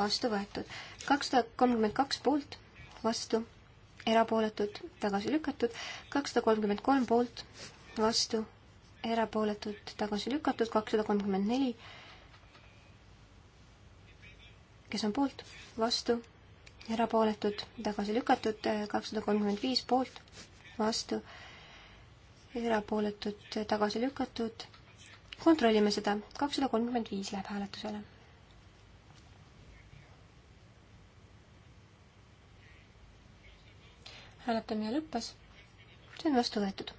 vastu võetud. kakssada kolmkümmend kaks poolt, vastu, erapooletud, tagasi lükatud. kakssada kolmkümmend kolm poolt, vastu, erapooletud, tagasi lükatud. kakssada kolmkümmend neli, kes on poolt, vastu, erapooletud, tagasi lükatud. kakssada kolmkümmend viis poolt, vastu erapooletud tagasi lükatud. kontrollime seda, kakssada kolmkümmend viis läheb hääletusele. hääletamine lõppes, see on vastu võetud.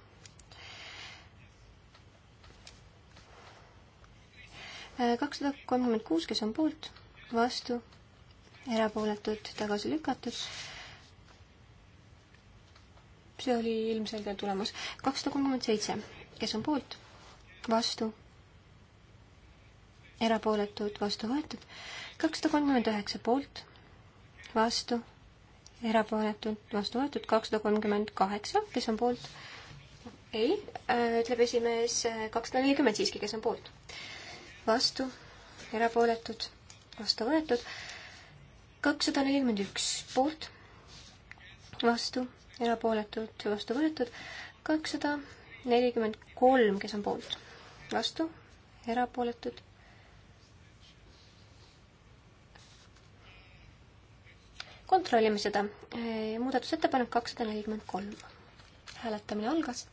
kakssada kolmkümmend kuus, kes on poolt, vastu, erapooletud, tagasi lükatud see oli ilmselge tulemus. kakssada kolmkümmend seitse, kes on poolt, vastu, erapooletud, vastu võetud, kakssada kolmkümmend üheksa poolt, vastu, erapooletud, vastu võetud, kakssada kolmkümmend kaheksa, kes on poolt, ei, äh, ütleb esimees äh, kakssada nelikümmend siiski, kes on poolt. vastu, erapooletud, vastu võetud, kakssada nelikümmend üks poolt, vastu, erapooletud, vastu võetud, kakssada nelikümmend kolm, kes on poolt, vastu, erapooletud. kontrollime seda, muudatusettepanek kakssada nelikümmend kolm, hääletamine algas.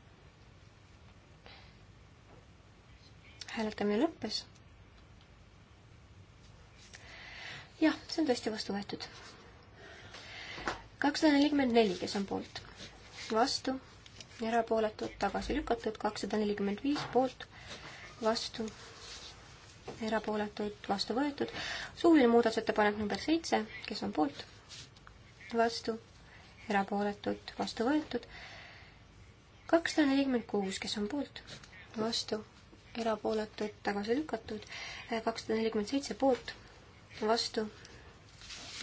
hääletamine lõppes. jah, see on tõesti vastu võetud kakssada nelikümmend neli, kes on poolt, vastu, erapooletud, tagasi lükatud, kakssada nelikümmend viis poolt, vastu, erapooletuid, vastu võetud. suuline muudatusettepanek number seitse, kes on poolt, vastu, erapooletud, vastu võetud. kakssada nelikümmend kuus, kes on poolt, vastu, erapooletud, tagasi lükatud. kakssada nelikümmend seitse poolt, vastu,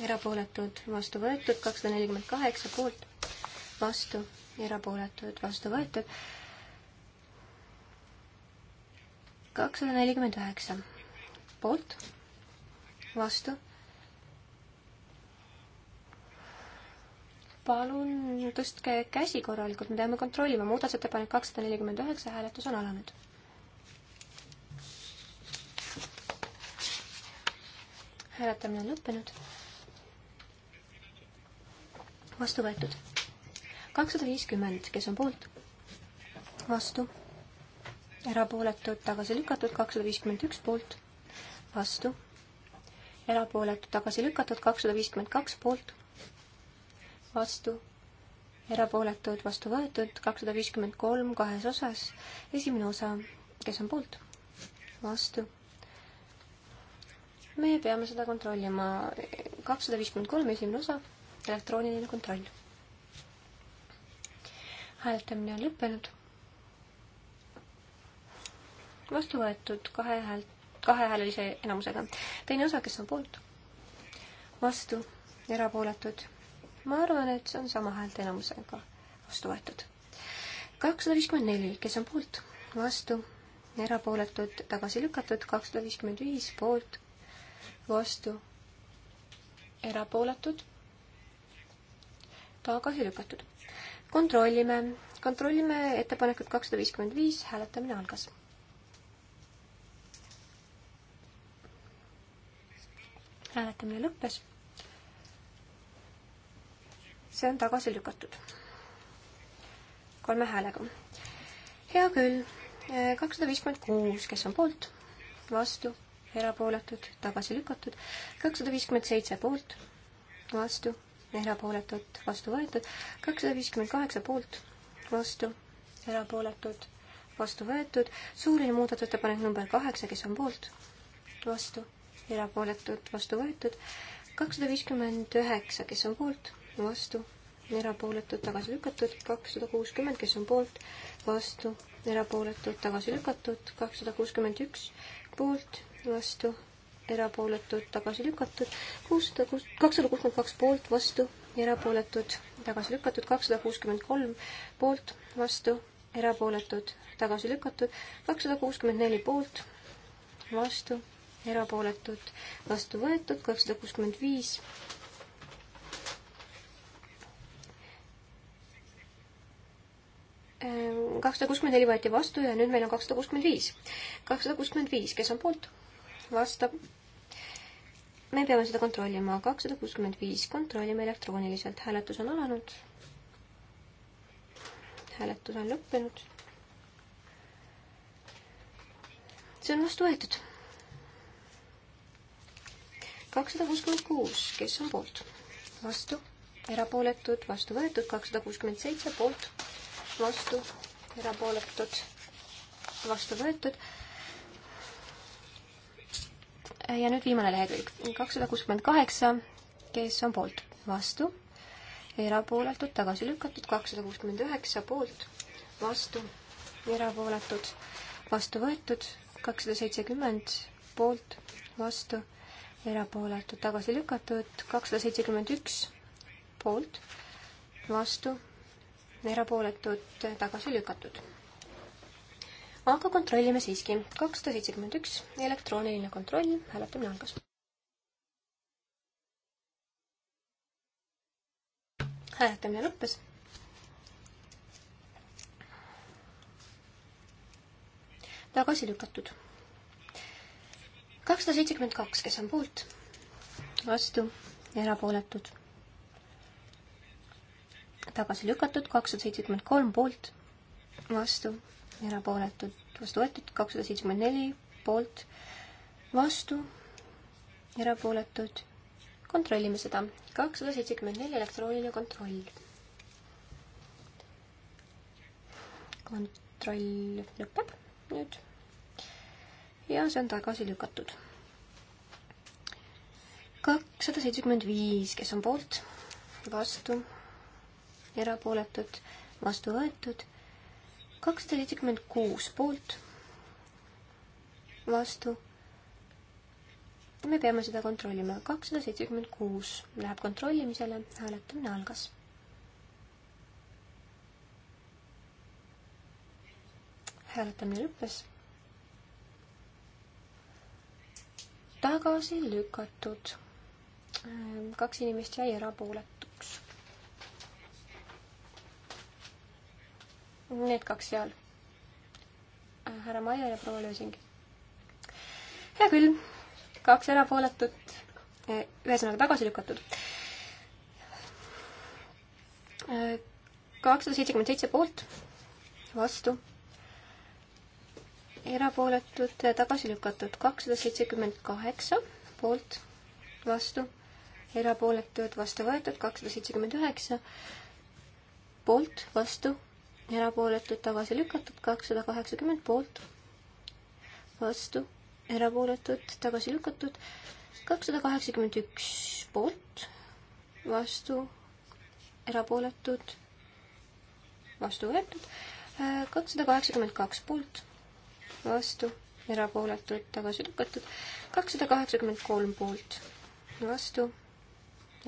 erapooletud, vastu võetud, kakssada nelikümmend kaheksa poolt, vastu, erapooletud, vastu võetud, kakssada nelikümmend üheksa poolt, vastu. palun tõstke käsi korralikult, me peame kontrollima, muudatusettepanek kakssada nelikümmend üheksa, hääletus on alanud hääletamine on lõppenud vastu võetud. kakssada viiskümmend, kes on poolt? vastu. erapooletud, tagasi lükatud, kakssada viiskümmend üks poolt. vastu. erapooletud, tagasi lükatud, kakssada viiskümmend kaks poolt. vastu. erapooletud, vastu võetud, kakssada viiskümmend kolm kahes osas. esimene osa, kes on poolt? vastu me peame seda kontrollima. kakssada viiskümmend kolm, esimene osa elektrooniline kontroll. hääletamine on lõppenud. vastu võetud kahe häält, kahehäälelise enamusega. teine osa, kes on poolt, vastu, erapooletud. ma arvan, et see on sama häälte enamusega vastu võetud. kakssada viiskümmend neli, kes on poolt, vastu, erapooletud, tagasi lükatud, kakssada viiskümmend viis poolt, vastu, erapooletud tagasi lükatud. kontrollime, kontrollime ettepanekut kakssada viiskümmend viis, hääletamine algas. hääletamine lõppes. see on tagasi lükatud. kolme häälega. hea küll, eh, kakssada viiskümmend kuus, kes on poolt, vastu, erapooletud, tagasi lükatud, kakssada viiskümmend seitse poolt, vastu erapooletud, vastu võetud, kakssada viiskümmend kaheksa poolt, vastu, erapooletud, vastu võetud, suurim muudatusettepanek number kaheksa, kes on poolt, vastu, erapooletud, vastu võetud, kakssada viiskümmend üheksa, kes on poolt, vastu, erapooletud, tagasi lükatud, kakssada kuuskümmend, kes on poolt, vastu, erapooletud, tagasi lükatud, kakssada kuuskümmend üks, poolt, vastu, erapooletud, tagasi lükatud, kuussada kuus, kakssada kuuskümmend kaks poolt, vastu, erapooletud, tagasi lükatud, kakssada kuuskümmend kolm poolt, vastu, erapooletud, tagasi lükatud, kakssada kuuskümmend neli poolt, vastu, erapooletud, vastu võetud, kakssada kuuskümmend viis. Ehm, kakssada kuuskümmend neli võeti vastu ja nüüd meil on kakssada kuuskümmend viis. kakssada kuuskümmend viis, kes on poolt? vastab. me peame seda kontrollima, kakssada kuuskümmend viis, kontrollime elektrooniliselt, hääletus on alanud. hääletus on lõppenud. see on vastu võetud. kakssada kuuskümmend kuus, kes on poolt? vastu, erapooletud, vastu võetud, kakssada kuuskümmend seitse poolt, vastu, erapooletud, vastu võetud ja nüüd viimane lehekülg, kakssada kuuskümmend kaheksa, kes on poolt, vastu, erapooletud, tagasi lükatud, kakssada kuuskümmend üheksa poolt, vastu, erapooletud, vastu võetud, kakssada seitsekümmend poolt, vastu, erapooletud, tagasi lükatud, kakssada seitsekümmend üks poolt, vastu, erapooletud, tagasi lükatud aga kontrollime siiski. kakssada seitsekümmend üks, elektrooniline kontroll, hääletamine algas. hääletamine lõppes. tagasi lükatud. kakssada seitsekümmend kaks, kes on poolt, vastu, erapooletud. tagasi lükatud, kakssada seitsekümmend kolm poolt, vastu erapooletud, vastu võetud, kakssada seitsekümmend neli poolt, vastu, erapooletud. kontrollime seda, kakssada seitsekümmend neli elektrooniline kontroll. kontroll lõpeb nüüd ja see on tagasi lükatud. kakssada seitsekümmend viis, kes on poolt, vastu, erapooletud, vastu võetud kakssada seitsekümmend kuus poolt, vastu. me peame seda kontrollima, kakssada seitsekümmend kuus läheb kontrollimisele, hääletamine algas. hääletamine lõppes. tagasi lükatud. kaks inimest jäi erapooletuks. Need kaks seal. härra Maier ja proua Lösing. hea küll, kaks erapooletut, eh, ühesõnaga tagasi lükatud. Eh, kakssada seitsekümmend seitse poolt, vastu, erapooletud, eh, tagasi lükatud, kakssada seitsekümmend kaheksa poolt, vastu, erapooletud, vastu võetud, kakssada seitsekümmend üheksa poolt, vastu, erapooletud, tagasi lükatud, kakssada kaheksakümmend poolt, vastu, erapooletud, tagasi lükatud, kakssada kaheksakümmend üks poolt, vastu, erapooletud, vastu võetud, kakssada kaheksakümmend kaks poolt, vastu, erapooletud, tagasi lükatud, kakssada kaheksakümmend kolm poolt, vastu,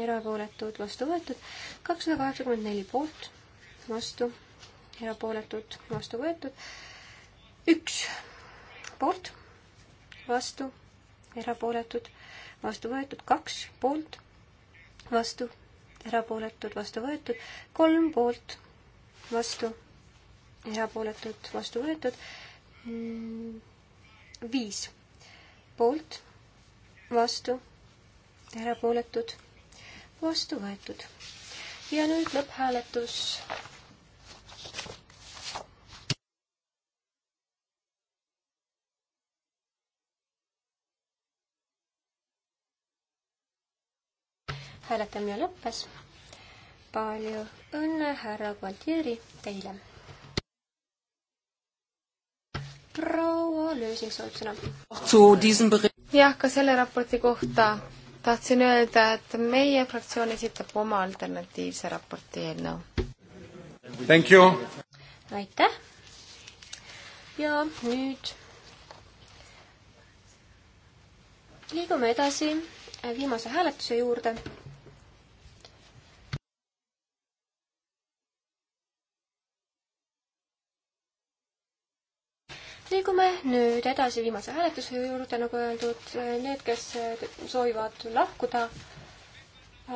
erapooletud, vastu võetud, kakssada kaheksakümmend neli poolt, vastu erapooletud, vastu võetud. üks poolt, vastu, erapooletud, vastu võetud, kaks poolt, vastu, erapooletud, vastu võetud, kolm poolt, vastu, erapooletud, vastu võetud, viis poolt, vastu, erapooletud, vastu võetud. ja nüüd lõpphääletus hääletamine lõppes. palju õnne, härra Gualtieri, teile. proua Lösing soovib sõna. jah, ka selle raporti kohta tahtsin öelda, et meie fraktsioon esitab oma alternatiivse raporti eelnõu. aitäh! ja nüüd liigume edasi viimase hääletuse juurde aitäh, nüüd edasi viimase hääletuse juurde, nagu öeldud, need, kes soovivad lahkuda,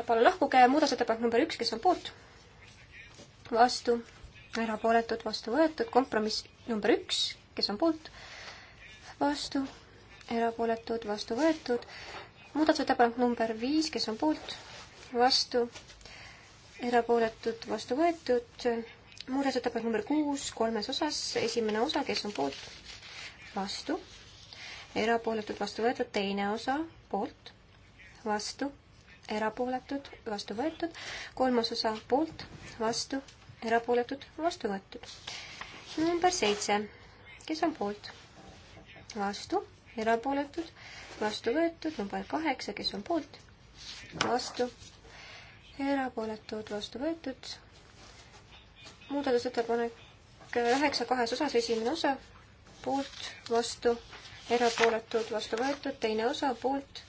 palun lahkuge, muudatusettepanek number üks, kes on poolt, vastu, erapooletud, vastu võetud, kompromiss number üks, kes on poolt, vastu, erapooletud, vastu võetud, muudatusettepanek number viis, kes on poolt, vastu, erapooletud, vastu võetud, muudatusettepanek number kuus kolmes osas, esimene osa, kes on poolt, vastu, erapooletud, vastu võetud, teine osa poolt, vastu, erapooletud, vastu võetud, kolmas osa poolt, vastu, erapooletud, vastu võetud. number seitse, kes on poolt? vastu, erapooletud, vastu võetud, number kaheksa, kes on poolt? vastu, erapooletud, vastu võetud. muudatusettepanek üheksa kahes osas, esimene osa poolt, vastu, erapooletud, vastu võetud, teine osa poolt,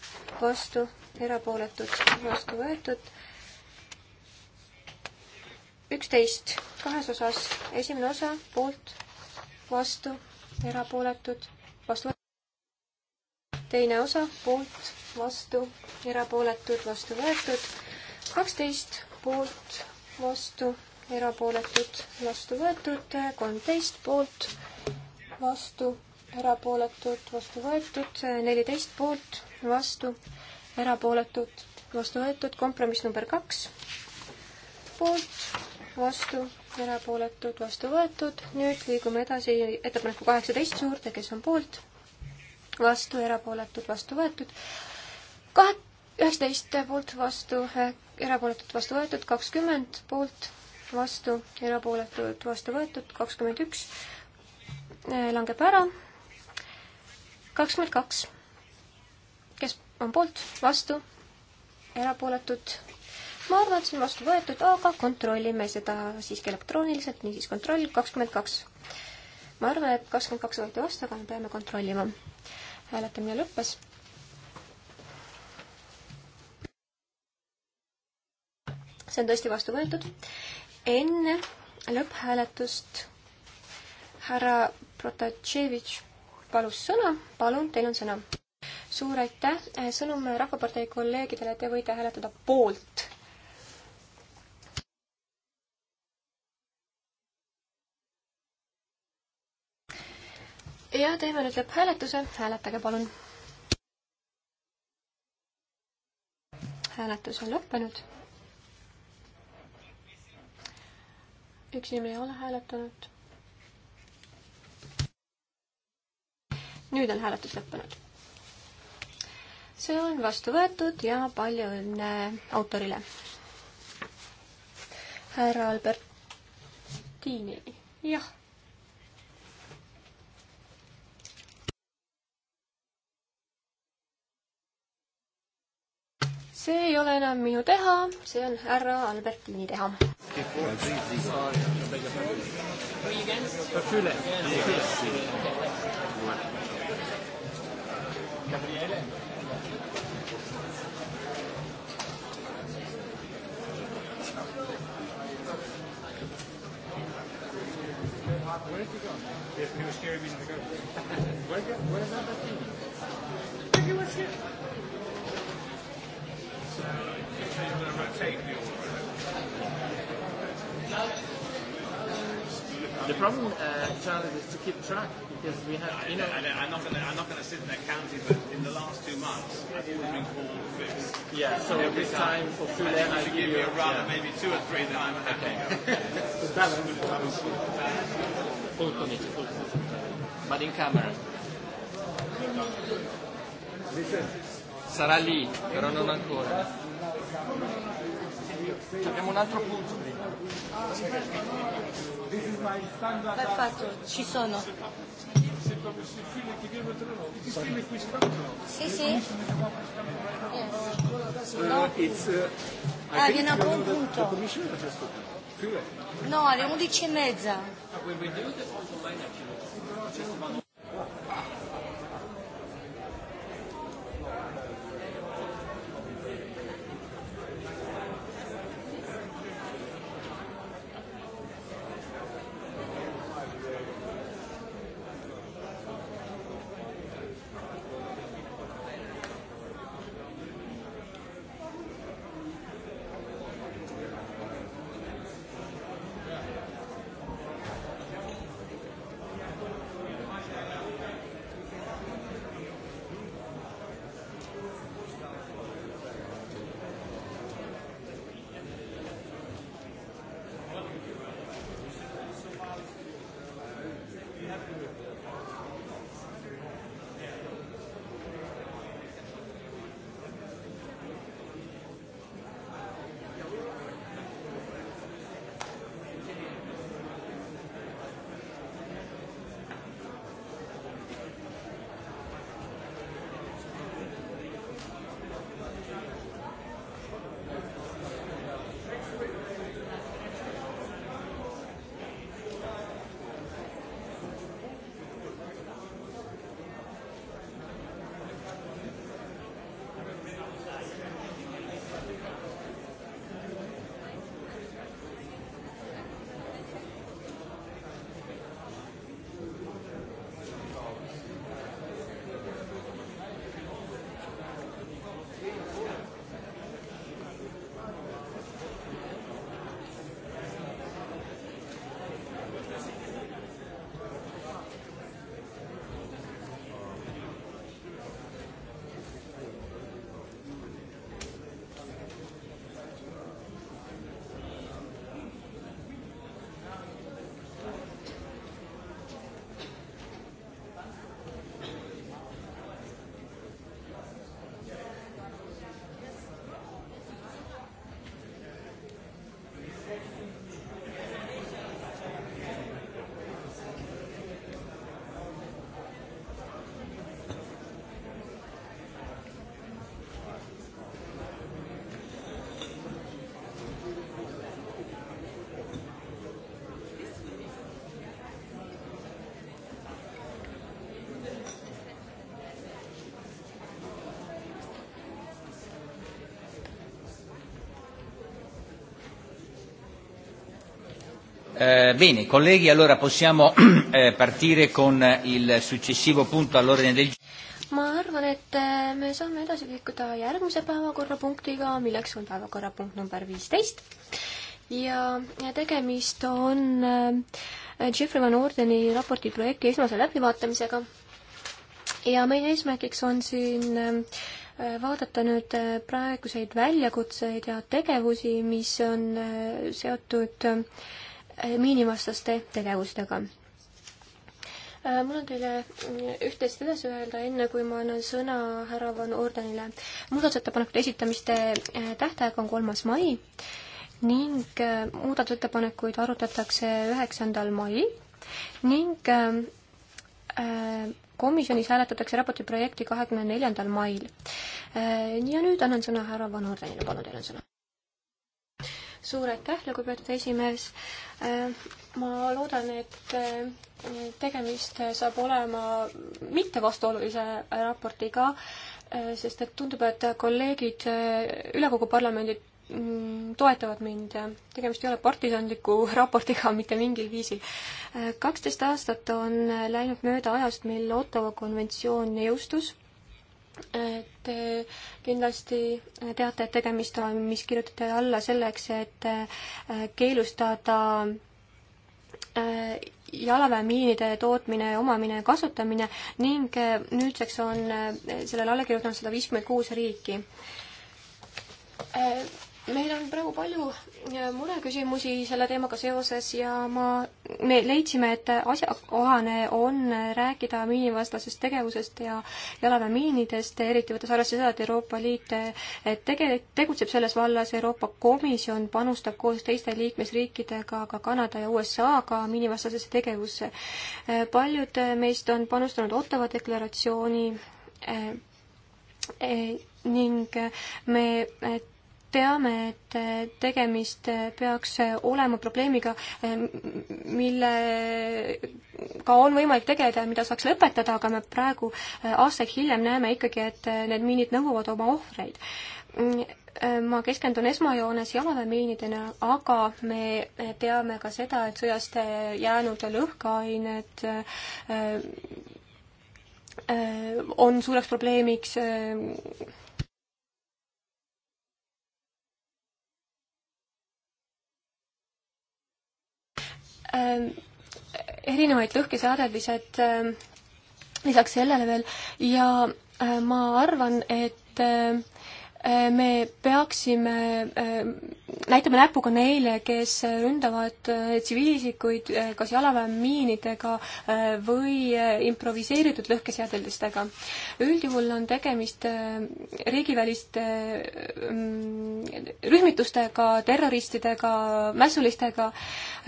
vastu, erapooletud, vastu võetud. üksteist kahes osas, esimene osa poolt, vastu, erapooletud, vastu võetud. teine osa poolt, vastu, erapooletud, vastu võetud. kaksteist poolt, vastu, erapooletud, vastu võetud, kolmteist poolt, vastu, erapooletud, vastu võetud, neliteist poolt, vastu, erapooletud, vastu võetud, kompromiss number kaks, poolt, vastu, erapooletud, vastu võetud, nüüd liigume edasi ettepaneku kaheksateist juurde, kes on poolt, vastu, erapooletud, vastu võetud, kahe, üheksateist poolt vastu, erapooletult vastu võetud, kakskümmend poolt vastu, erapooletult vastu võetud, kakskümmend üks Eh, langeb ära. kakskümmend kaks. kes on poolt, vastu, erapooletud? ma arvan, et see on vastu võetud, aga kontrollime seda siiski elektrooniliselt, niisiis kontroll kakskümmend kaks. ma arvan, et kakskümmend kaks võeti vastu, aga me peame kontrollima. hääletamine lõppes see on tõesti vastu võetud. enne lõpphääletust härra Protatševitš palus sõna, palun, teil on sõna. suur aitäh, eh, sõnum Rahvapartei kolleegidele, te võite hääletada poolt. ja teeme nüüd lõpphääletuse, hääletage palun. hääletus on lõppenud. üks inimene ei ole hääletanud nüüd on hääletus lõppenud. see on vastu võetud ja palju õnne autorile. härra Albertini, jah see ei ole enam minu teha, see on härra Albertini teha. Where did he go? Yes, he was scaring me to go. Where, where is that thing? Where was it? So, you say you're going to rotate the The problem, uh, Charlie, is to keep track because we have. I, you know, I, I, I'm not going to. I'm not going to sit there counting, but in the last two months, I've always been called fixed. Yeah. So every this time, time for full air, I give you a run, yeah. maybe two or three that I'm happy. Okay. balance. balance. Full committee. Full committee. But in camera. Sarà lì, però non ancora. Abbiamo un altro punto prima. Per fatto, ci sono. Sì, sì. Yes. Uh, ah, viene a buon punto. No, alle 11 e mezza. Ah, Eh, bene, colleghi, allora possiamo eh, partire con il successivo punto all'ordine del ma arvan, et eh, me saame edasi liikuda järgmise päevakorrapunktiga, milleks on päevakorrapunkt number viisteist. ja tegemist on eh, Jeffrey Van Ordeni raporti projekti esmase läbivaatamisega. ja meie eesmärgiks on siin äh, vaadata nüüd praeguseid väljakutseid ja tegevusi, mis on seotud äh, Äh, miinivastaste tegevustega. Äh, mul on teile äh, üht-teist edasi öelda, enne kui ma annan sõna härra Van Ordenile. muudatusettepanekute esitamiste tähtaeg on kolmas mai ning muudatusettepanekuid arutatakse üheksandal mail ning komisjonis hääletatakse raporti projekti kahekümne neljandal mail. ja nüüd annan sõna härra Van Ordenile, palun, teil on sõna suur aitäh, lugupeetud esimees. Äh, ma loodan, et äh, tegemist saab olema mitte vastuolulise raportiga, äh, sest et tundub, et kolleegid üle kogu parlamendi mm, toetavad mind. tegemist ei ole partisanliku raportiga mitte mingil viisil. kaksteist aastat on läinud mööda ajast, mil Ottawa konventsioon jõustus Te eh, kindlasti teate, et tegemist on, mis kirjutati alla selleks, et eh, keelustada eh, jalaväemiinide tootmine, omamine ja kasutamine ning nüüdseks on sellele alla kirjutanud sada viiskümmend kuus riiki meil on praegu palju mureküsimusi selle teemaga seoses ja ma, me leidsime, et asjakohane on rääkida miinivastasest tegevusest ja jalaväemiinidest, eriti võttes arvesse seda, et Euroopa Liit tege-, tegutseb selles vallas, Euroopa Komisjon panustab koos teiste liikmesriikidega, ka Kanada ja USA-ga miinivastasesse tegevusse. paljud meist on panustanud Ottawa deklaratsiooni eh, eh, ning me teame, et eh, tegemist eh, peaks eh, olema probleemiga, millega on võimalik tegeleda ja mida saaks lõpetada, aga me praegu aastaid hiljem näeme ikkagi, et need miinid nõuavad oma ohvreid. Mm, ma keskendun esmajoones jalaväemiinidena, aga me teame ka seda, et sõjast jäänud lõhkeained on suureks probleemiks Ähm, erinevaid lõhkeseadelised ähm, lisaks sellele veel ja äh, ma arvan, et äh, Äh, me peaksime, äh, näitame näpuga neile, kes ründavad äh, tsiviilisikuid kas jalaväemiinidega või improviseeritud lõhkeseadeldistega. üldjuhul on tegemist riigiväliste mm, rühmitustega, terroristidega, mässulistega.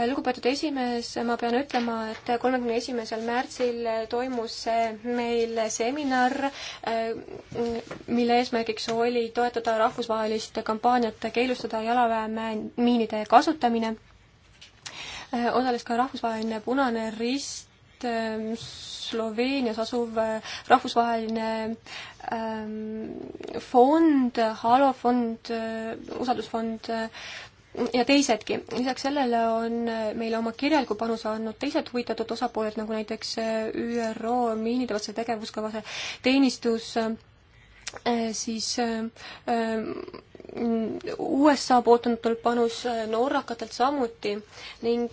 lugupeetud esimees, ma pean ütlema, et kolmekümne esimesel märtsil toimus meil seminar, mille eesmärgiks oli to-, toetada rahvusvahelist kampaaniat keelustada jalaväemiinide kasutamine. Äh, osales ka rahvusvaheline Punane Rist, ähm, Sloveenias asuv äh, rahvusvaheline ähm, fond, Halo fond, äh, usaldusfond ja teisedki. lisaks sellele on meile oma kirjaliku panuse andnud teised huvitatud osapooled, nagu näiteks ÜRO miinidevastase tegevuskavase teenistus äh,, Äh, siis äh, äh, USA poolt on tulnud panus norrakatelt samuti ning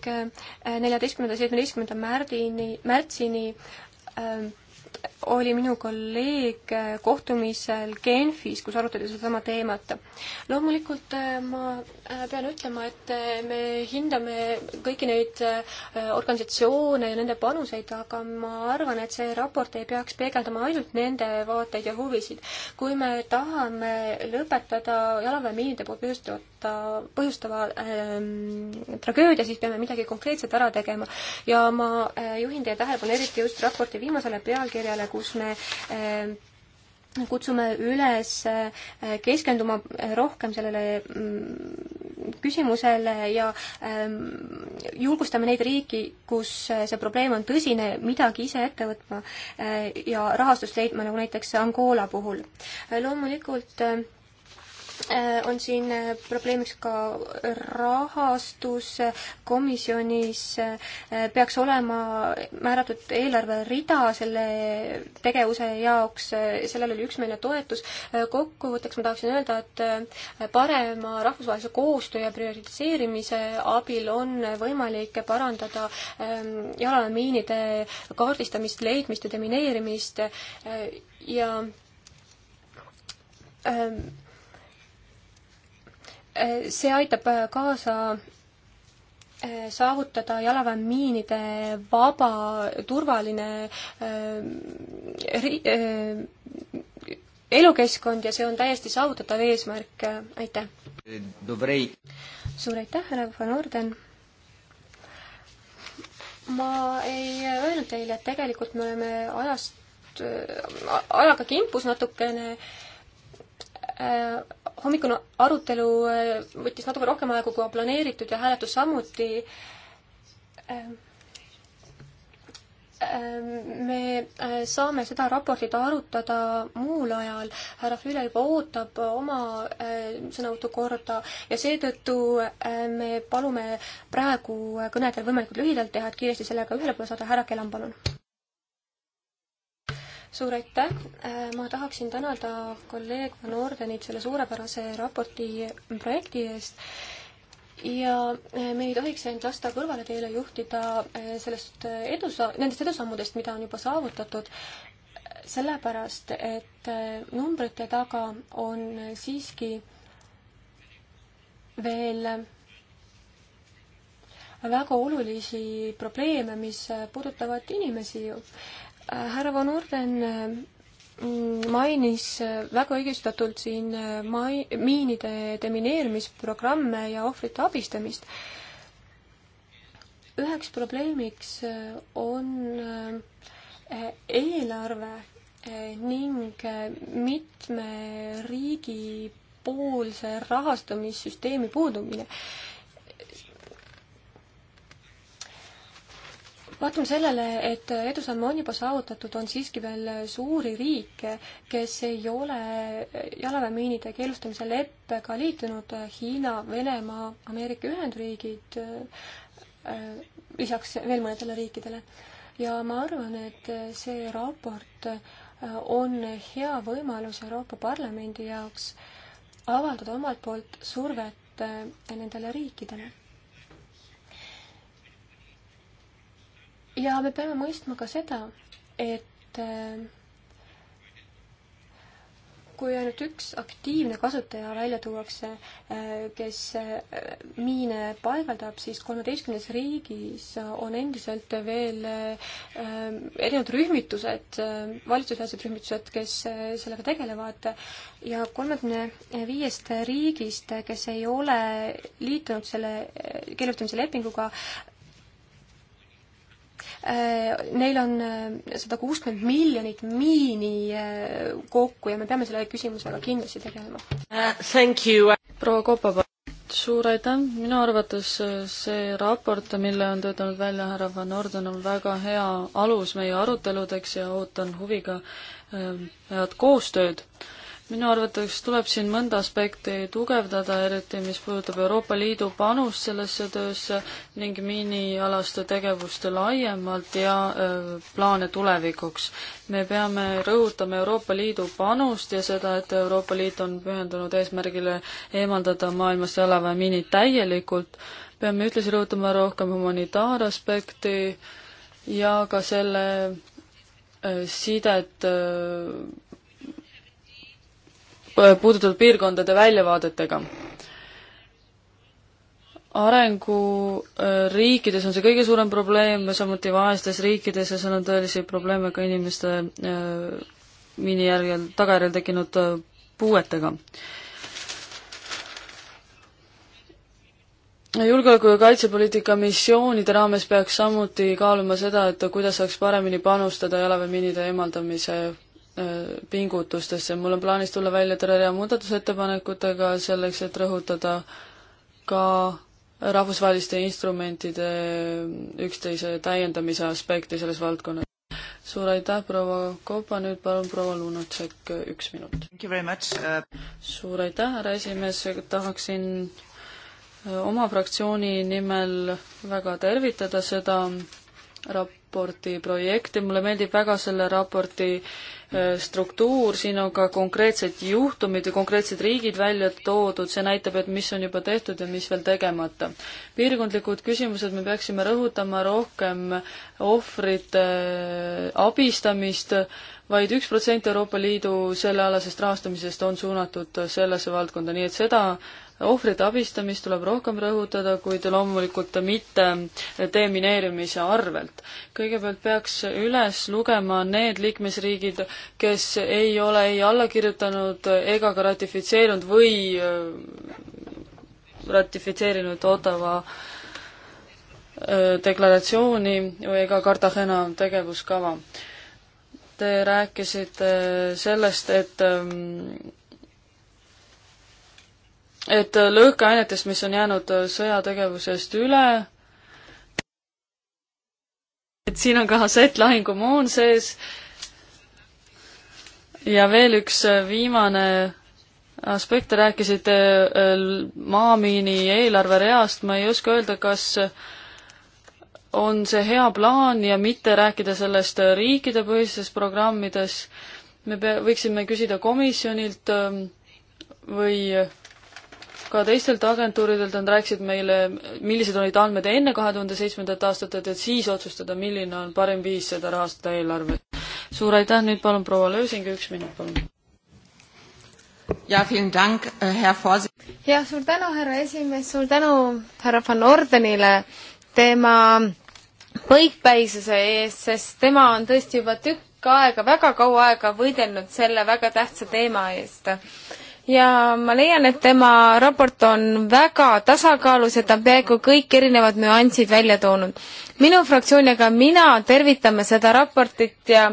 neljateistkümnenda, seitsmeteistkümnenda märdini, märtsini ähm, oli minu kolleeg äh, kohtumisel Genfis, kus arutati sedasama teemat. loomulikult äh, ma äh, pean ütlema, et me hindame kõiki neid organisatsioone ja nende panuseid, aga ma arvan, et see raport ei peaks peegeldama ainult nende vaateid ja huvisid. kui me tahame lõpetada jalaväemiinide poolt põhjustava, põhjustava ähm, tragöödia, siis peame midagi konkreetset ära tegema. ja ma juhin teie tähelepanu eriti just raporti viimasele pealkirjale, peale, kus me eh, kutsume üles eh, keskenduma rohkem sellele mm, küsimusele ja eh, julgustame neid riiki, kus see probleem on tõsine, midagi ise ette võtma ja rahastust leidma, nagu näiteks Angola puhul. loomulikult Äh, on siin äh, probleemiks ka rahastus, komisjonis äh, peaks olema määratud eelarverida selle tegevuse jaoks, sellel oli üksmeelne toetus. kokkuvõtteks ma tahaksin öelda, et parema rahvusvahelise koostöö ja prioritiseerimise abil on võimalik parandada ähm, jalamiinide kaardistamist, leidmist ja demineerimist ja ähm, see aitab kaasa äh, saavutada jalaväemiinide vaba turvaline äh, äh, elukeskkond ja see on täiesti saavutatav eesmärk, aitäh! suur aitäh, härra Van Orden! ma ei öelnud teile, et tegelikult me oleme ajast, ajaga kimpus natukene äh, Äh, hommikune arutelu äh, võttis natuke rohkem aega, kui on planeeritud ja hääletus samuti. Äh, me saame seda raportit arutada muul ajal, härra Füüle juba ootab oma sõnavõtu korda ja seetõttu me palume praegu kõnedel võimalikult lühidalt teha, et kiiresti sellega ühele poole saada. härra Kelam, palun suur aitäh, äh, ma tahaksin tänada kolleeg Van Ordenit selle suurepärase raporti mm, projekti eest ja äh, me ei tohiks end lasta kõrvale teele juhtida äh, sellest edusa-, nendest edusammudest, mida on juba saavutatud, sellepärast et numbrite taga on siiski veel väga olulisi probleeme, mis puudutavad inimesi ju härra Van Orden äh, mm, mainis äh, väga õigustatult siin äh, mai-, miinide demineerimisprogramme ja ohvrite abistamist. üheks probleemiks on eelarve ning mitme riigi poolse rahastamissüsteemi puudumine vaatamata sellele, et edusamme on juba saavutatud, on siiski veel suuri riike, kes ei ole jalaväemiinide keelustamise leppega liitunud, Hiina, Venemaa, Ameerika Ühendriigid, äh, lisaks veel mõnedele riikidele. ja ma arvan, et see raport äh, on hea võimalus Euroopa Parlamendi jaoks avaldada omalt poolt survet äh, nendele riikidele ja me peame mõistma ka seda, et äh, kui ainult üks aktiivne kasutaja välja tuuakse, äh, kes äh, miine paigaldab, siis kolmeteistkümnes riigis on endiselt veel erinevad rühmitused, valitsusvälised rühmitused, kes sellega tegelevad ja kolmekümne viiest riigist, kes ei ole liitunud selle keelutamise lepinguga, Äh, neil on äh, sada kuuskümmend miljonit miini äh, kokku ja me peame selle küsimusega kindlasti tegelema uh,. proua Kopapa, suur aitäh, minu arvates see raport, mille on töötanud välja härra Van Orden, on väga hea alus meie aruteludeks ja ootan huviga head koostööd minu arvates tuleb siin mõnda aspekti tugevdada, eriti mis puudutab Euroopa Liidu panust sellesse töösse ning miinialaste tegevuste laiemalt ja öö, plaane tulevikuks. me peame rõhutama Euroopa Liidu panust ja seda, et Euroopa Liit on pühendunud eesmärgile eemaldada maailmast jalaväemiinid täielikult, peame ühtlasi rõhutama rohkem humanitaaraspekti ja ka selle öö, sidet öö, puudutatud piirkondade väljavaadetega. arenguriikides äh, on see kõige suurem probleem, samuti vaestes riikides ja seal on tõelisi probleeme ka inimeste äh, miinijärgel, tagajärjel tekkinud äh, puuetega julgeoleku- ja kaitsepoliitika missioonide raames peaks samuti kaaluma seda, et kuidas saaks paremini panustada jalaväemiinide eemaldamise Äh, pingutustesse. mul on plaanis tulla välja terve rea muudatusettepanekutega selleks, et rõhutada ka rahvusvaheliste instrumentide üksteise täiendamise aspekti selles valdkonnas. suur aitäh, proua Kopa, nüüd palun proua Lunatšek, üks minut. Uh, suur aitäh, härra esimees, tahaksin äh, oma fraktsiooni nimel väga tervitada seda rap-, raporti projekt ja mulle meeldib väga selle raporti äh, struktuur, siin on ka konkreetsed juhtumid ja konkreetsed riigid välja toodud, see näitab, et mis on juba tehtud ja mis veel tegemata. piirkondlikud küsimused, me peaksime rõhutama rohkem ohvrite äh, abistamist, vaid üks protsent Euroopa Liidu sellealasest rahastamisest on suunatud sellesse valdkonda, nii et seda ohvrite abistamist tuleb rohkem rõhutada, kuid loomulikult mitte demineerimise arvelt. kõigepealt peaks üles lugema need liikmesriigid, kes ei ole ei alla kirjutanud ega ka ratifitseerinud või äh, ratifitseerinud Ottawa äh, deklaratsiooni ega Cartagena tegevuskava te rääkisite äh, sellest, et ähm, et lõhkeainetest, mis on jäänud äh, sõjategevusest üle, et siin on ka hassettlahingumoon sees ja veel üks äh, viimane aspekt, te rääkisite äh, maamiini eelarvereast, ma ei oska öelda, kas on see hea plaan ja mitte rääkida sellest riikidepõhises programmides, me pea-, võiksime küsida komisjonilt ähm, või ka teistelt agentuuridelt, nad rääkisid meile, millised olid andmed enne kahe tuhande seitsmendat aastat, et, et siis otsustada, milline on parim viis seda rahastada eelarvet. suur aitäh, nüüd palun proua Lösing, üks minut, palun. jah, äh, suur tänu, härra esimees, suur tänu härra Van Ordenile tema põikpäisuse eest, sest tema on tõesti juba tükk aega, väga kaua aega võidelnud selle väga tähtsa teema eest ja ma leian, et tema raport on väga tasakaalus ja ta on peaaegu kõik erinevad nüansid välja toonud. minu fraktsioon ja ka mina tervitame seda raportit ja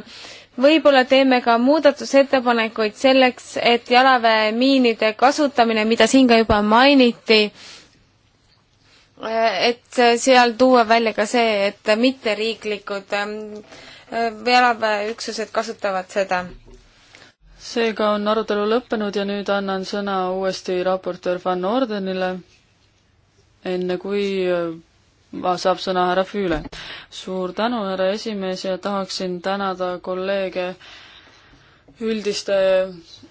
võib-olla teeme ka muudatusettepanekuid selleks, et jalaväemiinide kasutamine, mida siin ka juba mainiti, et seal tuua välja ka see, et mitteriiklikud ähm, jalaväeüksused kasutavad seda seega on arutelu lõppenud ja nüüd annan sõna uuesti raportöör Van Ordenile, enne kui äh, saab sõna härra Füüle. suur tänu, härra esimees, ja tahaksin tänada kolleege üldiste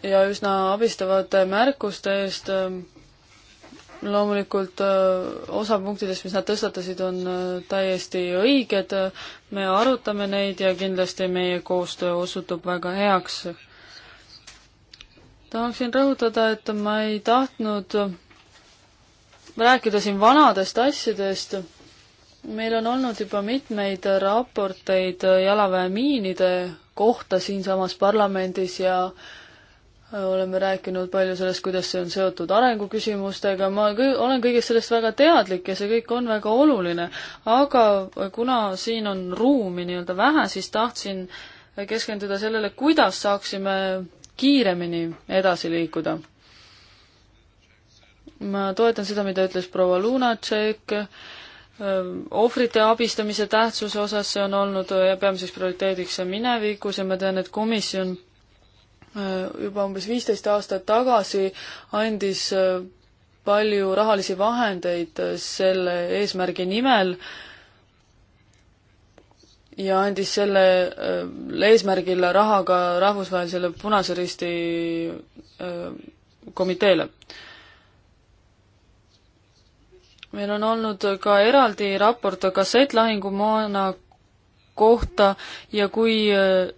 ja üsna abistavate märkuste eest. loomulikult äh, osa punktidest, mis nad tõstatasid, on äh, täiesti õiged. me arutame neid ja kindlasti meie koostöö osutub väga heaks tahaksin rõhutada, et ma ei tahtnud rääkida siin vanadest asjadest. meil on olnud juba mitmeid raporteid jalaväemiinide kohta siinsamas parlamendis ja oleme rääkinud palju sellest, kuidas see on seotud arenguküsimustega, ma kõ olen kõigest sellest väga teadlik ja see kõik on väga oluline, aga kuna siin on ruumi nii-öelda vähe, siis tahtsin keskenduda sellele, kuidas saaksime kiiremini edasi liikuda. ma toetan seda, mida ütles proua Lunatšek, ohvrite abistamise tähtsuse osas see on olnud peamiseks prioriteediks minevikus ja ma tean, et komisjon juba umbes viisteist aastat tagasi andis palju rahalisi vahendeid selle eesmärgi nimel äh, ja andis sellel äh, eesmärgil raha ka Rahvusvahelisele Punase Risti äh, komiteele. meil on olnud ka eraldi raport kassettlahingumoona kohta ja kui äh,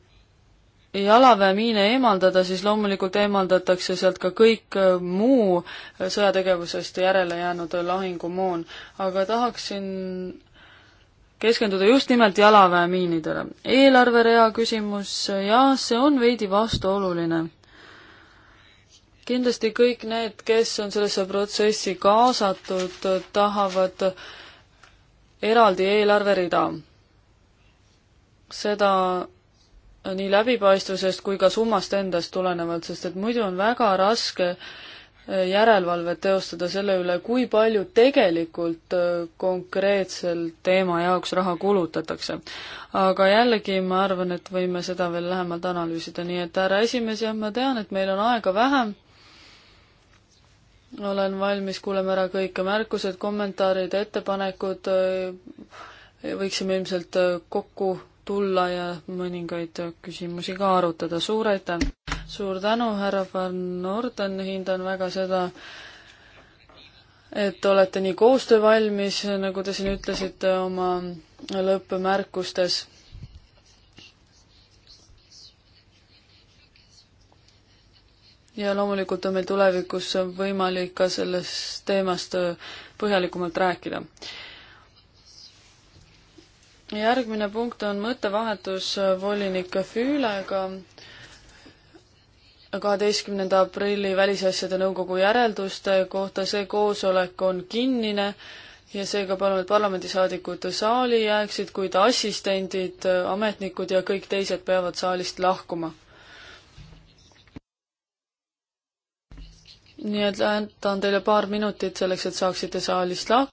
jalaväemiine eemaldada, siis loomulikult eemaldatakse sealt ka kõik muu sõjategevusest järele jäänud lahingumoon. aga tahaksin keskenduda just nimelt jalaväemiinidele. eelarverea küsimus, jah, see on veidi vastuoluline. kindlasti kõik need, kes on sellesse protsessi kaasatud, tahavad eraldi eelarverida. seda nii läbipaistvusest kui ka summast endast tulenevalt, sest et muidu on väga raske äh, järelevalvet teostada selle üle, kui palju tegelikult äh, konkreetsel teema jaoks raha kulutatakse. aga jällegi, ma arvan, et võime seda veel lähemalt analüüsida, nii et härra esimees, jah, ma tean, et meil on aega vähem, olen valmis, kuulame ära kõik märkused, kommentaarid, ettepanekud, äh, võiksime ilmselt äh, kokku tulla ja mõningaid küsimusi ka arutada, suur aitäh! suur tänu, härra Van Orden, hindan väga seda, et olete nii koostöövalmis, nagu te siin ütlesite oma lõppmärkustes ja loomulikult on meil tulevikus võimalik ka sellest teemast põhjalikumalt rääkida. järgmine punkt on mõttevahetus volinik Füülega kaheteistkümnenda aprilli Välisasjade Nõukogu järelduste kohta, see koosolek on kinnine ja seega palun, et parlamendisaadikud saali jääksid, kuid assistendid, ametnikud ja kõik teised peavad saalist lahkuma. nii et annan teile paar minutit selleks, et saaksite saalist lahkuda.